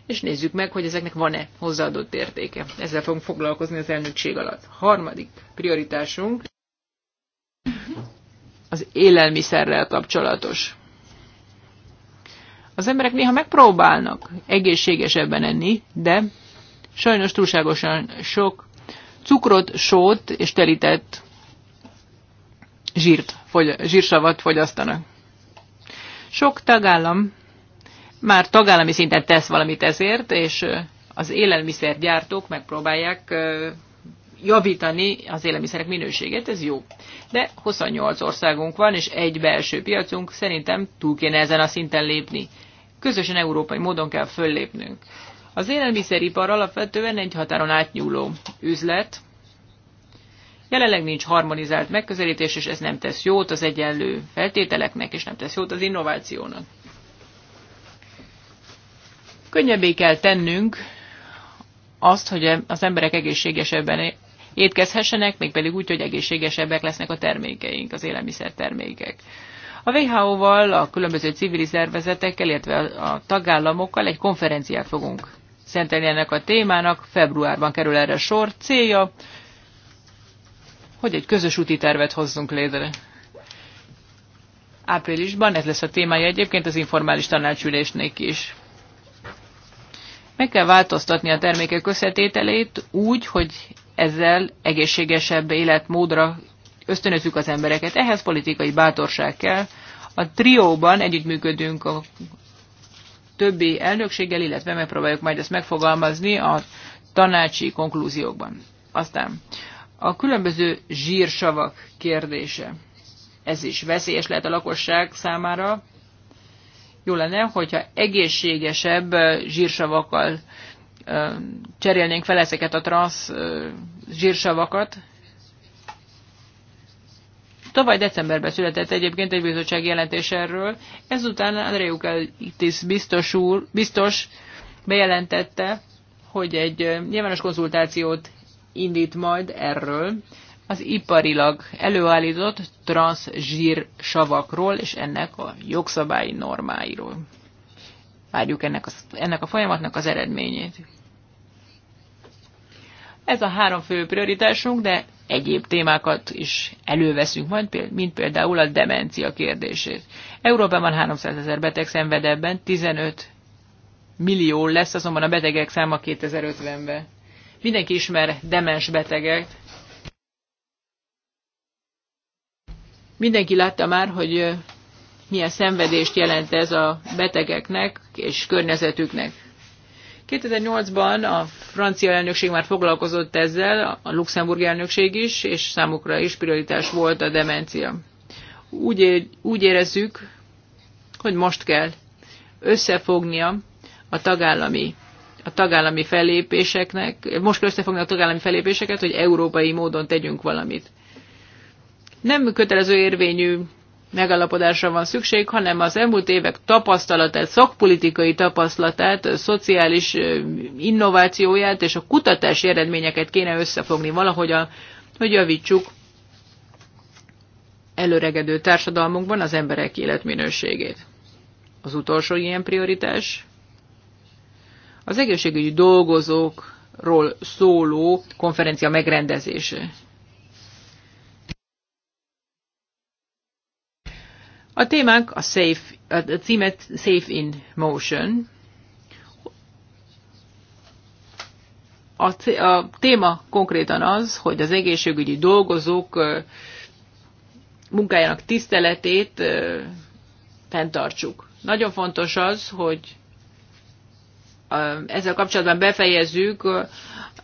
és nézzük meg, hogy ezeknek van-e hozzáadott értéke. Ezzel fogunk foglalkozni az elnökség alatt. Harmadik prioritásunk az élelmiszerrel kapcsolatos. Az emberek néha megpróbálnak egészségesebben enni, de sajnos túlságosan sok cukrot, sót és telített zsírt, fogy, zsírsavat fogyasztanak. Sok tagállam már tagállami szinten tesz valamit ezért, és az élelmiszergyártók megpróbálják javítani az élelmiszerek minőségét, ez jó. De 28 országunk van, és egy belső piacunk, szerintem túl kéne ezen a szinten lépni. Közösen európai módon kell föllépnünk. Az élelmiszeripar alapvetően egy határon átnyúló üzlet. Jelenleg nincs harmonizált megközelítés, és ez nem tesz jót az egyenlő feltételeknek, és nem tesz jót az innovációnak. Könnyebbé kell tennünk azt, hogy az emberek egészségesebben étkezhessenek, mégpedig úgy, hogy egészségesebbek lesznek a termékeink, az élelmiszer termékek. A WHO-val, a különböző civil szervezetekkel, illetve a tagállamokkal egy konferenciát fogunk szentelni ennek a témának. Februárban kerül erre sor. Célja, hogy egy közös úti tervet hozzunk létre. Áprilisban ez lesz a témája egyébként az informális tanácsülésnek is. Meg kell változtatni a termékek összetételét úgy, hogy ezzel egészségesebb életmódra ösztönözzük az embereket. Ehhez politikai bátorság kell. A trióban együttműködünk a többi elnökséggel, illetve megpróbáljuk majd ezt megfogalmazni a tanácsi konklúziókban. Aztán a különböző zsírsavak kérdése. Ez is veszélyes lehet a lakosság számára. Jó lenne, hogyha egészségesebb zsírsavakkal cserélnénk fel ezeket a transz zsírsavakat, Tavaly decemberben született egyébként egy bizottság jelentés erről, ezután Andreukaitis biztos, úr, biztos bejelentette, hogy egy nyilvános konzultációt indít majd erről az iparilag előállított transzsír savakról és ennek a jogszabályi normáiról. Várjuk ennek a, ennek a folyamatnak az eredményét. Ez a három fő prioritásunk, de egyéb témákat is előveszünk majd, mint például a demencia kérdését. Európában 300 ezer beteg szenved ebben, 15 millió lesz azonban a betegek száma 2050-ben. Mindenki ismer demens beteget. Mindenki látta már, hogy milyen szenvedést jelent ez a betegeknek és környezetüknek. 2008-ban a francia elnökség már foglalkozott ezzel, a luxemburgi elnökség is, és számukra is prioritás volt a demencia. Úgy, úgy érezzük, hogy most kell összefognia a tagállami a tagállami fellépéseknek, most kell összefogni a tagállami fellépéseket, hogy európai módon tegyünk valamit. Nem kötelező érvényű megalapodásra van szükség, hanem az elmúlt évek tapasztalatát, szakpolitikai tapasztalatát, szociális innovációját és a kutatási eredményeket kéne összefogni a, hogy javítsuk előregedő társadalmunkban az emberek életminőségét. Az utolsó ilyen prioritás az egészségügyi dolgozókról szóló konferencia megrendezése. A témánk a, safe, a címet Safe in Motion. A, a téma konkrétan az, hogy az egészségügyi dolgozók munkájának tiszteletét fenntartsuk. Nagyon fontos az, hogy ezzel kapcsolatban befejezzük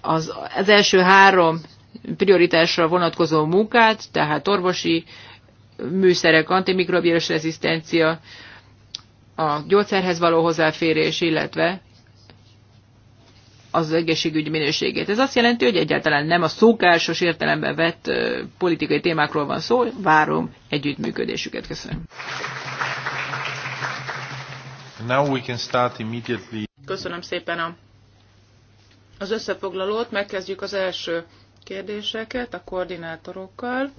az, az első három prioritásra vonatkozó munkát, tehát orvosi, műszerek, antimikrobiális rezisztencia, a gyógyszerhez való hozzáférés, illetve az egészségügy minőségét. Ez azt jelenti, hogy egyáltalán nem a szokásos értelemben vett politikai témákról van szó, várom együttműködésüket. Köszönöm. Now we can start immediately. Köszönöm szépen a, az összefoglalót. Megkezdjük az első kérdéseket a koordinátorokkal.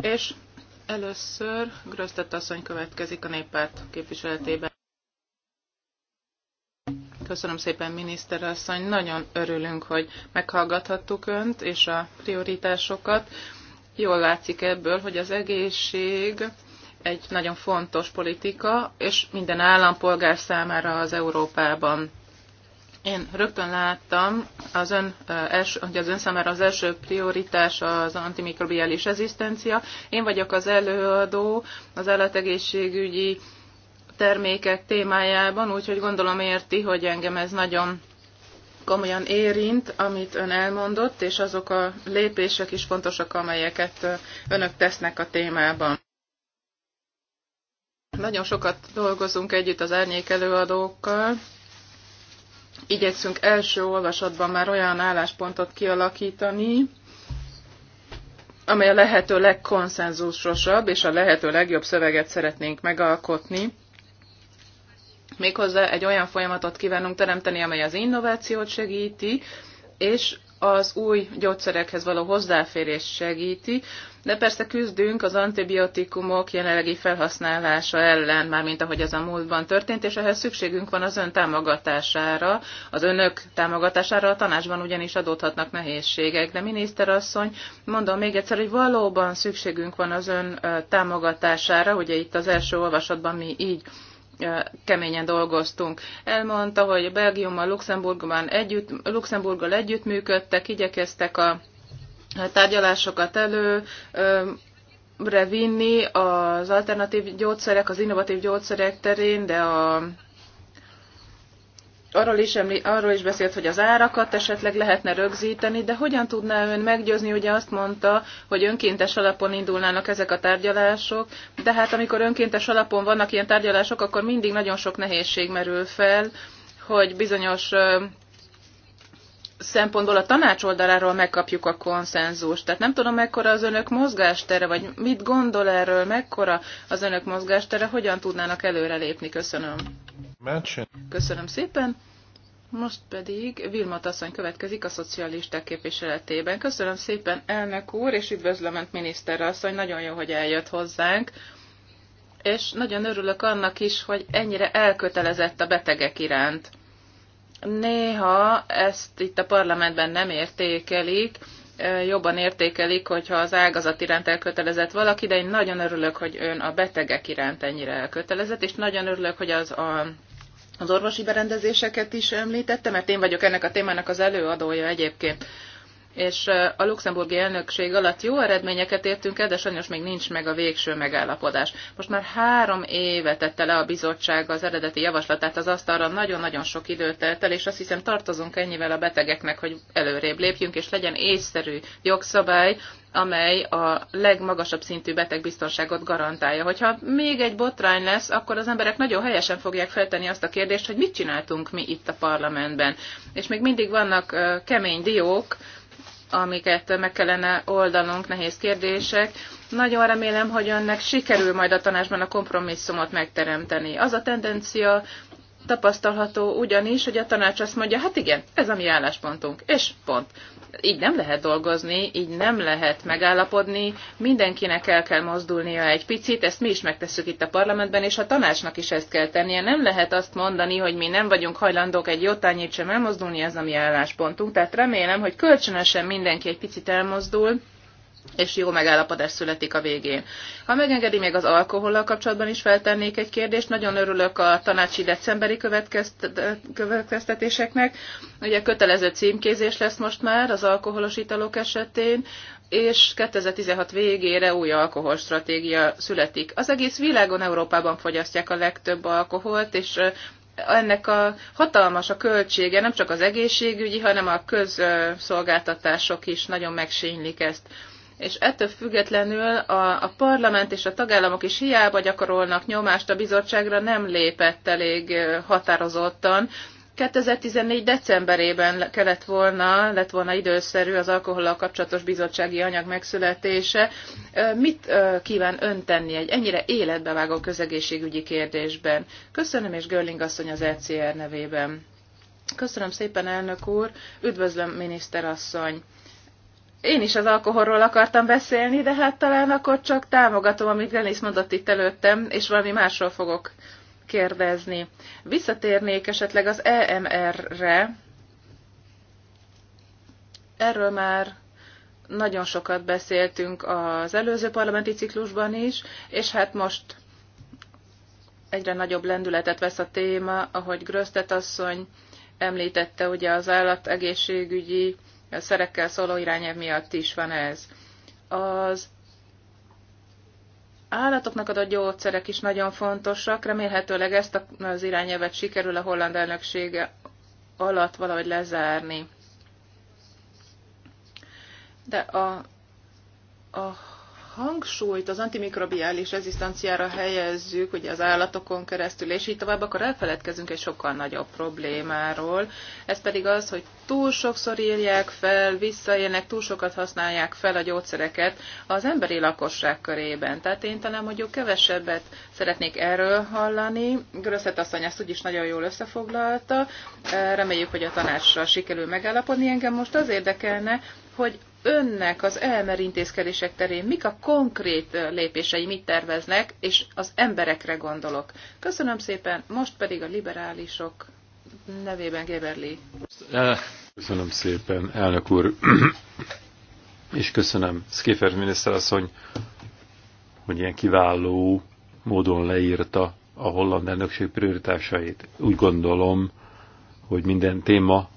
És először Grösztet asszony következik a néppárt képviseletében. Köszönöm szépen, miniszter asszony. Nagyon örülünk, hogy meghallgathattuk Önt és a prioritásokat. Jól látszik ebből, hogy az egészség egy nagyon fontos politika, és minden állampolgár számára az Európában. Én rögtön láttam, az ön, hogy az ön számára az első prioritás az antimikrobiális rezisztencia. Én vagyok az előadó az állategészségügyi termékek témájában, úgyhogy gondolom érti, hogy engem ez nagyon komolyan érint, amit ön elmondott, és azok a lépések is fontosak, amelyeket önök tesznek a témában. Nagyon sokat dolgozunk együtt az árnyék előadókkal, igyekszünk első olvasatban már olyan álláspontot kialakítani, amely a lehető legkonszenzusosabb és a lehető legjobb szöveget szeretnénk megalkotni. Méghozzá egy olyan folyamatot kívánunk teremteni, amely az innovációt segíti, és az új gyógyszerekhez való hozzáférés segíti, de persze küzdünk az antibiotikumok jelenlegi felhasználása ellen, már mint ahogy az a múltban történt, és ehhez szükségünk van az ön támogatására, az önök támogatására, a tanácsban ugyanis adódhatnak nehézségek. De miniszterasszony, mondom még egyszer, hogy valóban szükségünk van az ön támogatására, ugye itt az első olvasatban mi így keményen dolgoztunk. Elmondta, hogy Belgiummal, Luxemburgban együtt, Luxemburggal együttműködtek, igyekeztek a tárgyalásokat elő, vinni az alternatív gyógyszerek, az innovatív gyógyszerek terén, de a arról is, emlí, arról is beszélt, hogy az árakat esetleg lehetne rögzíteni, de hogyan tudná ön meggyőzni, ugye azt mondta, hogy önkéntes alapon indulnának ezek a tárgyalások, de hát amikor önkéntes alapon vannak ilyen tárgyalások, akkor mindig nagyon sok nehézség merül fel, hogy bizonyos szempontból a tanács oldaláról megkapjuk a konszenzust. Tehát nem tudom, mekkora az önök mozgástere, vagy mit gondol erről, mekkora az önök mozgástere, hogyan tudnának előrelépni. Köszönöm. Köszönöm szépen. Most pedig Vilmat asszony következik a szocialisták képviseletében. Köszönöm szépen, elnök úr, és üdvözlöm önt miniszter asszony, nagyon jó, hogy eljött hozzánk. És nagyon örülök annak is, hogy ennyire elkötelezett a betegek iránt. Néha ezt itt a parlamentben nem értékelik, jobban értékelik, hogyha az ágazat iránt elkötelezett valaki, de én nagyon örülök, hogy ön a betegek iránt ennyire elkötelezett, és nagyon örülök, hogy az a az orvosi berendezéseket is említette, mert én vagyok ennek a témának az előadója egyébként és a luxemburgi elnökség alatt jó eredményeket értünk el, de sajnos még nincs meg a végső megállapodás. Most már három éve tette le a bizottság az eredeti javaslatát az asztalra, nagyon-nagyon sok időt telt el, és azt hiszem tartozunk ennyivel a betegeknek, hogy előrébb lépjünk, és legyen észszerű jogszabály, amely a legmagasabb szintű betegbiztonságot garantálja. Hogyha még egy botrány lesz, akkor az emberek nagyon helyesen fogják feltenni azt a kérdést, hogy mit csináltunk mi itt a parlamentben. És még mindig vannak kemény diók, amiket meg kellene oldanunk, nehéz kérdések. Nagyon remélem, hogy önnek sikerül majd a tanásban a kompromisszumot megteremteni. Az a tendencia tapasztalható ugyanis, hogy a tanács azt mondja, hát igen, ez a mi álláspontunk, és pont így nem lehet dolgozni, így nem lehet megállapodni, mindenkinek el kell mozdulnia egy picit, ezt mi is megtesszük itt a parlamentben, és a tanácsnak is ezt kell tennie. Nem lehet azt mondani, hogy mi nem vagyunk hajlandók egy jótányit sem elmozdulni, ez a mi álláspontunk. Tehát remélem, hogy kölcsönösen mindenki egy picit elmozdul, és jó megállapodás születik a végén. Ha megengedi, még az alkohollal kapcsolatban is feltennék egy kérdést. Nagyon örülök a tanácsi decemberi következtetéseknek. Ugye kötelező címkézés lesz most már az alkoholos italok esetén, és 2016 végére új alkoholstratégia születik. Az egész világon Európában fogyasztják a legtöbb alkoholt, és ennek a hatalmas a költsége, nem csak az egészségügyi, hanem a közszolgáltatások is nagyon megsénylik ezt és ettől függetlenül a, a parlament és a tagállamok is hiába gyakorolnak nyomást a bizottságra, nem lépett elég határozottan. 2014. decemberében kellett volna, lett volna időszerű az alkohollal kapcsolatos bizottsági anyag megszületése. Mit kíván ön tenni egy ennyire életbevágó közegészségügyi kérdésben? Köszönöm, és Görling asszony az ECR nevében. Köszönöm szépen, elnök úr. Üdvözlöm, miniszterasszony. Én is az alkoholról akartam beszélni, de hát talán akkor csak támogatom, amit Glenis mondott itt előttem, és valami másról fogok kérdezni. Visszatérnék esetleg az EMR-re. Erről már nagyon sokat beszéltünk az előző parlamenti ciklusban is, és hát most egyre nagyobb lendületet vesz a téma, ahogy Grösztet asszony említette, ugye az állategészségügyi szerekkel szóló irányelv miatt is van ez. Az állatoknak adott gyógyszerek is nagyon fontosak, remélhetőleg ezt az irányelvet sikerül a holland elnöksége alatt valahogy lezárni. De a, a hangsúlyt az antimikrobiális rezisztanciára helyezzük, ugye az állatokon keresztül, és így tovább, akkor elfeledkezünk egy sokkal nagyobb problémáról. Ez pedig az, hogy túl sokszor írják fel, visszaélnek, túl sokat használják fel a gyógyszereket az emberi lakosság körében. Tehát én talán mondjuk kevesebbet szeretnék erről hallani. Grösszet asszony ezt úgyis nagyon jól összefoglalta. Reméljük, hogy a tanácsra sikerül megállapodni. Engem most az érdekelne, hogy önnek az elmer intézkedések terén mik a konkrét lépései, mit terveznek, és az emberekre gondolok. Köszönöm szépen, most pedig a liberálisok nevében Geberli. Köszönöm szépen, elnök úr, és köszönöm Skiffer miniszterasszony, hogy ilyen kiváló módon leírta a holland elnökség prioritásait. Úgy gondolom, hogy minden téma,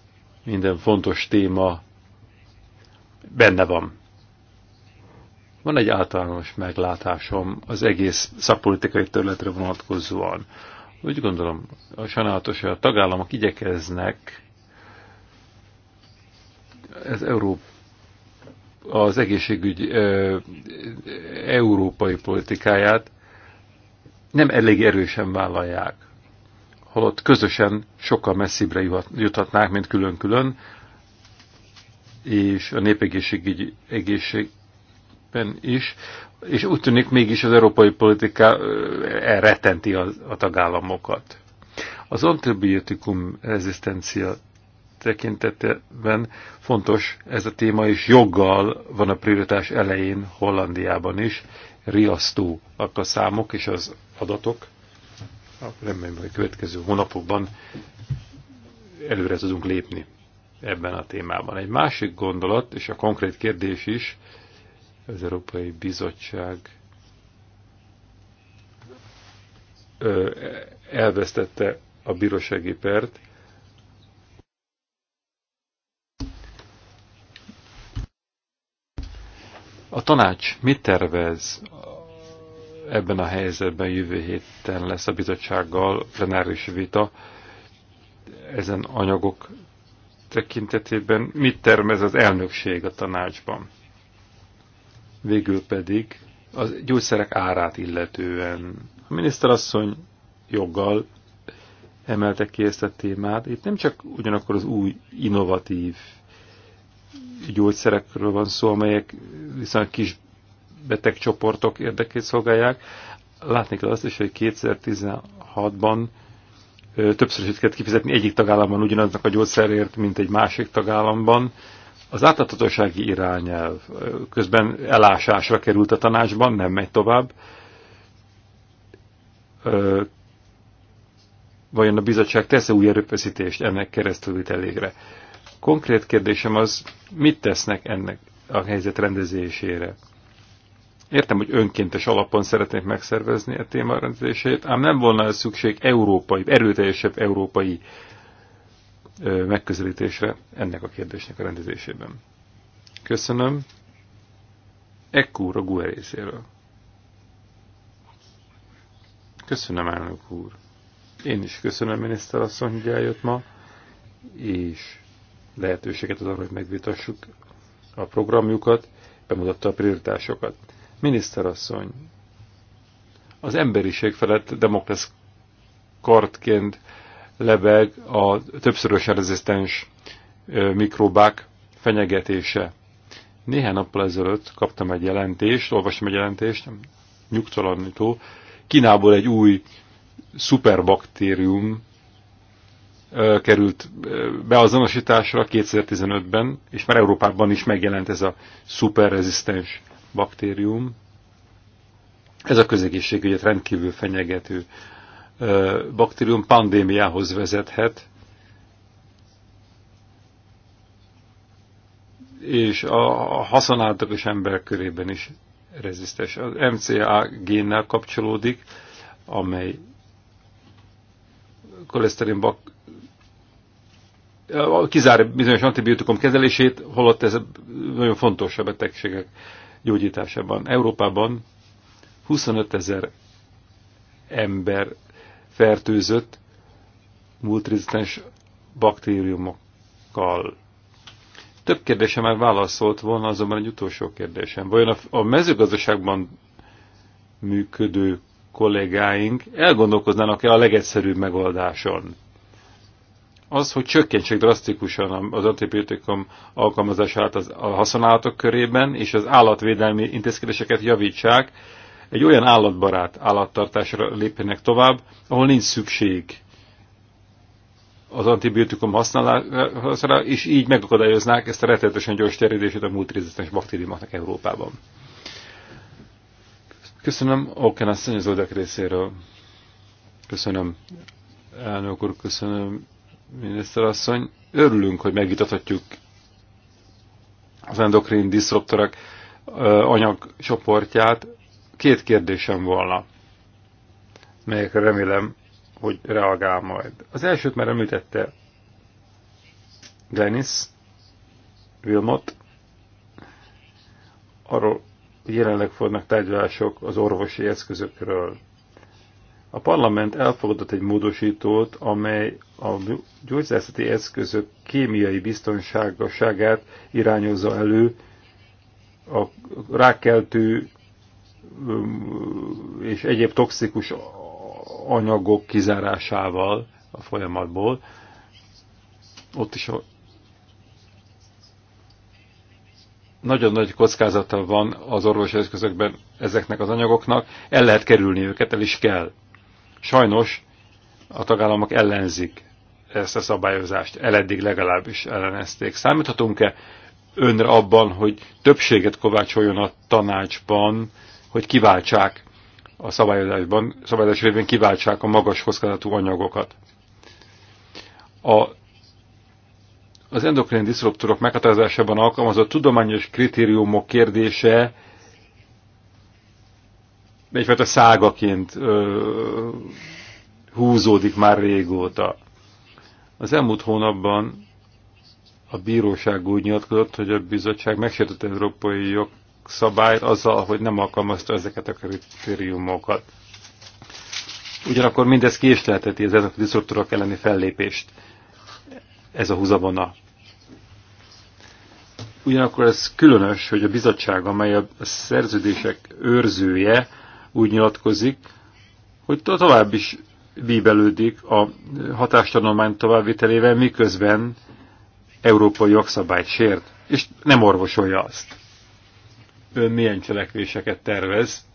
minden fontos téma benne van. Van egy általános meglátásom az egész szakpolitikai törletre vonatkozóan. Úgy gondolom, a sajnálatos, hogy a tagállamok igyekeznek ez Európ, az egészségügy ö, európai politikáját nem elég erősen vállalják. Holott közösen sokkal messzibbre juthatnák, mint külön-külön, és a népegészségügy egészségben is, és úgy tűnik mégis az európai politika elretenti a, a tagállamokat. Az antibiotikum rezisztencia tekintetben fontos ez a téma, és joggal van a prioritás elején Hollandiában is. Riasztóak a számok és az adatok. Remélem, hogy a következő hónapokban előre tudunk lépni ebben a témában. Egy másik gondolat, és a konkrét kérdés is, az Európai Bizottság elvesztette a bírósági pert. A tanács mit tervez ebben a helyzetben jövő héten lesz a bizottsággal plenáris vita ezen anyagok tekintetében mit termez az elnökség a tanácsban. Végül pedig az gyógyszerek árát illetően. A miniszterasszony joggal emelte ki ezt a témát. Itt nem csak ugyanakkor az új innovatív gyógyszerekről van szó, amelyek viszont kis betegcsoportok érdekét szolgálják. Látni kell azt is, hogy 2016-ban többször kell kifizetni egyik tagállamban ugyanaznak a gyógyszerért, mint egy másik tagállamban. Az átadhatósági irányelv közben elásásra került a tanácsban, nem megy tovább. Vajon a bizottság tesz-e új erőfeszítést ennek keresztülvitelére? Konkrét kérdésem az, mit tesznek ennek a helyzet rendezésére? Értem, hogy önkéntes alapon szeretnék megszervezni a téma rendezését, ám nem volna ez szükség európai, erőteljesebb európai ö, megközelítésre ennek a kérdésnek a rendezésében. Köszönöm. Ekkor a GUE részéről. Köszönöm, elnök úr. Én is köszönöm, miniszter asszony, hogy eljött ma, és lehetőséget ad arra, hogy megvitassuk a programjukat, bemutatta a prioritásokat. Miniszterasszony, az emberiség felett demokrasz kartként lebeg a többszörösen rezisztens mikróbák fenyegetése. Néhány nappal ezelőtt kaptam egy jelentést, olvastam egy jelentést, nyugtalanító, Kínából egy új szuperbaktérium ö, került beazonosításra 2015-ben, és már Európában is megjelent ez a szuperrezisztens baktérium. Ez a közegészségügyet rendkívül fenyegető baktérium pandémiához vezethet, és a haszonáltatos ember körében is rezisztens. Az MCA génnel kapcsolódik, amely koleszterin bak kizár bizonyos antibiotikum kezelését, holott ez nagyon fontos a betegségek gyógyításában. Európában 25 ezer ember fertőzött multirezisztens baktériumokkal. Több kérdésem már válaszolt volna, azonban egy utolsó kérdésem. Vajon a mezőgazdaságban működő kollégáink elgondolkoznának-e a legegyszerűbb megoldáson? az, hogy csökkentsék drasztikusan az antibiotikum alkalmazását az, a használatok körében, és az állatvédelmi intézkedéseket javítsák, egy olyan állatbarát állattartásra lépjenek tovább, ahol nincs szükség az antibiotikum használására, és így megakadályoznák ezt a rettenetesen gyors terjedését a multirezisztens baktériumoknak Európában. Köszönöm, Oken asszony az részéről. Köszönöm, elnök úr, köszönöm miniszterasszony. Örülünk, hogy megvitathatjuk az endokrin diszruptorok anyagcsoportját. Két kérdésem volna, melyekre remélem, hogy reagál majd. Az elsőt már említette Glenis Wilmot. Arról jelenleg fognak tárgyalások az orvosi eszközökről. A parlament elfogadott egy módosítót, amely a gyógyszerzeti eszközök kémiai biztonságosságát irányozza elő a rákeltő és egyéb toxikus anyagok kizárásával a folyamatból. Ott is a nagyon nagy kockázata van az orvosi eszközökben ezeknek az anyagoknak, el lehet kerülni őket, el is kell. Sajnos a tagállamok ellenzik ezt a szabályozást, eleddig legalábbis ellenezték. Számíthatunk-e önre abban, hogy többséget kovácsoljon a tanácsban, hogy kiváltsák a szabályozásban, szabályozás révén kiváltsák a magas hozkázatú anyagokat. A, az endokrin diszruptorok meghatározásában alkalmazott tudományos kritériumok kérdése egyfajta szágaként ö, húzódik már régóta. Az elmúlt hónapban a bíróság úgy nyilatkozott, hogy a bizottság megsértette európai jogszabályt azzal, hogy nem alkalmazta ezeket a kritériumokat. Ugyanakkor mindez késlelteti az ezek a diszruptorok elleni fellépést. Ez a húzavona. Ugyanakkor ez különös, hogy a bizottság, amely a szerződések őrzője, úgy nyilatkozik, hogy tovább is bíbelődik a hatástanulmány továbbvitelével, miközben európai jogszabályt sért, és nem orvosolja azt. Ön milyen cselekvéseket tervez?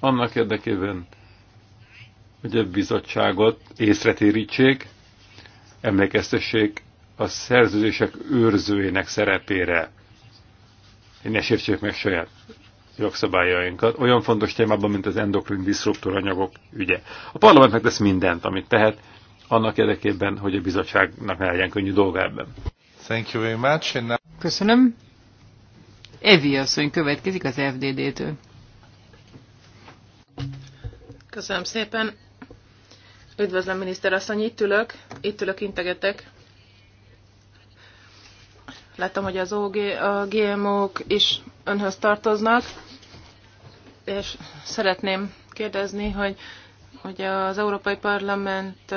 Annak érdekében, hogy a bizottságot észretérítsék, emlékeztessék a szerződések őrzőjének szerepére hogy ne sértsék meg saját jogszabályainkat, olyan fontos témában, mint az endokrin diszruptor anyagok ügye. A parlament megtesz mindent, amit tehet, annak érdekében, hogy a bizottságnak ne legyen könnyű dolga ebben. Thank you very much. And now... Köszönöm. Evi asszony következik az FDD-től. Köszönöm szépen. Üdvözlöm, miniszter asszony, itt ülök, itt ülök, integetek. Láttam, hogy az OG, a GMO-k is önhöz tartoznak, és szeretném kérdezni, hogy, hogy az Európai Parlament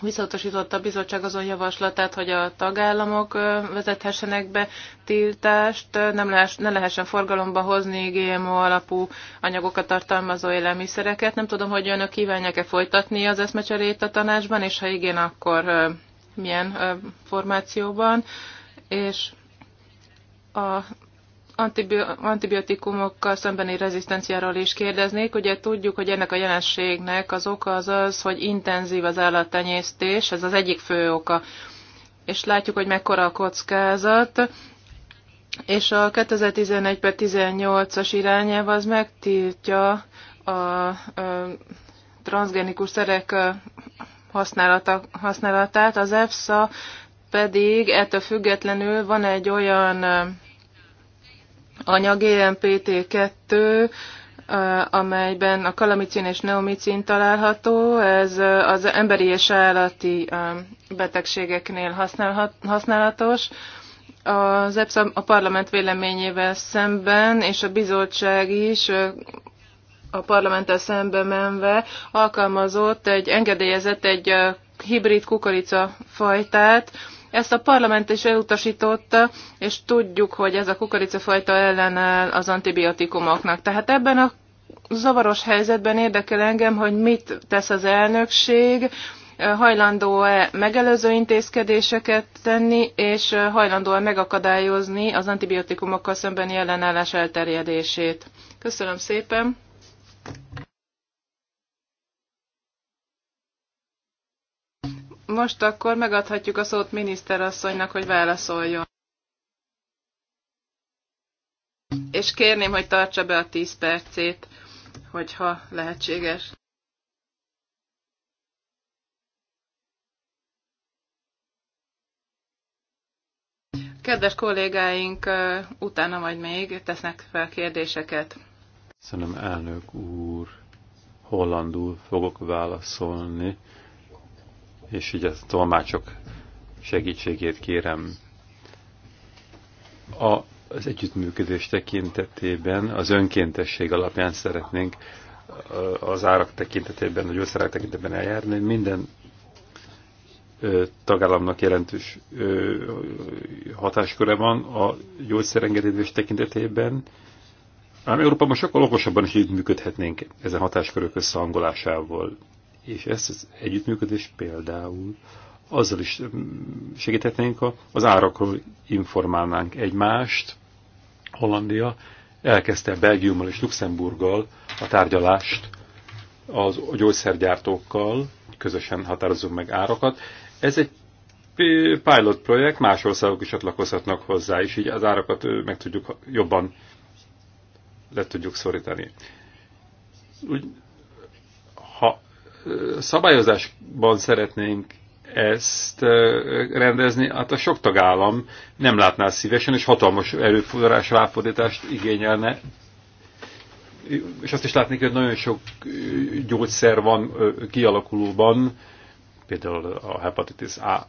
visszautasította a bizottság azon javaslatát, hogy a tagállamok vezethessenek be tiltást, nem lehess, ne lehessen forgalomba hozni GMO alapú anyagokat tartalmazó élelmiszereket. Nem tudom, hogy önök kívánják-e folytatni az eszmecserét a tanácsban, és ha igen, akkor milyen formációban, és a antibiotikumokkal szembeni rezisztenciáról is kérdeznék. Ugye tudjuk, hogy ennek a jelenségnek az oka az az, hogy intenzív az állattenyésztés, ez az egyik fő oka. És látjuk, hogy mekkora a kockázat, és a 2011 18-as irányelv az megtiltja a, a, a transgenikus szerek használata, használatát. Az EFSA pedig ettől függetlenül van egy olyan anyag EMPT2, amelyben a kalamicin és neomicin található. Ez az emberi és állati betegségeknél használhat, használatos. Az epsz a parlament véleményével szemben, és a bizottság is a parlamenttel szembe menve alkalmazott egy engedélyezett egy hibrid kukorica fajtát, ezt a parlament is elutasította, és tudjuk, hogy ez a kukoricafajta ellenáll az antibiotikumoknak. Tehát ebben a zavaros helyzetben érdekel engem, hogy mit tesz az elnökség, hajlandó-e megelőző intézkedéseket tenni, és hajlandó-e megakadályozni az antibiotikumokkal szembeni ellenállás elterjedését. Köszönöm szépen! Most akkor megadhatjuk a szót miniszterasszonynak, hogy válaszoljon. És kérném, hogy tartsa be a 10 percét, hogyha lehetséges. Kedves kollégáink utána majd még tesznek fel kérdéseket. Köszönöm, elnök úr. Hollandul fogok válaszolni és így a tolmácsok segítségét kérem. A, az együttműködés tekintetében az önkéntesség alapján szeretnénk az árak tekintetében, a gyógyszerek tekintetében eljárni. Minden tagállamnak jelentős hatásköre van a gyógyszerengedés tekintetében, ám Európában sokkal okosabban is így működhetnénk ezen hatáskörök összehangolásával és ezt az együttműködést például azzal is mm, segíthetnénk, ha az árakról informálnánk egymást. Hollandia elkezdte Belgiummal és Luxemburggal a tárgyalást az gyógyszergyártókkal, közösen határozunk meg árakat. Ez egy pilot projekt, más országok is csatlakozhatnak hozzá, és így az árakat meg tudjuk jobban le tudjuk szorítani. Úgy, ha szabályozásban szeretnénk ezt rendezni, hát a sok tagállam nem látná szívesen, és hatalmas erőforrás ráfordítást igényelne. És azt is látni hogy nagyon sok gyógyszer van kialakulóban, például a hepatitis A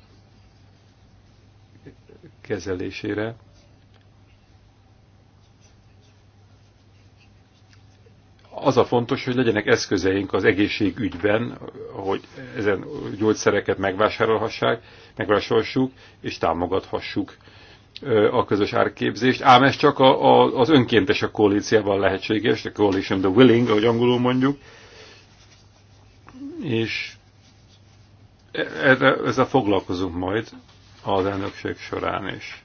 kezelésére. az a fontos, hogy legyenek eszközeink az egészségügyben, hogy ezen gyógyszereket megvásárolhassák, megvásárolhassuk és támogathassuk a közös árképzést, ám ez csak a, a, az a koalíciával lehetséges, a coalition the willing, ahogy angolul mondjuk, és e, e, ezzel foglalkozunk majd az elnökség során is.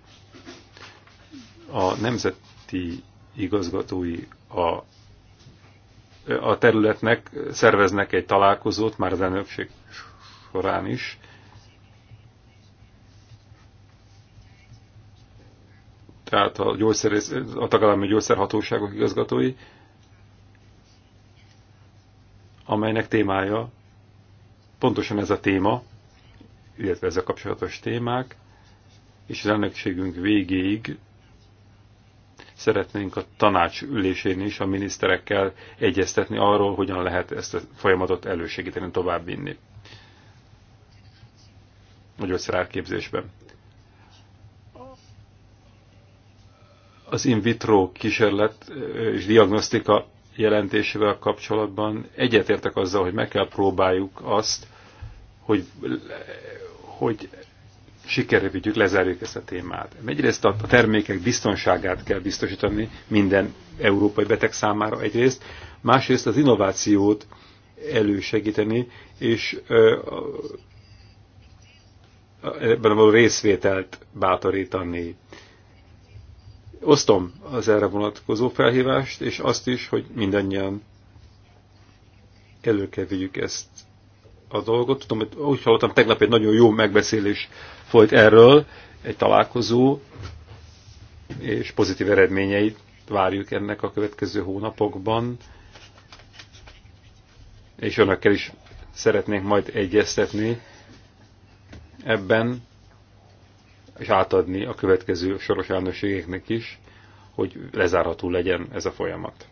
A nemzeti igazgatói a a területnek szerveznek egy találkozót, már az elnökség során is. Tehát a, gyógyszerész, a tagállami gyógyszerhatóságok igazgatói, amelynek témája pontosan ez a téma, illetve ezzel kapcsolatos témák, és az elnökségünk végéig szeretnénk a tanács ülésén is a miniszterekkel egyeztetni arról, hogyan lehet ezt a folyamatot elősegíteni, továbbvinni. A gyógyszerárképzésben. Az in vitro kísérlet és diagnosztika jelentésével kapcsolatban egyetértek azzal, hogy meg kell próbáljuk azt, hogy, hogy sikerre vigyük, lezárjuk ezt a témát. Egyrészt a termékek biztonságát kell biztosítani minden európai beteg számára egyrészt, másrészt az innovációt elősegíteni, és ebben való részvételt bátorítani. Osztom az erre vonatkozó felhívást, és azt is, hogy mindannyian elő kell vigyük ezt a dolgot. Tudom, hogy úgy hallottam, tegnap egy nagyon jó megbeszélés folyt erről, egy találkozó, és pozitív eredményeit várjuk ennek a következő hónapokban, és önökkel is szeretnénk majd egyeztetni ebben, és átadni a következő soros elnökségeknek is, hogy lezárható legyen ez a folyamat.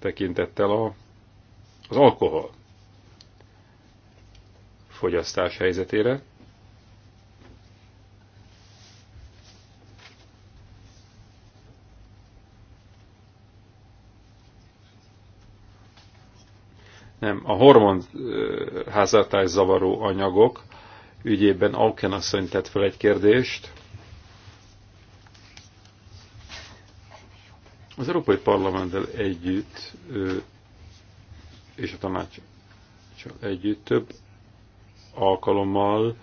Tekintettel a az alkohol fogyasztás helyzetére. Nem, a hormon hormonháztartás zavaró anyagok ügyében Auken asszony tett fel egy kérdést. Az Európai Parlamenttel együtt és a tanácssal együtt több alkalommal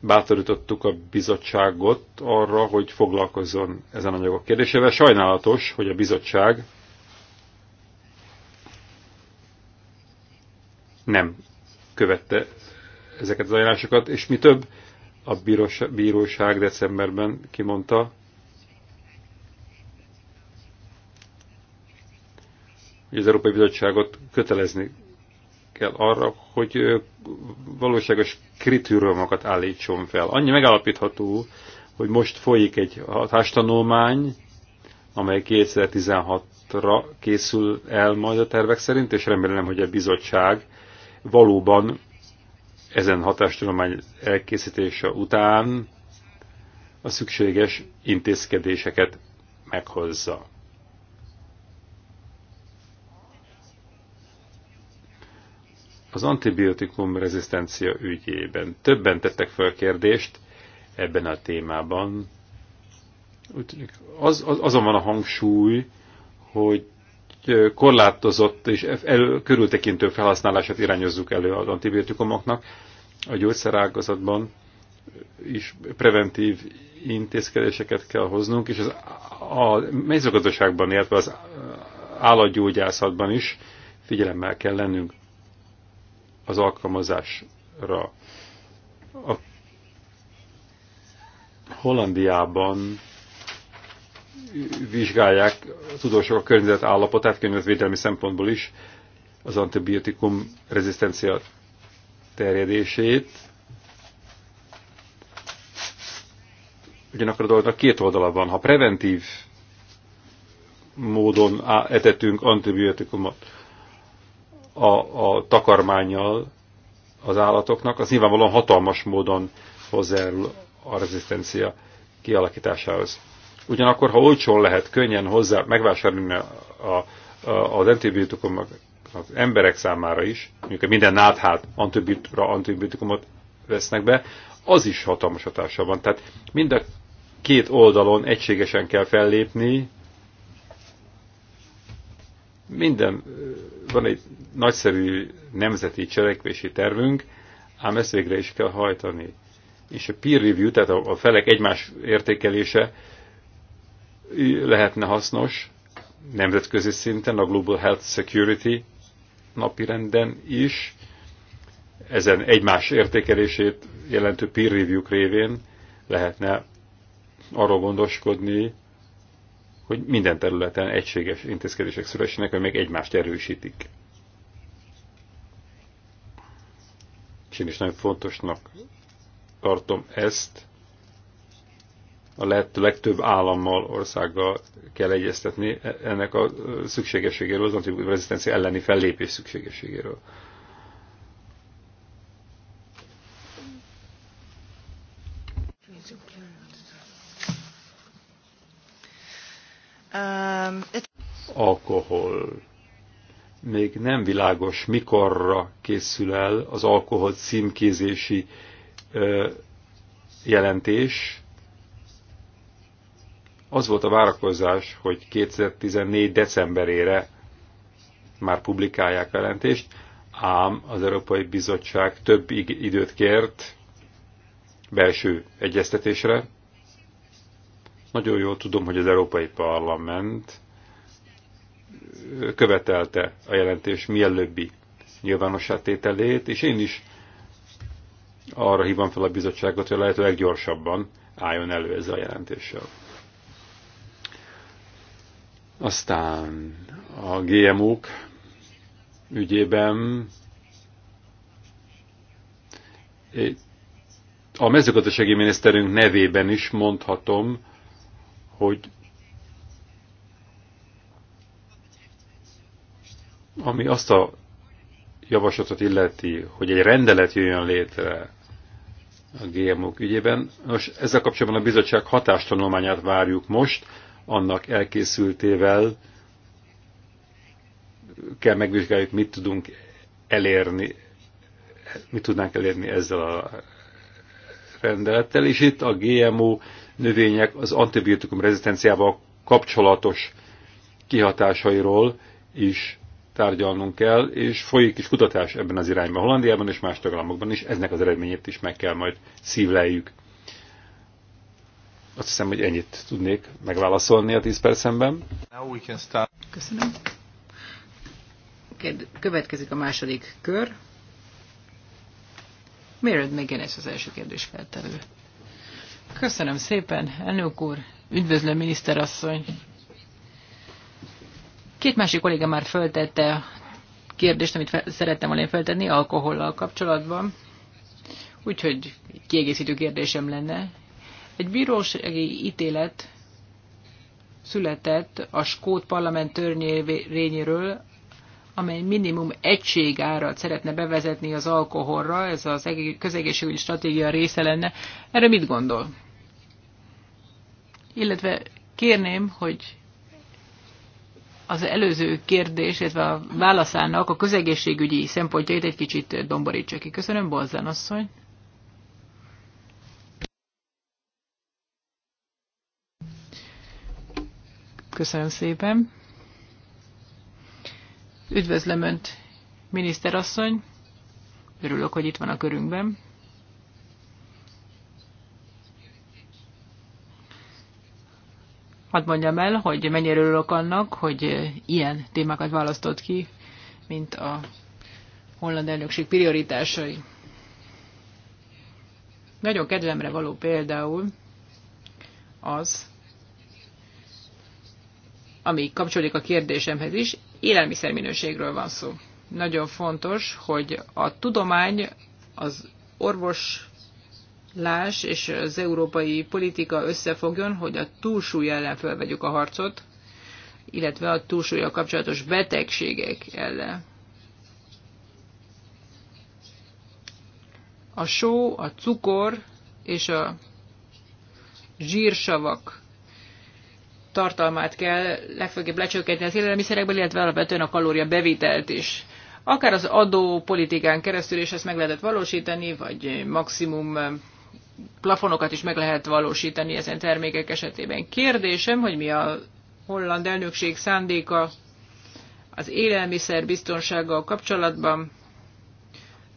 bátorítottuk a bizottságot arra, hogy foglalkozzon ezen anyagok kérdésével. Sajnálatos, hogy a bizottság nem követte ezeket az ajánlásokat, és mi több, a bíróság decemberben kimondta, hogy az Európai Bizottságot kötelezni kell arra, hogy valóságos kritériumokat állítson fel. Annyi megállapítható, hogy most folyik egy hatástanulmány, amely 2016-ra készül el majd a tervek szerint, és remélem, hogy a bizottság valóban ezen hatástanulmány elkészítése után a szükséges intézkedéseket meghozza. Az antibiotikum rezisztencia ügyében többen tettek fel kérdést ebben a témában. Az, az, azon van a hangsúly, hogy korlátozott és elő, körültekintő felhasználását irányozzuk elő az antibiotikumoknak a gyógyszerágazatban is preventív intézkedéseket kell hoznunk, és az, a mezőgazdaságban, illetve az állatgyógyászatban is figyelemmel kell lennünk az alkalmazásra. A Hollandiában vizsgálják a tudósok a környezet állapotát, környezetvédelmi szempontból is, az antibiotikum rezisztencia terjedését. Ugyanakkor a dolognak két oldala van. Ha preventív módon etetünk antibiotikumot, a, a takarmányjal az állatoknak, az nyilvánvalóan hatalmas módon hozzájárul a rezisztencia kialakításához. Ugyanakkor, ha olcsón lehet könnyen hozzá megvásárolni a, a, az antibiotikumok az emberek számára is, mondjuk minden náthát antibiotikumra antibiotikumot vesznek be, az is hatalmas hatása van. Tehát mind a két oldalon egységesen kell fellépni, minden, van egy nagyszerű nemzeti cselekvési tervünk, ám ezt végre is kell hajtani. És a peer review, tehát a felek egymás értékelése lehetne hasznos nemzetközi szinten, a Global Health Security napirenden is, ezen egymás értékelését jelentő peer review révén lehetne arról gondoskodni, hogy minden területen egységes intézkedések szülessenek, hogy még egymást erősítik. És én is nagyon fontosnak tartom ezt, a lehető legtöbb állammal, országgal kell egyeztetni e-, ennek a szükségességéről, az antirezisztencia elleni fellépés szükségességéről. Um, alkohol. Még nem világos, mikorra készül el az alkohol címkézési jelentés. Az volt a várakozás, hogy 2014. decemberére már publikálják a jelentést, ám az Európai Bizottság több időt kért belső egyeztetésre, nagyon jól tudom, hogy az Európai Parlament követelte a jelentés mielőbbi nyilvánossá tételét, és én is arra hívom fel a bizottságot, hogy lehető leggyorsabban álljon elő ezzel a jelentéssel. Aztán a GMO-k ügyében a mezőgazdasági miniszterünk nevében is mondhatom, hogy ami azt a javaslatot illeti, hogy egy rendelet jöjjön létre a GMO-k ügyében. Nos, ezzel kapcsolatban a bizottság hatástanulmányát várjuk most, annak elkészültével kell megvizsgáljuk, mit tudunk elérni, mit tudnánk elérni ezzel a rendelettel, és itt a GMO növények az antibiotikum rezisztenciával kapcsolatos kihatásairól is tárgyalnunk kell, és folyik is kutatás ebben az irányban Hollandiában és más tagállamokban is, eznek az eredményét is meg kell majd szívleljük. Azt hiszem, hogy ennyit tudnék megválaszolni a 10 percemben. Köszönöm. Következik a második kör. Miért még ez az első kérdés feltelő? Köszönöm szépen, elnök úr. Üdvözlöm, miniszterasszony. Két másik kolléga már föltette a kérdést, amit szerettem volna feltenni alkohollal kapcsolatban. Úgyhogy kiegészítő kérdésem lenne. Egy bírósági ítélet született a Skót parlament törvényéről, amely minimum egységárat szeretne bevezetni az alkoholra, ez az közegészségügyi stratégia része lenne. Erre mit gondol? Illetve kérném, hogy az előző kérdés, illetve a válaszának a közegészségügyi szempontjait egy kicsit domborítsa ki. Köszönöm, Bolzán asszony. Köszönöm szépen. Üdvözlöm Önt, miniszterasszony! Örülök, hogy itt van a körünkben. Hadd mondjam el, hogy mennyire örülök annak, hogy ilyen témákat választott ki, mint a holland elnökség prioritásai. Nagyon kedvemre való például az, ami kapcsolódik a kérdésemhez is, élelmiszerminőségről van szó. Nagyon fontos, hogy a tudomány, az orvoslás és az európai politika összefogjon, hogy a túlsúly ellen felvegyük a harcot, illetve a túlsúlyjal kapcsolatos betegségek ellen. A só, a cukor és a zsírsavak tartalmát kell legfőképp lecsökkenteni az élelmiszerekből, illetve alapvetően a kalória bevitelt is. Akár az adópolitikán keresztül is ezt meg lehetett valósítani, vagy maximum plafonokat is meg lehet valósítani ezen termékek esetében. Kérdésem, hogy mi a holland elnökség szándéka az élelmiszer biztonsággal kapcsolatban.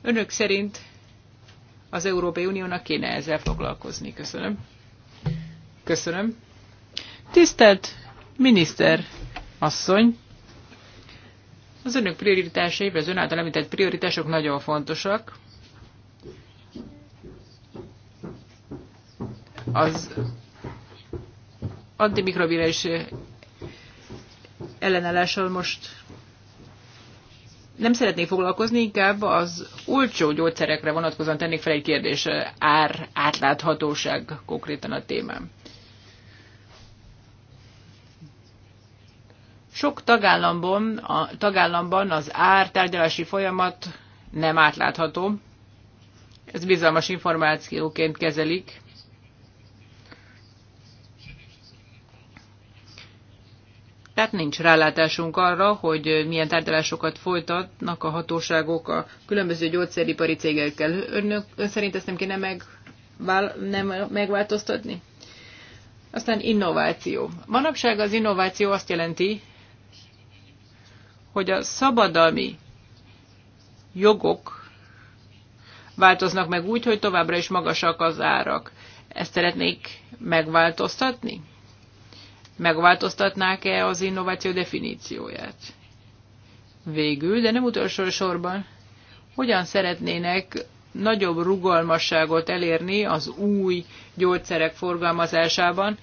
Önök szerint az Európai Uniónak kéne ezzel foglalkozni. Köszönöm. Köszönöm. Tisztelt miniszter asszony! Az önök prioritásai, az ön által említett prioritások nagyon fontosak. Az antimikrobiális ellenállással most nem szeretnék foglalkozni, inkább az olcsó gyógyszerekre vonatkozóan tennék fel egy kérdés, ár átláthatóság konkrétan a témám. Sok tagállamban, a, tagállamban az tárgyalási folyamat nem átlátható. Ez bizalmas információként kezelik. Tehát nincs rálátásunk arra, hogy milyen tárgyalásokat folytatnak a hatóságok a különböző gyógyszeripari cégekkel. Önök ön szerint ezt nem kéne meg, vál, nem megváltoztatni? Aztán innováció. Manapság az innováció azt jelenti, hogy a szabadalmi jogok változnak meg úgy, hogy továbbra is magasak az árak. Ezt szeretnék megváltoztatni? Megváltoztatnák-e az innováció definícióját? Végül, de nem utolsó sorban, hogyan szeretnének nagyobb rugalmasságot elérni az új gyógyszerek forgalmazásában,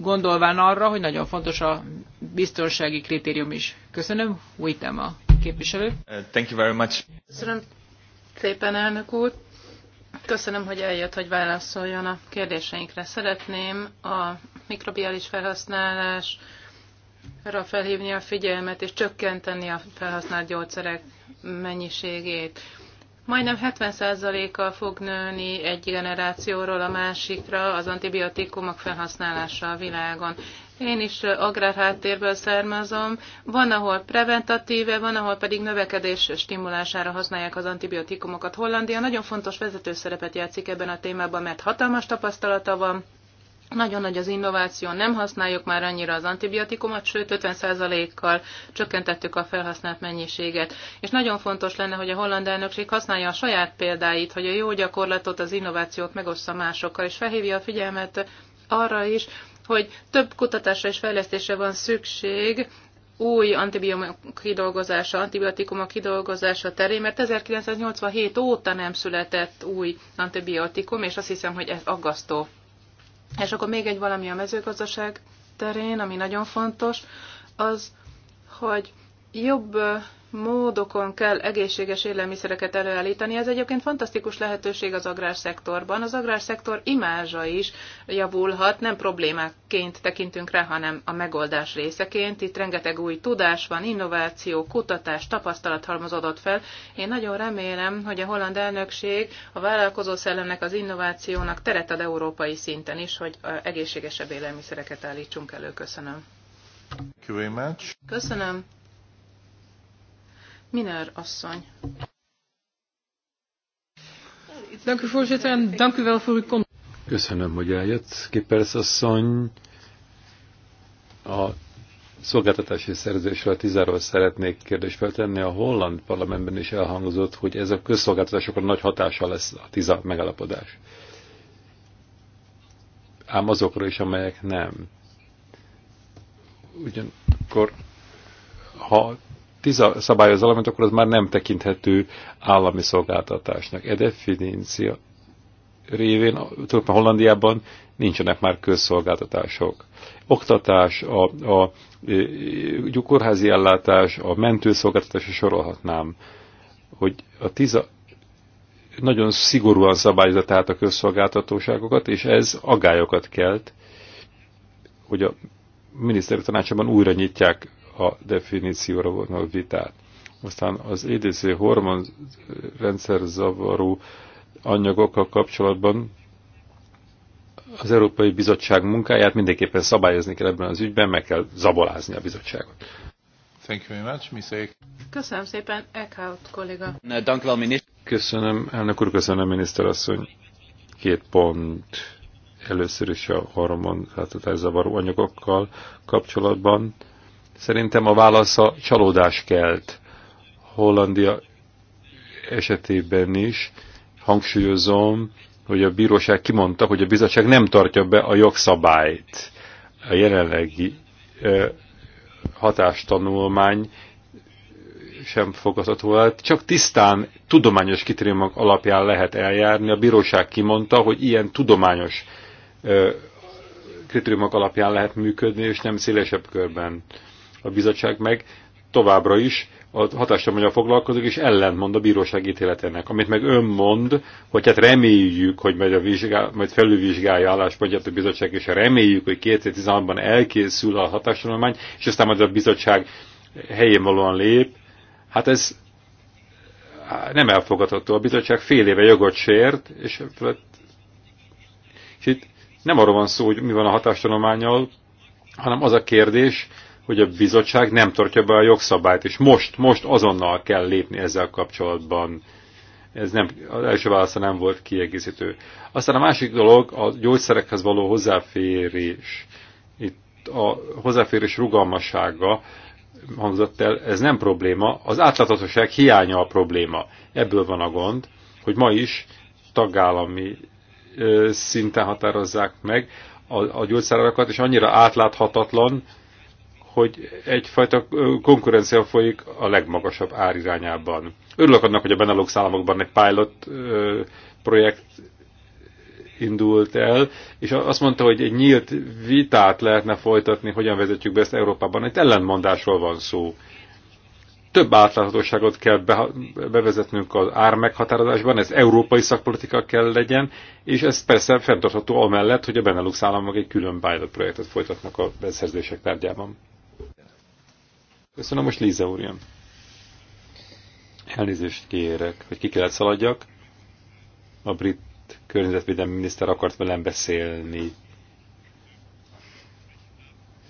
gondolván arra, hogy nagyon fontos a biztonsági kritérium is. Köszönöm, Wittem a képviselő. Uh, thank you very much. Köszönöm szépen, elnök úr. Köszönöm, hogy eljött, hogy válaszoljon a kérdéseinkre. Szeretném a mikrobiális felhasználásra felhívni a figyelmet és csökkenteni a felhasznált gyógyszerek mennyiségét. Majdnem 70%-kal fog nőni egy generációról a másikra az antibiotikumok felhasználása a világon. Én is agrárháttérből származom. Van, ahol preventatíve, van, ahol pedig növekedés stimulására használják az antibiotikumokat. Hollandia nagyon fontos vezető szerepet játszik ebben a témában, mert hatalmas tapasztalata van, nagyon nagy az innováció, nem használjuk már annyira az antibiotikumot, sőt 50%-kal csökkentettük a felhasznált mennyiséget. És nagyon fontos lenne, hogy a holland elnökség használja a saját példáit, hogy a jó gyakorlatot, az innovációt megossza másokkal, és felhívja a figyelmet arra is, hogy több kutatásra és fejlesztésre van szükség, új antibiotikumok kidolgozása, antibiotikumok kidolgozása terén, mert 1987 óta nem született új antibiotikum, és azt hiszem, hogy ez aggasztó és akkor még egy valami a mezőgazdaság terén, ami nagyon fontos, az, hogy jobb módokon kell egészséges élelmiszereket előállítani. Ez egyébként fantasztikus lehetőség az agrárszektorban. Az agrárszektor imázsa is javulhat, nem problémáként tekintünk rá, hanem a megoldás részeként. Itt rengeteg új tudás van, innováció, kutatás, tapasztalat halmozódott fel. Én nagyon remélem, hogy a holland elnökség a vállalkozó szellemnek, az innovációnak teret ad európai szinten is, hogy egészségesebb élelmiszereket állítsunk elő. Köszönöm. Köszönöm. Minőr Dank u voorzitter en dank u wel voor uw komst. Köszönöm, hogy eljött, Kipersz asszony. A szolgáltatási szerződésről tizáról szeretnék kérdést feltenni. A holland parlamentben is elhangzott, hogy ez a közszolgáltatásokra nagy hatása lesz a tiza megalapodás. Ám azokra is, amelyek nem. Ugyanakkor, ha tiza szabályoz valamit, akkor az már nem tekinthető állami szolgáltatásnak. E definícia révén, tulajdonképpen Hollandiában nincsenek már közszolgáltatások. Oktatás, a, a e, kórházi ellátás, a mentőszolgáltatás, sorolhatnám, hogy a tiza nagyon szigorúan szabályozza tehát a közszolgáltatóságokat, és ez agályokat kelt, hogy a miniszteri tanácsában újra nyitják a definícióra vonal vitát. Aztán az EDC rendszer zavaró anyagokkal kapcsolatban az Európai Bizottság munkáját mindenképpen szabályozni kell ebben az ügyben, meg kell zabolázni a bizottságot. Thank you very much, Miss Köszönöm szépen, Eckhout kolléga. Köszönöm, elnök úr, köszönöm, miniszter asszony. Két pont először is a hormon zavaró anyagokkal kapcsolatban. Szerintem a válasza csalódás kelt. Hollandia esetében is hangsúlyozom, hogy a bíróság kimondta, hogy a bizottság nem tartja be a jogszabályt. A jelenlegi hatástanulmány sem fogadható el. Csak tisztán tudományos kritériumok alapján lehet eljárni. A bíróság kimondta, hogy ilyen tudományos kritériumok alapján lehet működni, és nem szélesebb körben a bizottság meg továbbra is a hatástanulmányal foglalkozik, és ellentmond a bíróság ítéletének. Amit meg ön mond, hogy hát reméljük, hogy majd, a vizsgál, majd felülvizsgálja álláspontját a bizottság, és reméljük, hogy 2016-ban elkészül a hatástanulmány, és aztán majd a bizottság helyén valóan lép. Hát ez nem elfogadható. A bizottság fél éve jogot sért, és, hát- és itt nem arról van szó, hogy mi van a hatástanulmányal, hanem az a kérdés, hogy a bizottság nem tartja be a jogszabályt, és most, most azonnal kell lépni ezzel kapcsolatban. Ez nem, az első válasza nem volt kiegészítő. Aztán a másik dolog a gyógyszerekhez való hozzáférés. Itt a hozzáférés rugalmassága hangzott el, ez nem probléma, az átláthatóság hiánya a probléma. Ebből van a gond, hogy ma is tagállami szinten határozzák meg a, a gyógyszerárakat, és annyira átláthatatlan, hogy egyfajta konkurencia folyik a legmagasabb ár irányában. Örülök annak, hogy a Benelux államokban egy pilot projekt indult el, és azt mondta, hogy egy nyílt vitát lehetne folytatni, hogyan vezetjük be ezt Európában. Egy ellentmondásról van szó. Több átláthatóságot kell bevezetnünk az ármeghatározásban, ez európai szakpolitika kell legyen, és ez persze fenntartható amellett, hogy a Benelux államok egy külön pilot projektet folytatnak a beszerzések tárgyában. Köszönöm, most Líza úr jön. Elnézést kérek, hogy ki kellett szaladjak. A brit környezetvédelmi miniszter akart velem beszélni.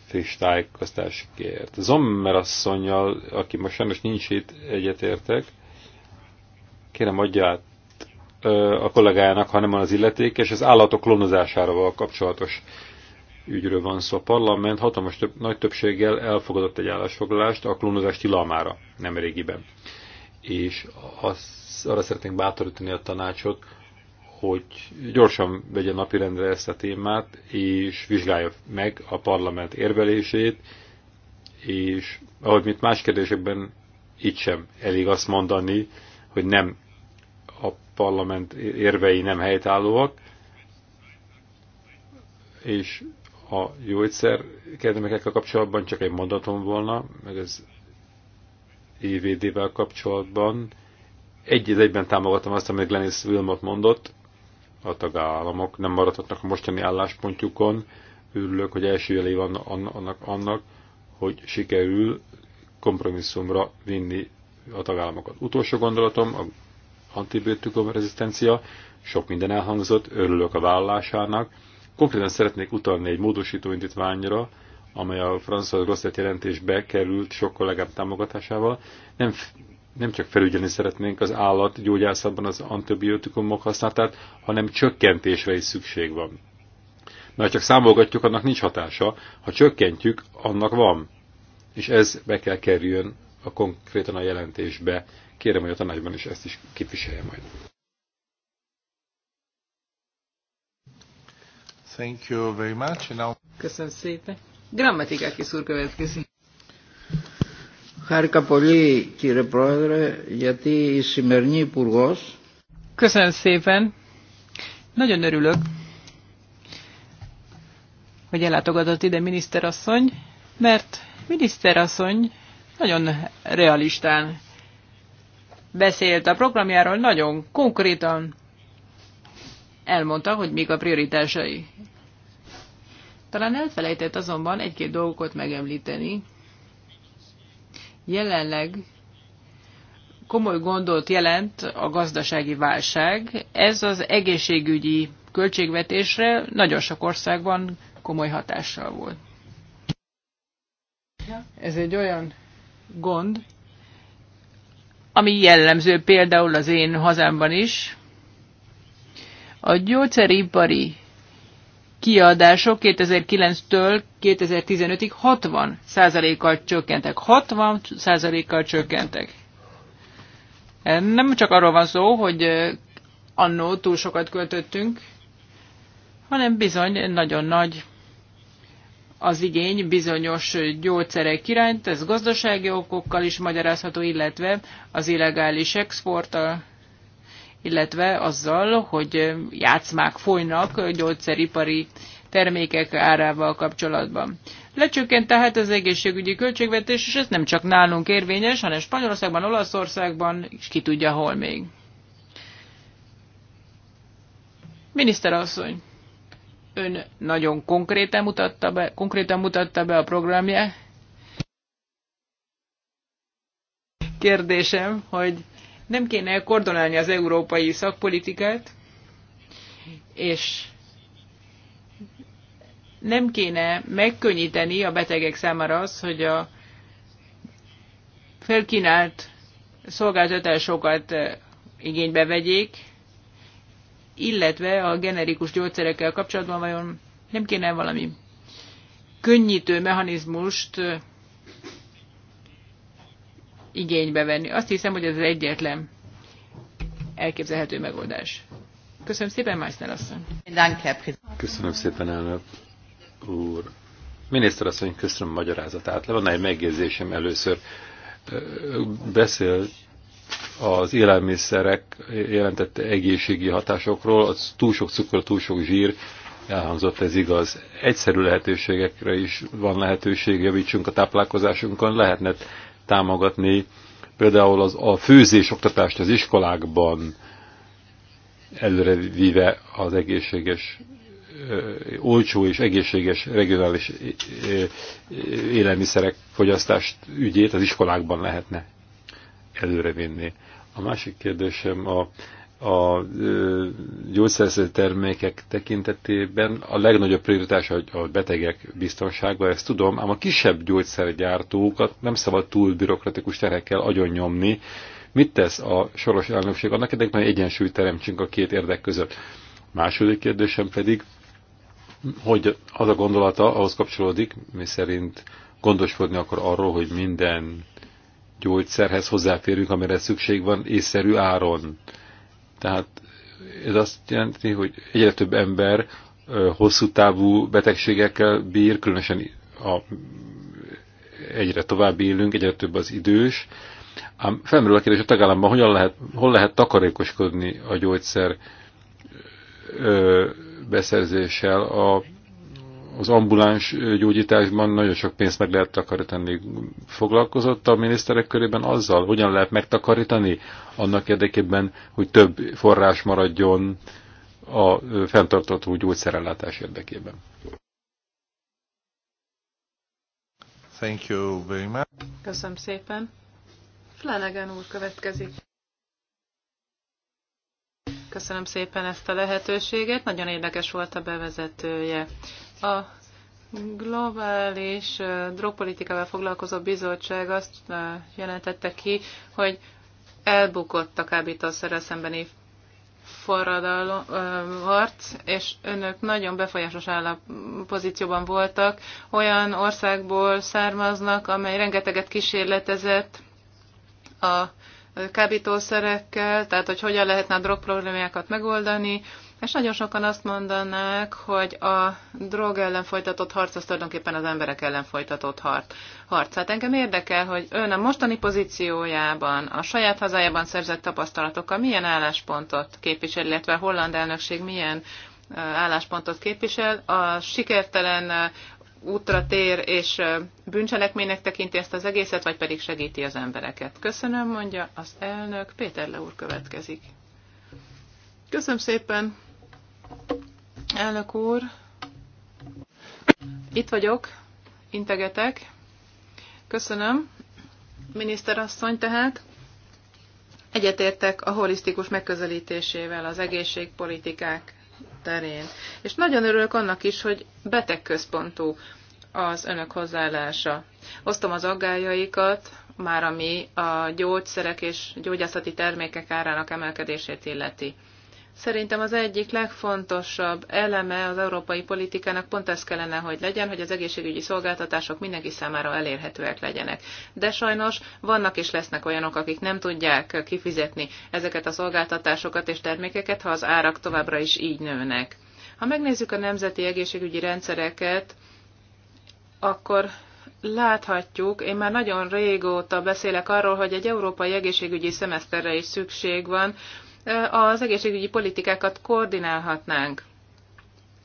Friss tájékoztás kért. Zommer asszonyjal, aki most sajnos nincs itt, egyetértek. Kérem, adja át a kollégájának, hanem az illeték, és az állatok klónozásával kapcsolatos ügyről van szó. A parlament hatalmas több, nagy többséggel elfogadott egy állásfoglalást a klónozás tilalmára nemrégiben. És az, arra szeretnénk bátorítani a tanácsot, hogy gyorsan vegye napirendre ezt a témát, és vizsgálja meg a parlament érvelését, és ahogy mint más kérdésekben, itt sem elég azt mondani, hogy nem a parlament érvei nem helytállóak, és a gyógyszer kedvemekkel kapcsolatban csak egy mondatom volna, meg az EVD-vel kapcsolatban. Egy egyben támogatom azt, amit Glenis Wilmot mondott, a tagállamok nem maradhatnak a mostani álláspontjukon. Örülök, hogy első jelé van annak, annak, hogy sikerül kompromisszumra vinni a tagállamokat. Utolsó gondolatom, a antibiotikum rezisztencia, sok minden elhangzott, örülök a vállásának, Konkrétan szeretnék utalni egy módosító indítványra, amely a François Rosset jelentésbe került sok kollégám támogatásával. Nem, nem csak felügyelni szeretnénk az állat gyógyászatban az antibiotikumok használatát, hanem csökkentésre is szükség van. Mert csak számolgatjuk, annak nincs hatása. Ha csökkentjük, annak van. És ez be kell kerüljön a konkrétan a jelentésbe. Kérem, hogy a tanácsban is ezt is képviselje majd. Thank you very much. Now... Köszönöm szépen. Grammatikákis úr következik. Χάρηκα πολύ κύριε Πρόεδρε γιατί η σημερινή υπουργό. Köszönöm szépen. Nagyon örülök, hogy ellátogatott ide miniszterasszony, mert miniszterasszony nagyon realistán beszélt a programjáról, nagyon konkrétan elmondta, hogy mik a prioritásai. Talán elfelejtett azonban egy-két dolgot megemlíteni. Jelenleg komoly gondot jelent a gazdasági válság. Ez az egészségügyi költségvetésre nagyon sok országban komoly hatással volt. Ez egy olyan gond, ami jellemző például az én hazámban is. A gyógyszeripari kiadások 2009-től 2015-ig 60%-kal csökkentek. 60%-kal csökkentek. E, nem csak arról van szó, hogy e, annó túl sokat költöttünk, hanem bizony nagyon nagy az igény bizonyos gyógyszerek irányt, ez gazdasági okokkal is magyarázható, illetve az illegális exporttal illetve azzal, hogy játszmák folynak gyógyszeripari termékek árával kapcsolatban. Lecsökkent tehát az egészségügyi költségvetés, és ez nem csak nálunk érvényes, hanem Spanyolországban, Olaszországban, és ki tudja hol még. Miniszter asszony, ön nagyon konkrétan mutatta be, konkrétan mutatta be a programját. Kérdésem, hogy nem kéne kordonálni az európai szakpolitikát, és nem kéne megkönnyíteni a betegek számára az, hogy a felkínált szolgáltatásokat eh, igénybe vegyék, illetve a generikus gyógyszerekkel kapcsolatban vajon nem kéne valami könnyítő mechanizmust eh, igénybe venni. Azt hiszem, hogy ez az egyetlen elképzelhető megoldás. Köszönöm szépen, Meissner asszony. Köszönöm szépen, elnök úr. Miniszter asszony, köszönöm a magyarázatát. Le van egy megjegyzésem először. Beszél az élelmiszerek jelentette egészségi hatásokról, az túl sok cukor, túl sok zsír, elhangzott ez igaz. Egyszerű lehetőségekre is van lehetőség, javítsunk a táplálkozásunkon, lehetne támogatni, például az, a főzés oktatást az iskolákban előrevíve az egészséges, olcsó és egészséges regionális élelmiszerek fogyasztást ügyét az iskolákban lehetne előrevinni. A másik kérdésem a a gyógyszerző termékek tekintetében a legnagyobb prioritás a betegek biztonsága, ezt tudom, ám a kisebb gyógyszergyártókat nem szabad túl bürokratikus terekkel agyonnyomni. Mit tesz a soros elnökség annak érdekében, hogy egyensúlyt teremtsünk a két érdek között? Második kérdésem pedig, hogy az a gondolata ahhoz kapcsolódik, mi szerint gondoskodni akar arról, hogy minden gyógyszerhez hozzáférünk, amire szükség van, észszerű áron tehát ez azt jelenti, hogy egyre több ember hosszú távú betegségekkel bír, különösen a, egyre tovább élünk, egyre több az idős. Ám felmerül a kérdés a tagállamban, hogyan lehet, hol lehet takarékoskodni a gyógyszer ö, beszerzéssel a az ambuláns gyógyításban nagyon sok pénzt meg lehet takarítani. Foglalkozott a miniszterek körében azzal, hogyan lehet megtakarítani annak érdekében, hogy több forrás maradjon a fenntartató gyógyszerellátás érdekében. Thank you very much. Köszönöm szépen. Flanagan úr következik. Köszönöm szépen ezt a lehetőséget, nagyon érdekes volt a bevezetője. A globális drogpolitikával foglalkozó bizottság azt jelentette ki, hogy elbukott a kábítószerrel szembeni forradalomharc, és önök nagyon befolyásos állap pozícióban voltak. Olyan országból származnak, amely rengeteget kísérletezett a kábítószerekkel, tehát hogy hogyan lehetne a drogproblémákat megoldani, és nagyon sokan azt mondanák, hogy a drog ellen folytatott harc az tulajdonképpen az emberek ellen folytatott harc. Hát engem érdekel, hogy ön a mostani pozíciójában, a saját hazájában szerzett tapasztalatokkal milyen álláspontot képvisel, illetve a holland elnökség milyen álláspontot képvisel. A sikertelen útra tér és bűncselekménynek tekinti ezt az egészet, vagy pedig segíti az embereket. Köszönöm, mondja az elnök. Péter Leúr következik. Köszönöm szépen! Elnök úr, itt vagyok, integetek. Köszönöm. Miniszterasszony tehát. Egyetértek a holisztikus megközelítésével az egészségpolitikák terén. És nagyon örülök annak is, hogy betegközpontú az önök hozzáállása. Osztom az aggájaikat, már ami a gyógyszerek és gyógyászati termékek árának emelkedését illeti. Szerintem az egyik legfontosabb eleme az európai politikának pont ez kellene, hogy legyen, hogy az egészségügyi szolgáltatások mindenki számára elérhetőek legyenek. De sajnos vannak és lesznek olyanok, akik nem tudják kifizetni ezeket a szolgáltatásokat és termékeket, ha az árak továbbra is így nőnek. Ha megnézzük a nemzeti egészségügyi rendszereket, akkor láthatjuk, én már nagyon régóta beszélek arról, hogy egy európai egészségügyi szemeszterre is szükség van, az egészségügyi politikákat koordinálhatnánk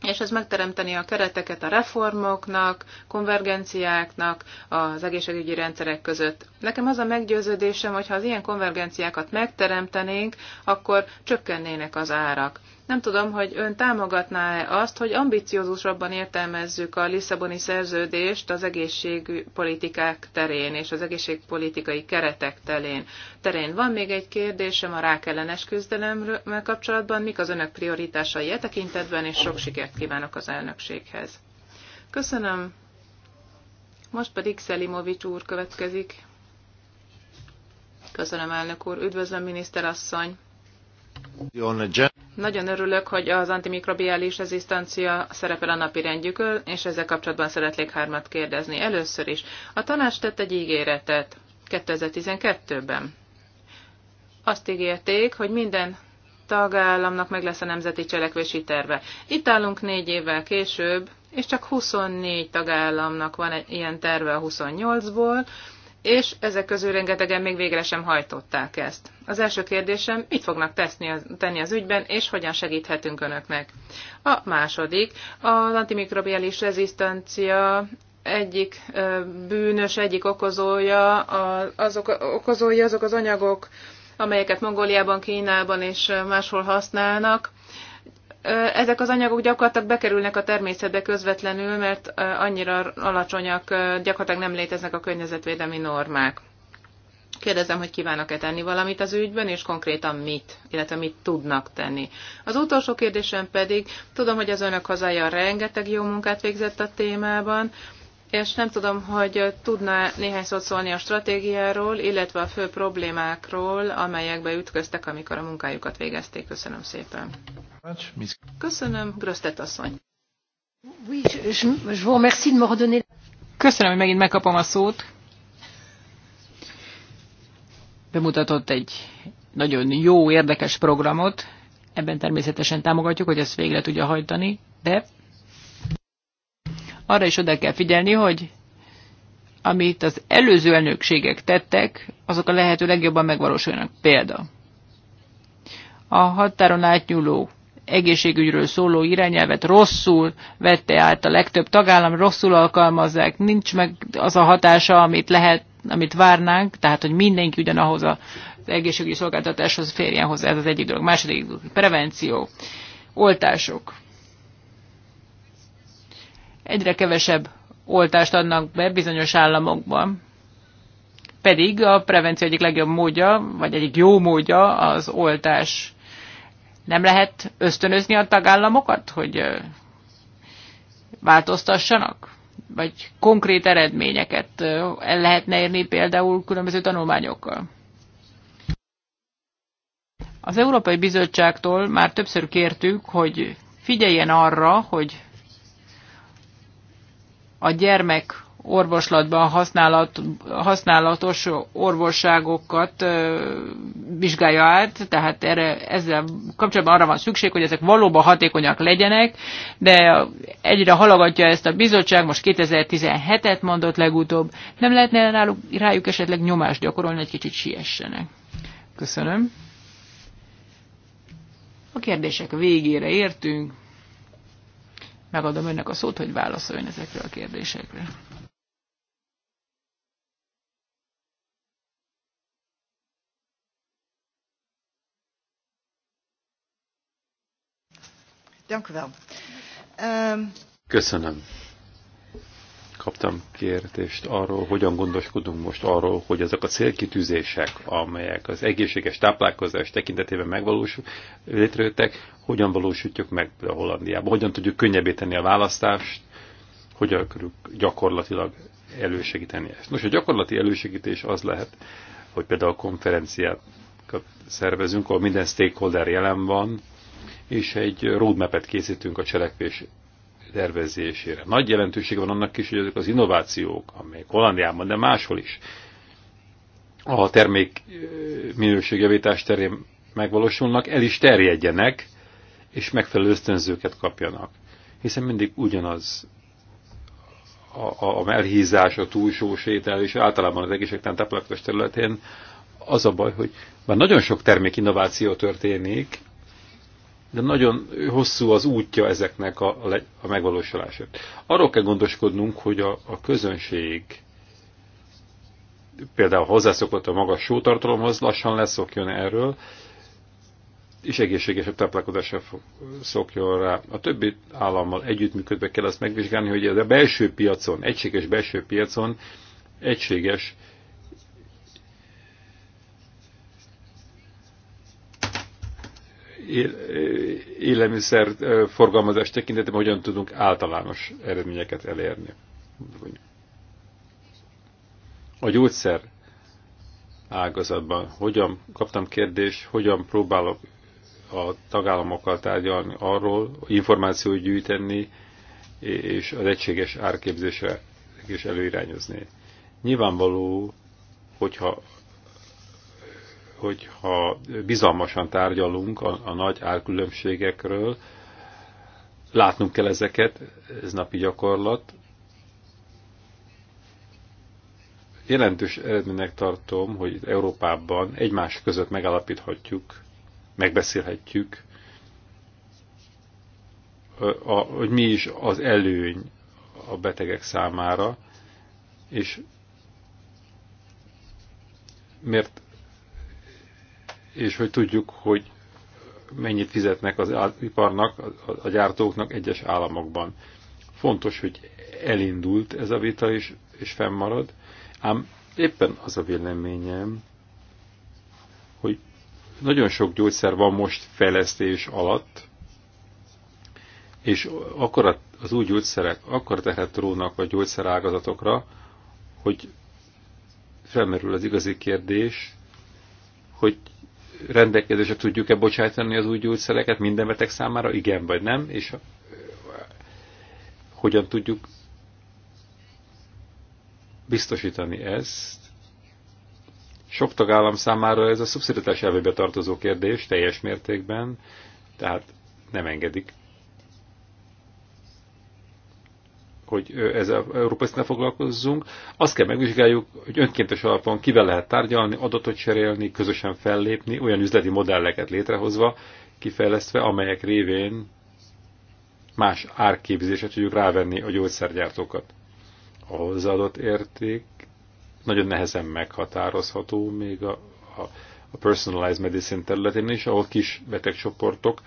és ez megteremteni a kereteket a reformoknak, konvergenciáknak, az egészségügyi rendszerek között. Nekem az a meggyőződésem, hogy ha az ilyen konvergenciákat megteremtenénk, akkor csökkennének az árak. Nem tudom, hogy ön támogatná-e azt, hogy ambiciózusabban értelmezzük a Lisszaboni szerződést az egészségpolitikák terén és az egészségpolitikai keretek terén. terén. Van még egy kérdésem a rákellenes küzdelemmel kapcsolatban, mik az önök prioritásai e tekintetben, és sok sikert kívánok az elnökséghez. Köszönöm. Most pedig Szelimovics úr következik. Köszönöm, elnök úr. Üdvözlöm, miniszterasszony. Nagyon örülök, hogy az antimikrobiális rezisztancia szerepel a napi rendjükön, és ezzel kapcsolatban szeretnék hármat kérdezni. Először is, a tanács tett egy ígéretet 2012-ben. Azt ígérték, hogy minden tagállamnak meg lesz a nemzeti cselekvési terve. Itt állunk négy évvel később, és csak 24 tagállamnak van egy ilyen terve a 28-ból, és ezek közül rengetegen még végre sem hajtották ezt. Az első kérdésem, mit fognak teszni, tenni az ügyben, és hogyan segíthetünk önöknek? A második, az antimikrobiális rezisztencia egyik bűnös, egyik okozója, azok, okozója azok az anyagok, amelyeket Mongóliában, Kínában és máshol használnak, ezek az anyagok gyakorlatilag bekerülnek a természetbe közvetlenül, mert annyira alacsonyak, gyakorlatilag nem léteznek a környezetvédelmi normák. Kérdezem, hogy kívánok-e tenni valamit az ügyben, és konkrétan mit, illetve mit tudnak tenni. Az utolsó kérdésem pedig, tudom, hogy az önök hazája rengeteg jó munkát végzett a témában, és nem tudom, hogy tudná néhány szót szólni a stratégiáról, illetve a fő problémákról, amelyekbe ütköztek, amikor a munkájukat végezték. Köszönöm szépen. Köszönöm, Grosztet asszony. Köszönöm, hogy megint megkapom a szót. Bemutatott egy nagyon jó, érdekes programot. Ebben természetesen támogatjuk, hogy ezt végre tudja hajtani, de arra is oda kell figyelni, hogy amit az előző elnökségek tettek, azok a lehető legjobban megvalósuljanak. Példa. A határon átnyúló egészségügyről szóló irányelvet rosszul vette át a legtöbb tagállam, rosszul alkalmazzák, nincs meg az a hatása, amit lehet, amit várnánk, tehát hogy mindenki ugyanahoz az egészségügyi szolgáltatáshoz férjen hozzá, ez az egyik dolog. Második dolog, prevenció, oltások. Egyre kevesebb oltást adnak be bizonyos államokban. Pedig a prevenció egyik legjobb módja, vagy egyik jó módja az oltás. Nem lehet ösztönözni a tagállamokat, hogy változtassanak? Vagy konkrét eredményeket el lehetne érni például különböző tanulmányokkal? Az Európai Bizottságtól már többször kértük, hogy figyeljen arra, hogy a gyermek orvoslatban használat, használatos orvosságokat vizsgálja át, tehát erre, ezzel kapcsolatban arra van szükség, hogy ezek valóban hatékonyak legyenek, de egyre halagatja ezt a bizottság, most 2017-et mondott legutóbb, nem lehetne ráluk, rájuk esetleg nyomást gyakorolni, egy kicsit siessenek. Köszönöm. A kérdések végére értünk. Megadom önnek a szót, hogy válaszoljon ezekre a kérdésekre. Ehm, Köszönöm kaptam kérdést arról, hogyan gondoskodunk most arról, hogy azok a célkitűzések, amelyek az egészséges táplálkozás tekintetében megvalósul, létrejöttek, hogyan valósítjuk meg a Hollandiában, hogyan tudjuk könnyebbé tenni a választást, hogyan akarjuk gyakorlatilag elősegíteni ezt. Nos, a gyakorlati elősegítés az lehet, hogy például konferenciát szervezünk, ahol minden stakeholder jelen van, és egy roadmap-et készítünk a cselekvés tervezésére. Nagy jelentőség van annak is, hogy ezek az innovációk, amelyek Hollandiában, de máshol is a termék eh, minőségjavítás terén megvalósulnak, el is terjedjenek, és megfelelő ösztönzőket kapjanak. Hiszen mindig ugyanaz a, a, a melhízás, a túlsó sétel, és általában az egészségtelen táplálkozás területén az a baj, hogy már nagyon sok termék innováció történik, de nagyon hosszú az útja ezeknek a, a megvalósulását. Arról kell gondoskodnunk, hogy a, a közönség például hozzászokott a magas sótartalomhoz, lassan leszokjon erről, és egészségesebb táplálkozásra szokjon rá. A többi állammal együttműködve kell azt megvizsgálni, hogy a belső piacon, egységes belső piacon egységes élelmiszer forgalmazás tekintetében hogyan tudunk általános eredményeket elérni. A gyógyszer ágazatban hogyan, kaptam kérdést, hogyan próbálok a tagállamokkal tárgyalni arról, információt gyűjteni, és az egységes árképzésre is előirányozni. Nyilvánvaló, hogyha hogyha bizalmasan tárgyalunk a, a nagy árkülönbségekről, látnunk kell ezeket, ez napi gyakorlat. Jelentős eredménynek tartom, hogy Európában egymás között megállapíthatjuk, megbeszélhetjük, a, hogy mi is az előny a betegek számára, és miért és hogy tudjuk, hogy mennyit fizetnek az iparnak, a gyártóknak egyes államokban. Fontos, hogy elindult ez a vita, és, és fennmarad, ám éppen az a véleményem, hogy nagyon sok gyógyszer van most fejlesztés alatt, és akkor az új gyógyszerek akkor tehet rónak a gyógyszerágazatokra, hogy felmerül az igazi kérdés, hogy rendelkezésre tudjuk-e bocsájtani az új gyógyszereket minden beteg számára, igen vagy nem, és hogyan tudjuk biztosítani ezt. Sok tagállam számára ez a szubszidatás elvébe tartozó kérdés teljes mértékben, tehát nem engedik hogy ezzel Európa szinten foglalkozzunk. Azt kell megvizsgáljuk, hogy önkéntes alapon kivel lehet tárgyalni, adatot cserélni, közösen fellépni, olyan üzleti modelleket létrehozva, kifejlesztve, amelyek révén más árképzésre tudjuk rávenni a gyógyszergyártókat. A hozzáadott érték nagyon nehezen meghatározható még a, a, a personalized medicine területén is, ahol kis betegcsoportok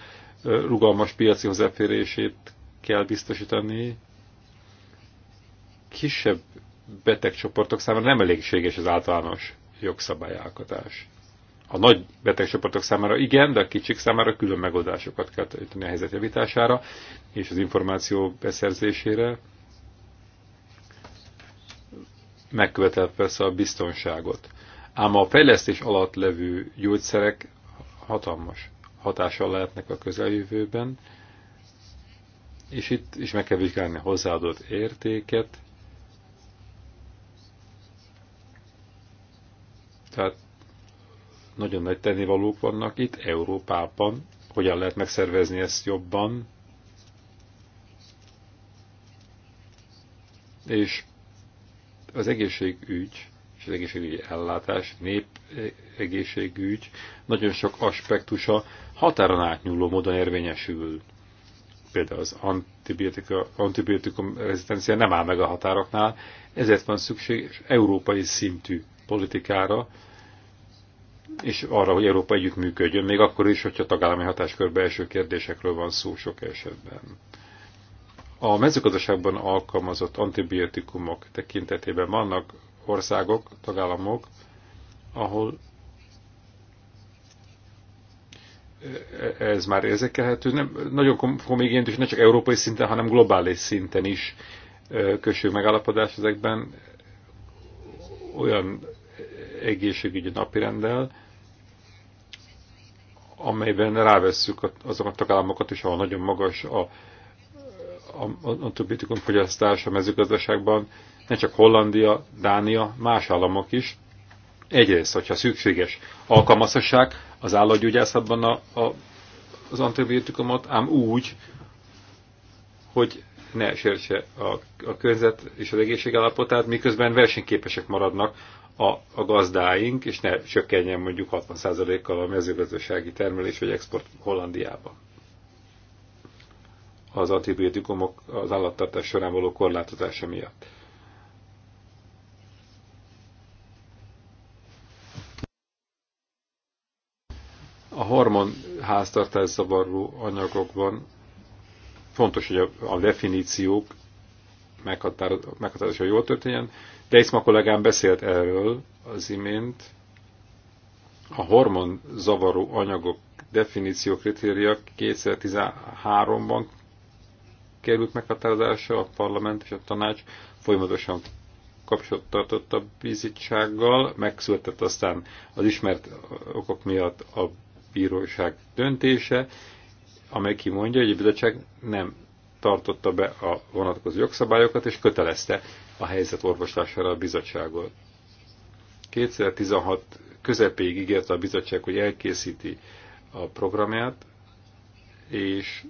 rugalmas piaci hozzáférését kell biztosítani, kisebb betegcsoportok számára nem elégséges az általános jogszabályalkotás. A nagy betegcsoportok számára igen, de a kicsik számára külön megoldásokat kell tenni a helyzet javítására és az információ beszerzésére, megkövetel persze a biztonságot. Ám a fejlesztés alatt levő gyógyszerek hatalmas hatással lehetnek a közeljövőben, és itt is meg kell vizsgálni hozzáadott értéket, Tehát nagyon nagy tennivalók vannak itt Európában, hogyan lehet megszervezni ezt jobban, és az egészségügy és az egészségügyi ellátás, nép egészségügy nagyon sok aspektusa határon átnyúló módon érvényesül. Például az antibiotikum rezisztencia nem áll meg a határoknál, ezért van szükség európai szintű politikára, és arra, hogy Európa együttműködjön, még akkor is, hogyha tagállami hatáskörbe első kérdésekről van szó sok esetben. A mezőgazdaságban alkalmazott antibiotikumok tekintetében vannak országok, tagállamok, ahol ez már érzékelhető. Nem, nagyon komoly igényt, és nem csak európai szinten, hanem globális szinten is kössük megállapodás ezekben olyan egészségügyi napirenddel, amelyben rávesszük azokat a tagállamokat is, ahol nagyon magas a antibiotikum fogyasztás a mezőgazdaságban, ne csak Hollandia, Dánia, más államok is. Egyrészt, hogyha szükséges, alkalmazhassák az állatgyógyászatban a, a, az antibiotikumot, ám úgy, hogy ne sértse a, a környezet és az egészség állapotát, miközben versenyképesek maradnak a, a gazdáink, és ne csökkenjen mondjuk 60%-kal a mezőgazdasági termelés vagy export Hollandiába. Az antibiotikumok az állattartás során való korlátozása miatt. A hormon háztartás zavarló anyagokban fontos, hogy a, a definíciók meghatározása jól történjen, Deisma kollégám beszélt erről az imént. A hormon zavaró anyagok definíció kritéria 2013-ban került meghatározása a parlament és a tanács folyamatosan kapcsolatot tartott a bizottsággal, megszületett aztán az ismert okok miatt a bíróság döntése, amely kimondja, hogy a bizottság nem tartotta be a vonatkozó jogszabályokat, és kötelezte a helyzet orvoslására a bizottságot. 2016 közepéig ígérte a bizottság, hogy elkészíti a programját, és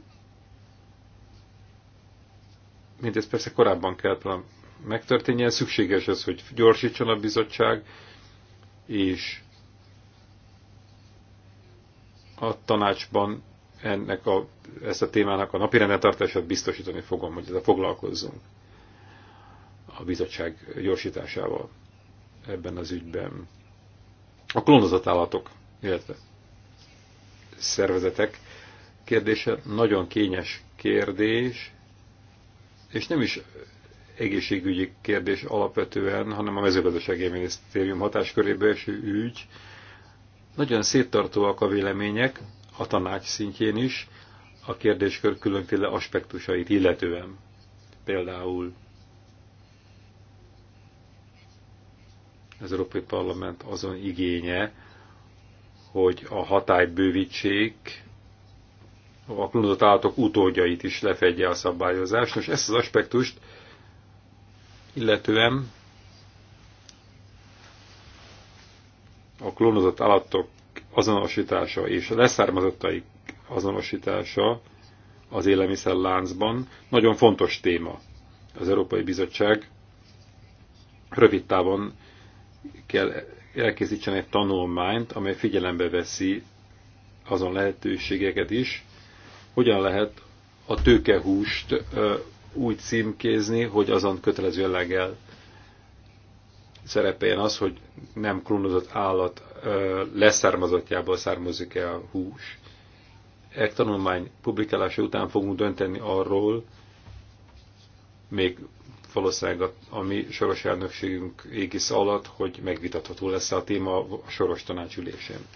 ez persze korábban kell megtörténjen, szükséges az, hogy gyorsítson a bizottság, és a tanácsban ennek a, ezt a témának a napi tartását biztosítani fogom, hogy ezzel foglalkozzunk a bizottság gyorsításával ebben az ügyben. A klónozott állatok, illetve szervezetek kérdése nagyon kényes kérdés, és nem is egészségügyi kérdés alapvetően, hanem a mezőgazdasági minisztérium hatásköréből eső ügy. Nagyon széttartóak a vélemények, a tanács szintjén is, a kérdéskör különféle aspektusait illetően. Például az Európai Parlament azon igénye, hogy a hatály bővítsék, a klónozott állatok utódjait is lefedje a szabályozás. Most ezt az aspektust illetően a klónozott állatok azonosítása és a leszármazottaik azonosítása az élelmiszerláncban nagyon fontos téma. Az Európai Bizottság rövid távon kell elkészítsen egy tanulmányt, amely figyelembe veszi azon lehetőségeket is, hogyan lehet a tőkehúst úgy címkézni, hogy azon kötelező jelleggel szerepeljen az, hogy nem klónozott állat leszármazottjából származik-e a hús. Egy tanulmány publikálása után fogunk dönteni arról, még valószínűleg a, a mi soros elnökségünk égisz alatt, hogy megvitatható lesz a téma a soros tanácsülésén.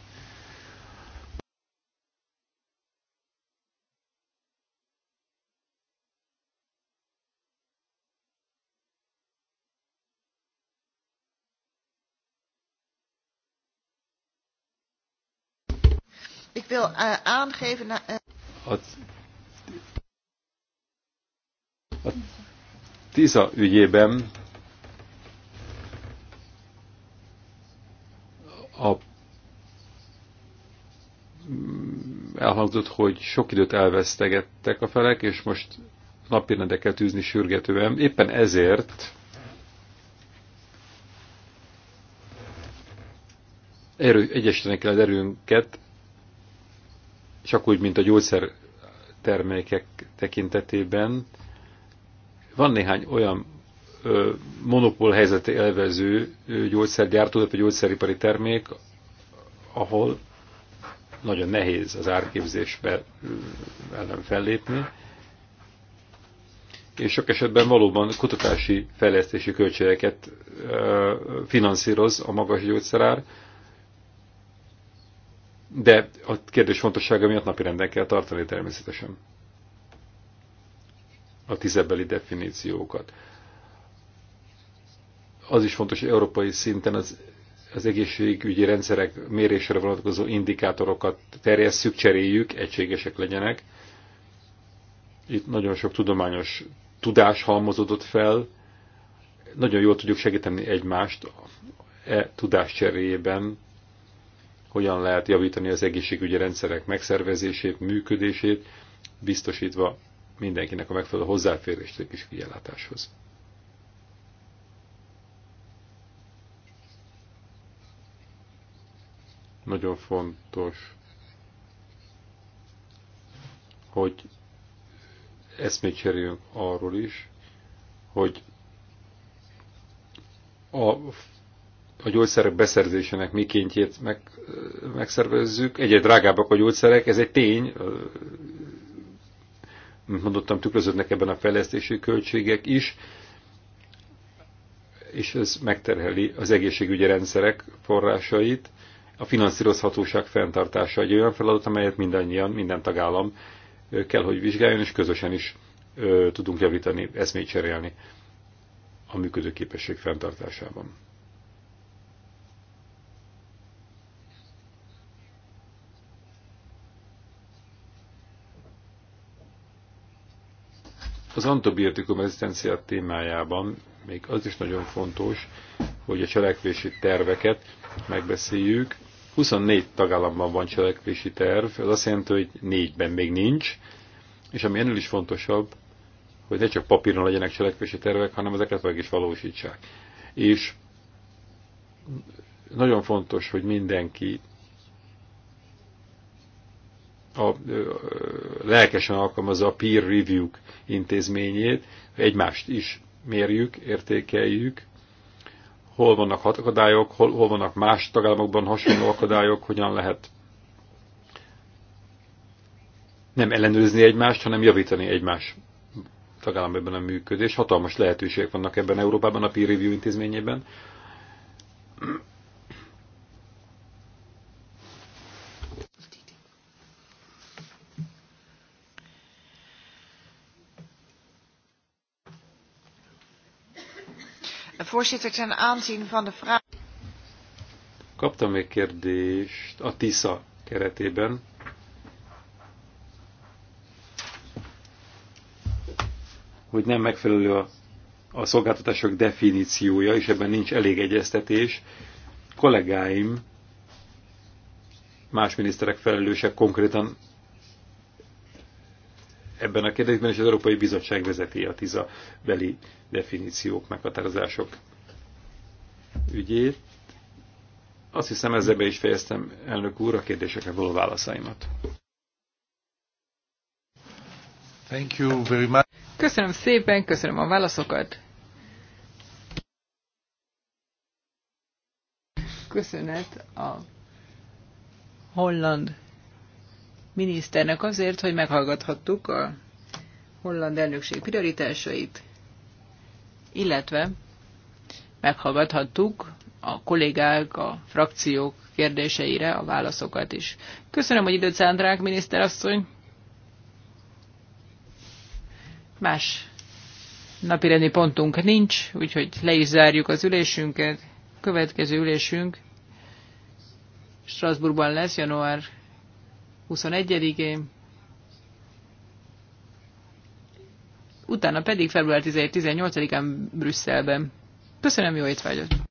Ik wil uh, aangeven. Uh... TISA ügyében a elhangzott, hogy sok időt elvesztegettek a felek, és most napirendeket kell tűzni sürgetően. Éppen ezért erő, egyesítenek kell az erőnket, csak úgy, mint a termékek tekintetében, van néhány olyan monopól helyzet élvező gyógyszergyártó, vagy gyógyszeripari termék, ahol nagyon nehéz az árképzésbe ellen fellépni, és sok esetben valóban kutatási fejlesztési költségeket finanszíroz a magas gyógyszerár, de a kérdés fontossága miatt napirenden kell tartani természetesen a tizebeli definíciókat. Az is fontos, hogy európai szinten az, az egészségügyi rendszerek mérésre vonatkozó indikátorokat terjesszük, cseréljük, egységesek legyenek. Itt nagyon sok tudományos tudás halmozódott fel, nagyon jól tudjuk segíteni egymást e tudás cseréjében, hogyan lehet javítani az egészségügyi rendszerek megszervezését, működését, biztosítva mindenkinek a megfelelő hozzáférést egy kis figyelátáshoz. Nagyon fontos, hogy eszmét cseréljünk arról is, hogy a, a gyógyszerek beszerzésének mikéntjét meg, megszervezzük. Egyre drágábbak a gyógyszerek, ez egy tény, mint mondottam, tükröződnek ebben a fejlesztési költségek is, és ez megterheli az egészségügyi rendszerek forrásait. A finanszírozhatóság fenntartása egy olyan feladat, amelyet mindannyian, minden tagállam kell, hogy vizsgáljon, és közösen is tudunk javítani, eszmét cserélni a működőképesség fenntartásában. Az antibiotikum rezisztencia témájában még az is nagyon fontos, hogy a cselekvési terveket megbeszéljük. 24 tagállamban van cselekvési terv, az azt jelenti, hogy négyben még nincs, és ami ennél is fontosabb, hogy ne csak papíron legyenek cselekvési tervek, hanem ezeket meg is valósítsák. És nagyon fontos, hogy mindenki a, lelkesen alkalmazza a peer review intézményét, egymást is mérjük, értékeljük, hol vannak akadályok, hol, hol vannak más tagállamokban hasonló akadályok, hogyan lehet nem ellenőrizni egymást, hanem javítani egymás tagállamban a működés. Hatalmas lehetőségek vannak ebben Európában, a peer review intézményében. Voorzitter, ten aanzien van de vraag... Kaptam egy kérdést a tisa keretében. Hogy nem megfelelő a, a szolgáltatások definíciója, és ebben nincs elég egyeztetés. Kollégáim, más miniszterek felelősek konkrétan ebben a kérdésben, és az Európai Bizottság vezeti a TISA beli definíciók, meghatározások ügyét. Azt hiszem ezzel be is fejeztem, elnök úr, a kérdésekre való válaszaimat. Thank you very much. Köszönöm szépen, köszönöm a válaszokat. Köszönet a holland miniszternek azért, hogy meghallgathattuk a holland elnökség prioritásait, illetve meghallgathattuk a kollégák, a frakciók kérdéseire a válaszokat is. Köszönöm, hogy időt szánt miniszter miniszterasszony. Más napirendi pontunk nincs, úgyhogy le is zárjuk az ülésünket. Következő ülésünk Strasbourgban lesz január 21-én, utána pedig február 18 án Brüsszelben. Köszönöm, jó étvágyat!